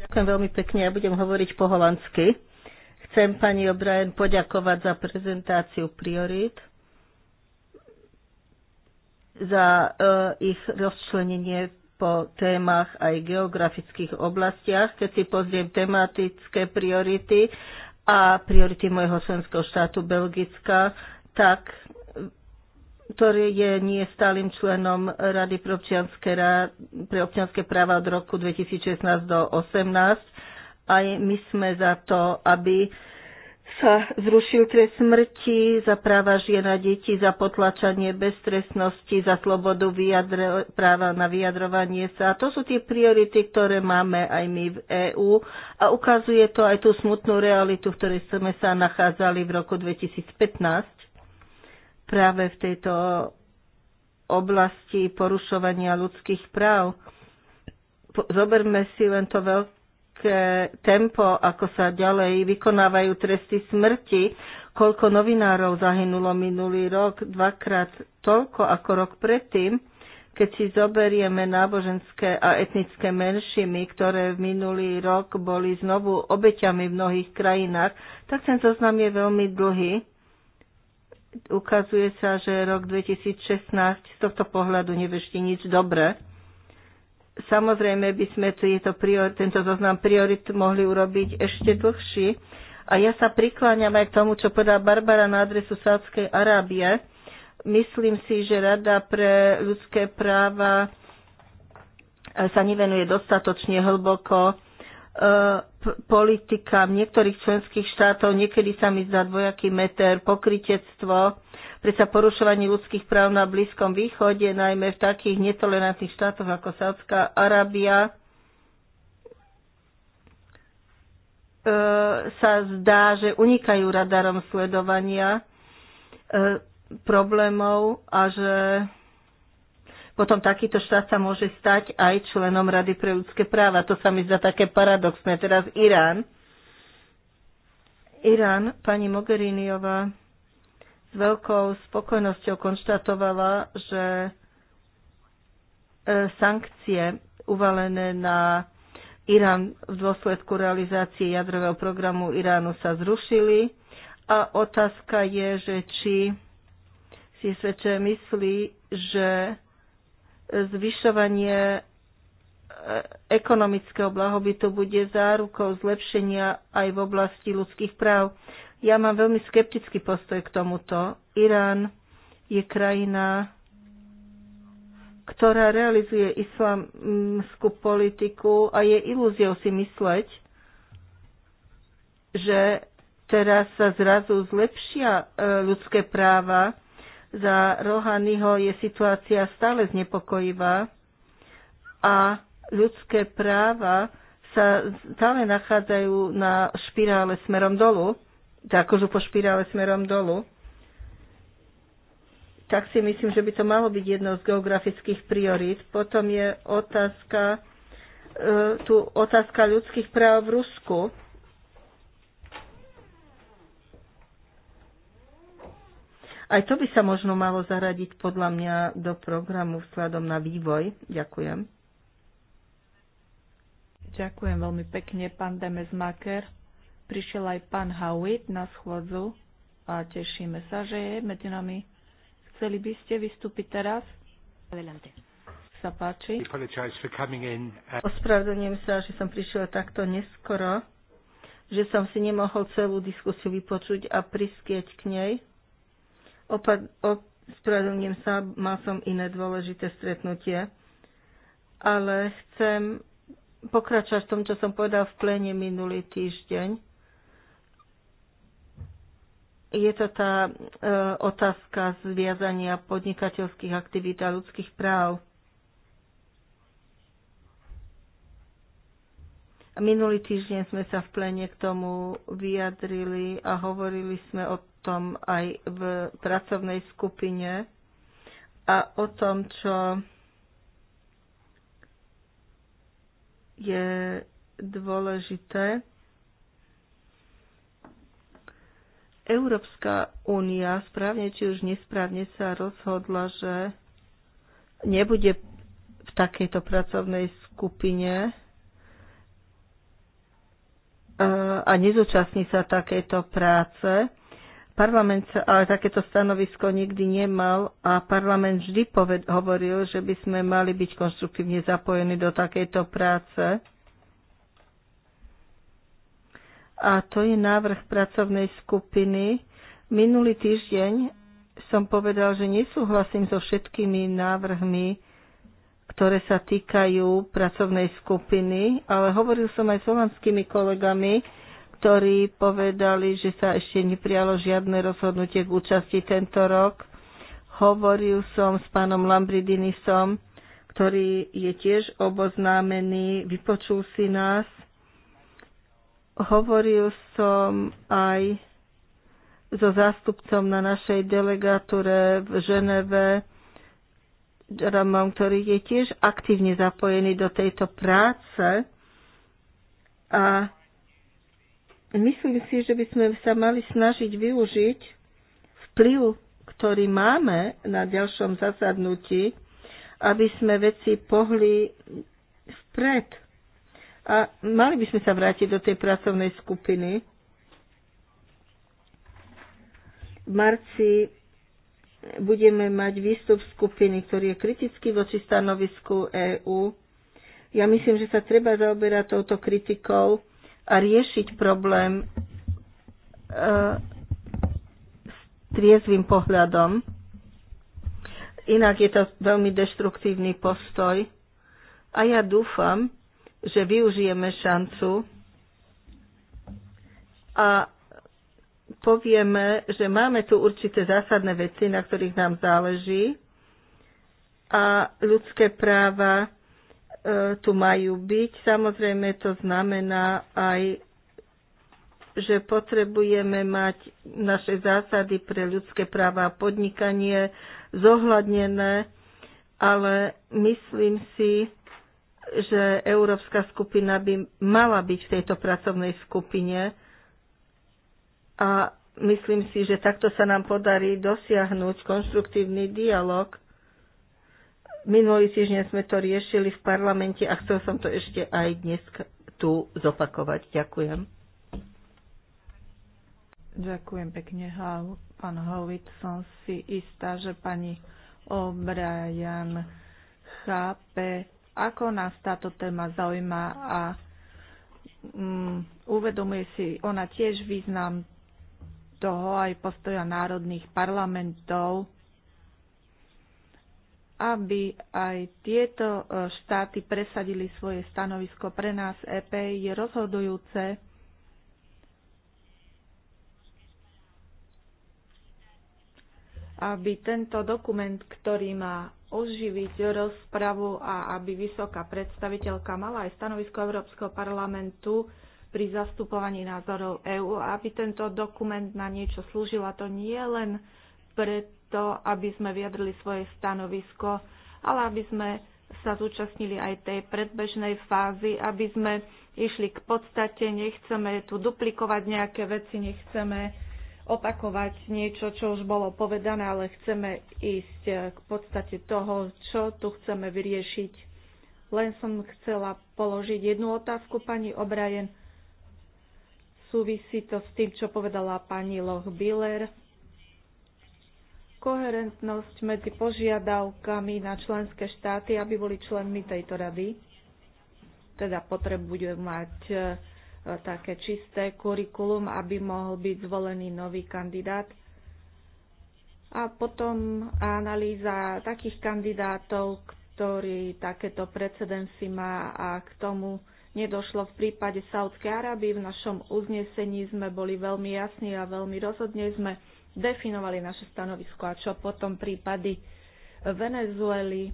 Ďakujem veľmi pekne, ja budem hovoriť po holandsky. Chcem pani O'Brien poďakovať za prezentáciu priorit, za uh, ich rozčlenenie po témach aj geografických oblastiach, keď si pozriem tematické priority a priority môjho slovenského štátu Belgická, tak ktorý je nie stálym členom Rady pre občianske, pre občianske práva od roku 2016 do 2018. Aj my sme za to, aby sa zrušil trest smrti za práva žien a detí, za potlačanie beztrestnosti, za slobodu vyjadre, práva na vyjadrovanie sa. A to sú tie priority, ktoré máme aj my v EÚ a ukazuje to aj tú smutnú realitu, v ktorej sme sa nachádzali v roku 2015 práve v tejto oblasti porušovania ľudských práv. Zoberme si len to veľké aké e, tempo, ako sa ďalej vykonávajú tresty smrti, koľko novinárov zahynulo minulý rok, dvakrát toľko ako rok predtým, keď si zoberieme náboženské a etnické menšiny, ktoré v minulý rok boli znovu obeťami v mnohých krajinách, tak ten zoznam je veľmi dlhý. Ukazuje sa, že rok 2016 z tohto pohľadu nevešti nič dobré. Samozrejme by sme tieto tento zoznam priorit mohli urobiť ešte dlhší. A ja sa prikláňam aj k tomu, čo podá Barbara na adresu Sádskej Arábie. Myslím si, že Rada pre ľudské práva e, sa nevenuje dostatočne hlboko e, politikám niektorých členských štátov. Niekedy sa mi zdá dvojaký meter, pokritectvo Predsa porušovanie ľudských práv na Blízkom východe, najmä v takých netolerantných štátoch ako Sádzka Arábia, e, sa zdá, že unikajú radarom sledovania e, problémov a že potom takýto štát sa môže stať aj členom Rady pre ľudské práva. To sa mi zdá také paradoxné. Teraz Irán. Irán, pani Mogheriniová veľkou spokojnosťou konštatovala, že e, sankcie uvalené na Irán v dôsledku realizácie jadrového programu Iránu sa zrušili a otázka je, že či si svedče myslí, že zvyšovanie e, ekonomického blahobytu bude zárukou zlepšenia aj v oblasti ľudských práv. Ja mám veľmi skeptický postoj k tomuto. Irán je krajina, ktorá realizuje islamskú politiku a je ilúziou si mysleť, že teraz sa zrazu zlepšia e, ľudské práva. Za Rohanyho je situácia stále znepokojivá a ľudské práva sa stále nachádzajú na špirále smerom dolu akože po špirále smerom dolu, tak si myslím, že by to malo byť jedno z geografických priorít. Potom je otázka, e, tu otázka ľudských práv v Rusku. Aj to by sa možno malo zaradiť podľa mňa do programu vzhľadom na vývoj. Ďakujem. Ďakujem veľmi pekne, pán Maker. Prišiel aj pán Howitt na schôdzu a tešíme sa, že je medzi nami. Chceli by ste vystúpiť teraz? Adelante. Sa páči. Uh, ospravedlňujem sa, že som prišiel takto neskoro, že som si nemohol celú diskusiu vypočuť a prispieť k nej. ospravedlňujem sa, mal som iné dôležité stretnutie, ale chcem pokračovať v tom, čo som povedal v plene minulý týždeň je to tá e, otázka zviazania podnikateľských aktivít a ľudských práv. Minulý týždeň sme sa v plene k tomu vyjadrili a hovorili sme o tom aj v pracovnej skupine a o tom, čo je dôležité. Európska únia správne či už nesprávne sa rozhodla, že nebude v takejto pracovnej skupine a nezúčastní sa takéto práce. Parlament sa ale takéto stanovisko nikdy nemal a parlament vždy poved, hovoril, že by sme mali byť konstruktívne zapojení do takejto práce a to je návrh pracovnej skupiny. Minulý týždeň som povedal, že nesúhlasím so všetkými návrhmi, ktoré sa týkajú pracovnej skupiny, ale hovoril som aj s holandskými kolegami, ktorí povedali, že sa ešte neprijalo žiadne rozhodnutie k účasti tento rok. Hovoril som s pánom Lambridinisom, ktorý je tiež oboznámený, vypočul si nás – Hovoril som aj so zástupcom na našej delegatúre v Ženeve, Ramon, ktorý je tiež aktívne zapojený do tejto práce. A myslím si, že by sme sa mali snažiť využiť vplyv, ktorý máme na ďalšom zasadnutí, aby sme veci pohli vpred. A mali by sme sa vrátiť do tej pracovnej skupiny. V marci budeme mať výstup skupiny, ktorý je kritický voči stanovisku EÚ. Ja myslím, že sa treba zaoberať touto kritikou a riešiť problém uh, s triezvým pohľadom. Inak je to veľmi deštruktívny postoj. A ja dúfam, že využijeme šancu a povieme, že máme tu určité zásadné veci, na ktorých nám záleží a ľudské práva e, tu majú byť. Samozrejme to znamená aj, že potrebujeme mať naše zásady pre ľudské práva a podnikanie zohľadnené, ale myslím si, že Európska skupina by mala byť v tejto pracovnej skupine a myslím si, že takto sa nám podarí dosiahnuť konštruktívny dialog. Minulý týždeň sme to riešili v parlamente a chcel som to ešte aj dnes tu zopakovať. Ďakujem. Ďakujem pekne, pán Hovit. Som si istá, že pani O'Brien chápe ako nás táto téma zaujíma a um, uvedomuje si ona tiež význam toho aj postoja národných parlamentov, aby aj tieto e, štáty presadili svoje stanovisko. Pre nás EP je rozhodujúce, aby tento dokument, ktorý má oživiť rozpravu a aby vysoká predstaviteľka mala aj stanovisko Európskeho parlamentu pri zastupovaní názorov EÚ, aby tento dokument na niečo slúžil a to nie len preto, aby sme vyjadrili svoje stanovisko, ale aby sme sa zúčastnili aj tej predbežnej fázy, aby sme išli k podstate, nechceme tu duplikovať nejaké veci, nechceme opakovať niečo, čo už bolo povedané, ale chceme ísť eh, k podstate toho, čo tu chceme vyriešiť. Len som chcela položiť jednu otázku pani Obrajen. Súvisí to s tým, čo povedala pani Loch Biller. Koherentnosť medzi požiadavkami na členské štáty, aby boli členmi tejto rady. Teda potrebujú mať eh, E, také čisté kurikulum, aby mohol byť zvolený nový kandidát. A potom analýza takých kandidátov, ktorí takéto precedensy má a k tomu nedošlo v prípade Saudskej Arábie. V našom uznesení sme boli veľmi jasní a veľmi rozhodne sme definovali naše stanovisko a čo potom prípady Venezueli.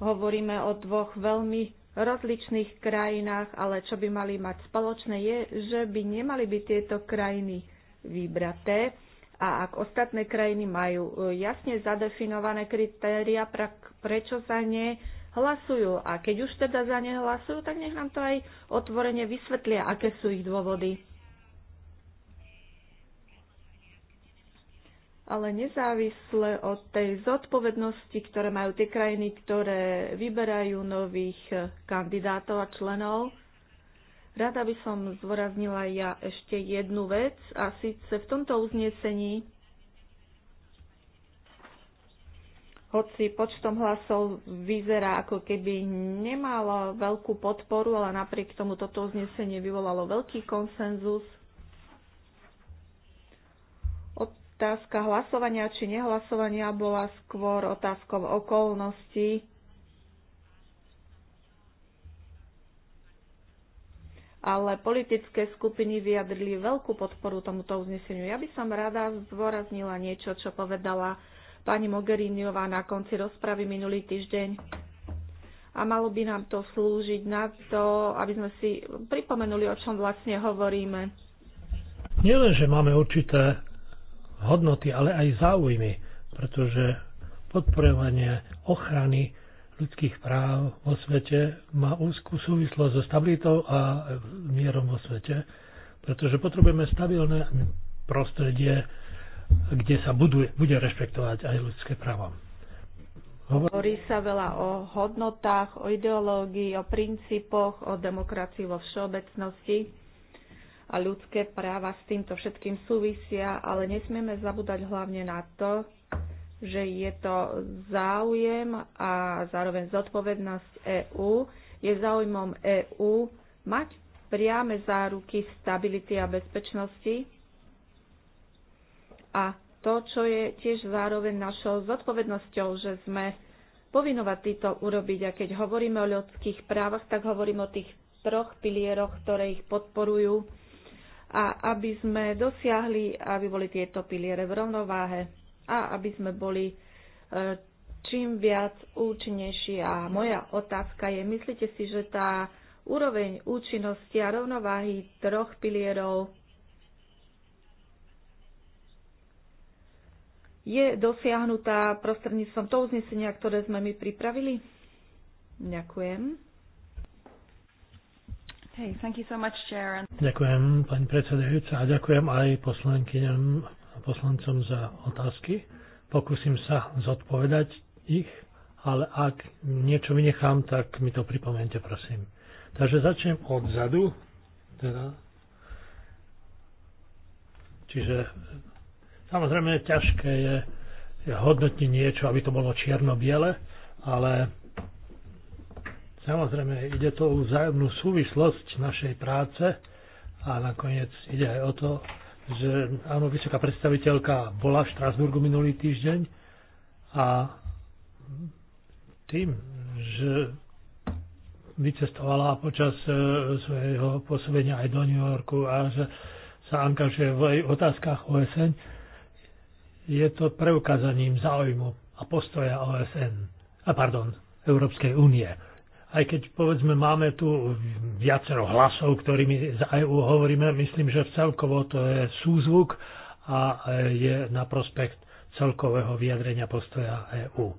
Hovoríme o dvoch veľmi rozličných krajinách, ale čo by mali mať spoločné je, že by nemali byť tieto krajiny vybraté a ak ostatné krajiny majú e, jasne zadefinované kritéria, prečo sa ne hlasujú. A keď už teda za ne hlasujú, tak nech nám to aj otvorene vysvetlia, aké sú ich dôvody. ale nezávisle od tej zodpovednosti, ktoré majú tie krajiny, ktoré vyberajú nových eh, kandidátov a členov. Rada by som zvoraznila ja ešte jednu vec a síce v tomto uznesení, hoci počtom hlasov vyzerá ako keby nemalo veľkú podporu, ale napriek tomu toto uznesenie vyvolalo veľký konsenzus – otázka hlasovania či nehlasovania bola skôr otázkou okolností. Ale politické skupiny vyjadrili veľkú podporu tomuto uzneseniu. Ja by som rada zdôraznila niečo, čo povedala pani Mogheriniová na konci rozpravy minulý týždeň. A malo by nám to slúžiť na to, aby sme si pripomenuli, o čom vlastne hovoríme. Nielen, že máme určité hodnoty, ale aj záujmy, pretože podporovanie ochrany ľudských práv vo svete má úzkú súvislosť so stabilitou a mierom vo svete, pretože potrebujeme stabilné prostredie, kde sa budú, bude rešpektovať aj ľudské práva. Hovorí sa veľa o hodnotách, o ideológii, o princípoch, o demokracii vo všeobecnosti a ľudské práva s týmto všetkým súvisia, ale nesmieme zabúdať hlavne na to, že je to záujem a zároveň zodpovednosť EÚ. Je záujmom EÚ mať priame záruky stability a bezpečnosti a to, čo je tiež zároveň našou zodpovednosťou, že sme povinovatí to urobiť. A keď hovoríme o ľudských právach, tak hovorím o tých troch pilieroch, ktoré ich podporujú a aby sme dosiahli, aby boli tieto piliere v rovnováhe a aby sme boli e, čím viac účinnejší. A moja otázka je, myslíte si, že tá úroveň účinnosti a rovnováhy troch pilierov je dosiahnutá prostredníctvom toho uznesenia, ktoré sme my pripravili? Ďakujem. Hey, thank you so much, Chair. Ďakujem, pani predsedajúca, a ďakujem aj poslankyňam a poslancom za otázky. Pokúsim sa zodpovedať ich, ale ak niečo vynechám, tak mi to pripomente, prosím. Takže začnem odzadu, teda. Čiže samozrejme ťažké je hodnotiť niečo, aby to bolo čierno-biele, ale Samozrejme, ide to o vzájomnú súvislosť našej práce a nakoniec ide aj o to, že áno, vysoká predstaviteľka bola v Štrasburgu minulý týždeň a tým, že vycestovala počas e, svojho pôsobenia aj do New Yorku a že sa angažuje v jej otázkach OSN, je to preukázaním záujmu a postoja OSN, a pardon, Európskej únie aj keď povedzme máme tu viacero hlasov, ktorými za EU hovoríme, myslím, že celkovo to je súzvuk a e, je na prospekt celkového vyjadrenia postoja EU.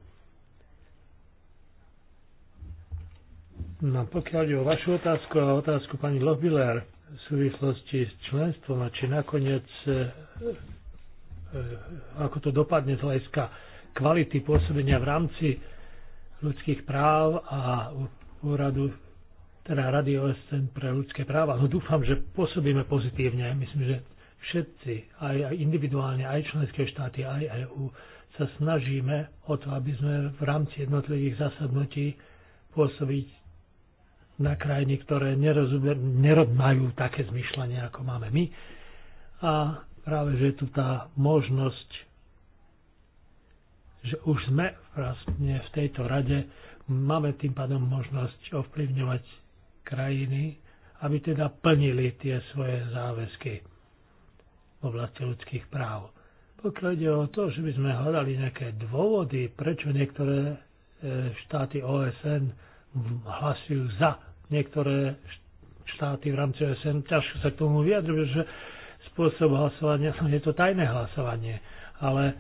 No, pokiaľ je o vašu otázku a otázku pani Lobiler v súvislosti s členstvom a či nakoniec e, e, ako to dopadne z hľadiska kvality pôsobenia v rámci ľudských práv a úradu, teda Rady OSN pre ľudské práva. No dúfam, že pôsobíme pozitívne. Myslím, že všetci, aj, aj individuálne, aj členské štáty, aj EU, sa snažíme o to, aby sme v rámci jednotlivých zasadnutí pôsobiť na krajiny, ktoré majú také zmyšľanie, ako máme my. A práve, že je tu tá možnosť, že už sme vlastne v tejto rade Máme tým pádom možnosť ovplyvňovať krajiny, aby teda plnili tie svoje záväzky v oblasti ľudských práv. Pokiaľ ide o to, že by sme hľadali nejaké dôvody, prečo niektoré e, štáty OSN hlasujú za niektoré štáty v rámci OSN, ťažko sa k tomu vyjadruje, že spôsob hlasovania, je to tajné hlasovanie, ale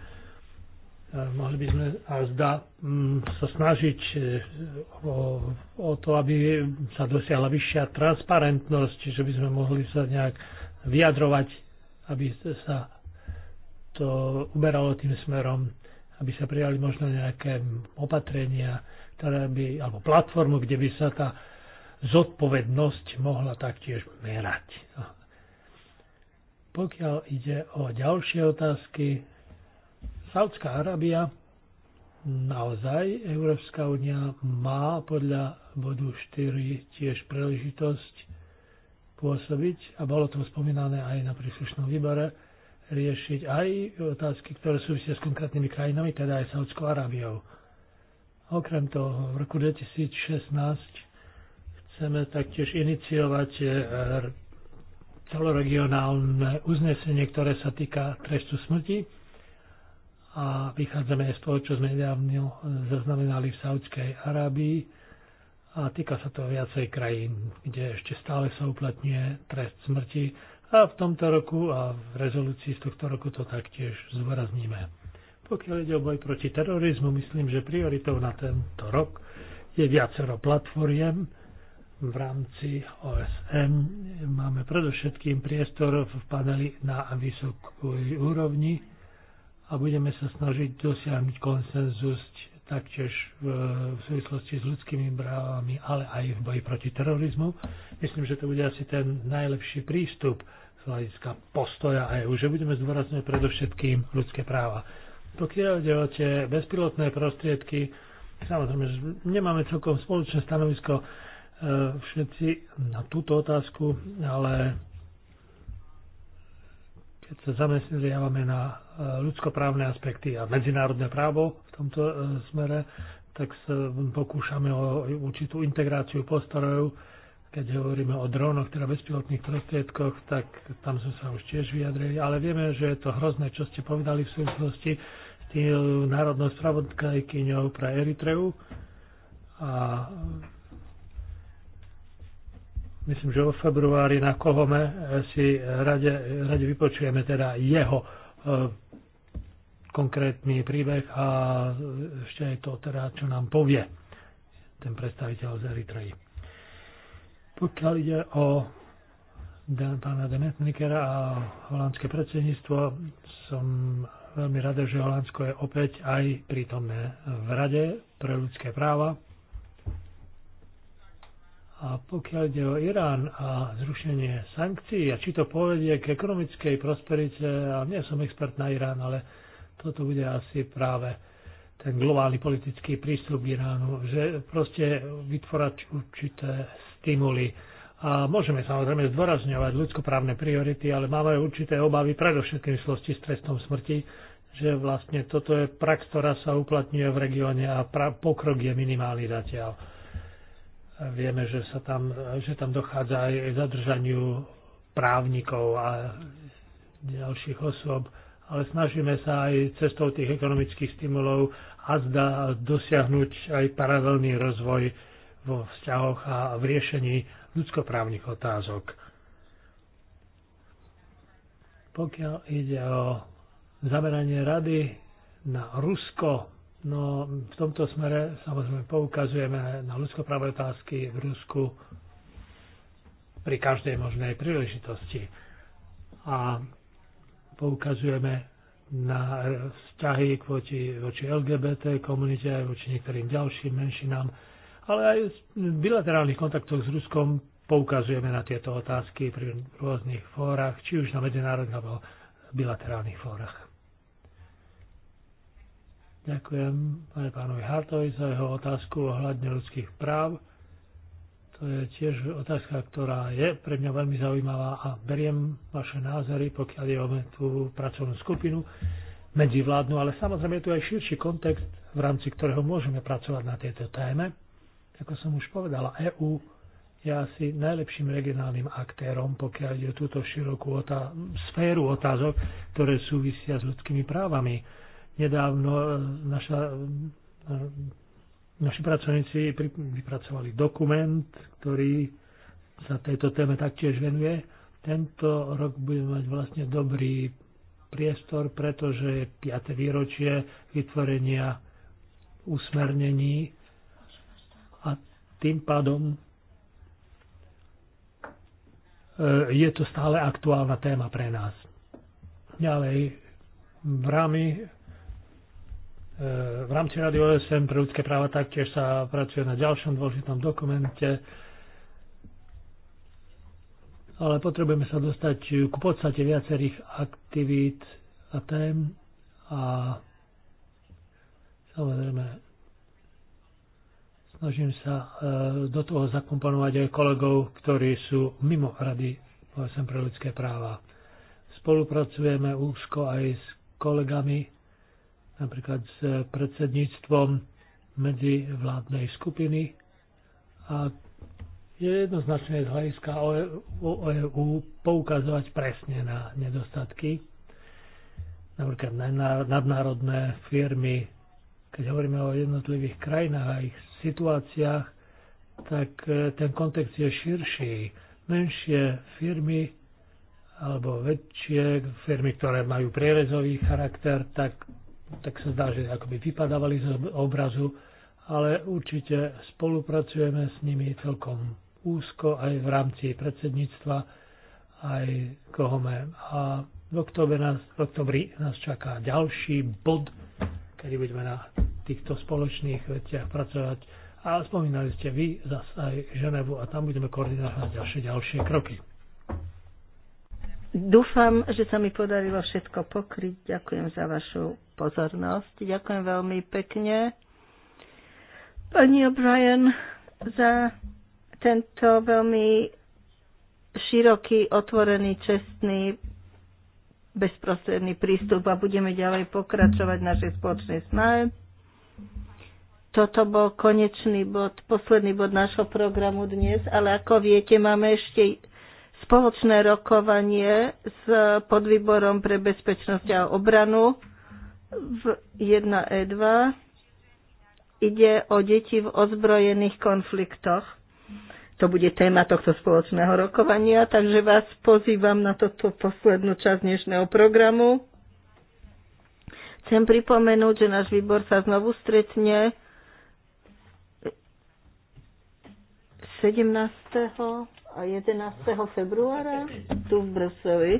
Eh, mohli by sme a zda mm, sa snažiť eh, o, o to, aby sa dosiahla vyššia transparentnosť, že by sme mohli sa nejak vyjadrovať, aby sa to uberalo tým smerom, aby sa prijali možno nejaké opatrenia, ktoré by, alebo platformu, kde by sa tá zodpovednosť mohla taktiež merať. Pokiaľ ide o ďalšie otázky, Saudská Arábia naozaj Európska únia má podľa bodu 4 tiež príležitosť pôsobiť a bolo to spomínané aj na príslušnom výbore riešiť aj otázky, ktoré súvisia s konkrétnymi krajinami, teda aj Saudskou Arábiou. Okrem toho, v roku 2016 chceme taktiež iniciovať e, celoregionálne uznesenie, ktoré sa týka trestu smrti a vychádzame z toho, čo sme nedávno zaznamenali v Saudskej Arábii a týka sa to viacej krajín, kde ešte stále sa uplatňuje trest smrti a v tomto roku a v rezolúcii z tohto roku to taktiež zvorazníme. Pokiaľ ide o boj proti terorizmu, myslím, že prioritou na tento rok je viacero platformiem, v rámci OSM. Máme predovšetkým priestor v paneli na vysokej úrovni a budeme sa snažiť dosiahnuť konsenzus taktiež v, v súvislosti s ľudskými právami, ale aj v boji proti terorizmu. Myslím, že to bude asi ten najlepší prístup z hľadiska postoja EU, že budeme zdôrazňovať predovšetkým ľudské práva. Pokiaľ ide o tie bezpilotné prostriedky, samozrejme, že nemáme celkom spoločné stanovisko e, všetci na túto otázku, ale keď sa zamestnávame na e, ľudskoprávne aspekty a medzinárodné právo v tomto e, smere, tak sa pokúšame o určitú integráciu postorov. Keď hovoríme o drónoch, teda bezpilotných prostriedkoch, tak tam sme sa už tiež vyjadrili, ale vieme, že je to hrozné, čo ste povedali v súvislosti s tým národnou spravodkajkyňou pre Eritreu a myslím, že vo februári na Kohome eh, si rade, rade vypočujeme teda jeho eh, konkrétny príbeh a ešte aj to teda, čo nám povie ten predstaviteľ z Eritreji. Pokiaľ ide o pána Demetnikera a holandské predsedníctvo, som veľmi rada, že Holandsko je opäť aj prítomné v Rade pre ľudské práva a pokiaľ ide o Irán a zrušenie sankcií, a či to povedie k ekonomickej prosperite, a nie som expert na Irán, ale toto bude asi práve ten globálny politický prístup k Iránu, že proste vytvorať určité stimuly. A môžeme samozrejme zdôrazňovať ľudskoprávne priority, ale máme určité obavy predovšetkým v slosti s trestom smrti, že vlastne toto je prax, ktorá sa uplatňuje v regióne a pokrok je minimálny zatiaľ. Vieme, že, sa tam, že tam dochádza aj k zadržaniu právnikov a ďalších osôb, ale snažíme sa aj cestou tých ekonomických stimulov a zda dosiahnuť aj paralelný rozvoj vo vzťahoch a v riešení ľudskoprávnych otázok. Pokiaľ ide o zameranie rady na Rusko, No v tomto smere samozrejme poukazujeme na ľudskoprávne otázky v Rusku pri každej možnej príležitosti. A poukazujeme na vzťahy kvôti, voči LGBT komunite aj voči niektorým ďalším menšinám, ale aj v bilaterálnych kontaktoch s Ruskom poukazujeme na tieto otázky pri rôznych fórach, či už na medzinárodných alebo bilaterálnych fórach. Ďakujem aj pánovi Hartovi za jeho otázku ohľadne ľudských práv. To je tiež otázka, ktorá je pre mňa veľmi zaujímavá a beriem vaše názory, pokiaľ je o tú pracovnú skupinu medzivládnu, ale samozrejme je tu aj širší kontext, v rámci ktorého môžeme pracovať na tejto téme. Ako som už povedala, EÚ je asi najlepším regionálnym aktérom, pokiaľ je túto širokú otá- sféru otázok, ktoré súvisia s ľudskými právami Nedávno e, naša, e, naši pracovníci vypracovali dokument, ktorý sa tejto téme taktiež venuje. Tento rok budeme mať vlastne dobrý priestor, pretože je 5. výročie vytvorenia usmernení a tým pádom e, je to stále aktuálna téma pre nás. Ďalej, v rámi Eh, v rámci Rady OSN pre ľudské práva taktiež sa pracuje na ďalšom dôležitom dokumente, ale potrebujeme sa dostať ku podstate viacerých aktivít a tém a samozrejme snažím sa eh, do toho zakomponovať aj kolegov, ktorí sú mimo Rady OSN pre ľudské práva. Spolupracujeme úzko aj s kolegami napríklad s predsedníctvom medzivládnej skupiny a je jednoznačné z hľadiska EU e poukazovať presne na nedostatky. Napríklad na nadnárodné firmy, keď hovoríme o jednotlivých krajinách a ich situáciách, tak e, ten kontext je širší. Menšie firmy alebo väčšie firmy, ktoré majú prierezový charakter, tak tak sa zdá, že akoby vypadávali z obrazu, ale určite spolupracujeme s nimi celkom úzko aj v rámci predsedníctva, aj Kohome. A v, oktobre nás, v oktobri nás čaká ďalší bod, kedy budeme na týchto spoločných veciach pracovať. A spomínali ste vy zase aj Ženevu a tam budeme koordinovať ďalšie, ďalšie kroky. Dúfam, že sa mi podarilo všetko pokryť. Ďakujem za vašu pozornosť. Ďakujem veľmi pekne pani O'Brien za tento veľmi široký, otvorený, čestný, bezprostredný prístup a budeme ďalej pokračovať v našej spoločnej snahe. Toto bol konečný bod, posledný bod nášho programu dnes, ale ako viete, máme ešte spoločné rokovanie s podvýborom pre bezpečnosť a obranu v 1E2. E Ide o deti v ozbrojených konfliktoch. To bude téma tohto spoločného rokovania, takže vás pozývam na toto poslednú časť dnešného programu. Chcem pripomenúť, že náš výbor sa znovu stretne 17. 11. februára tu v Brsovi.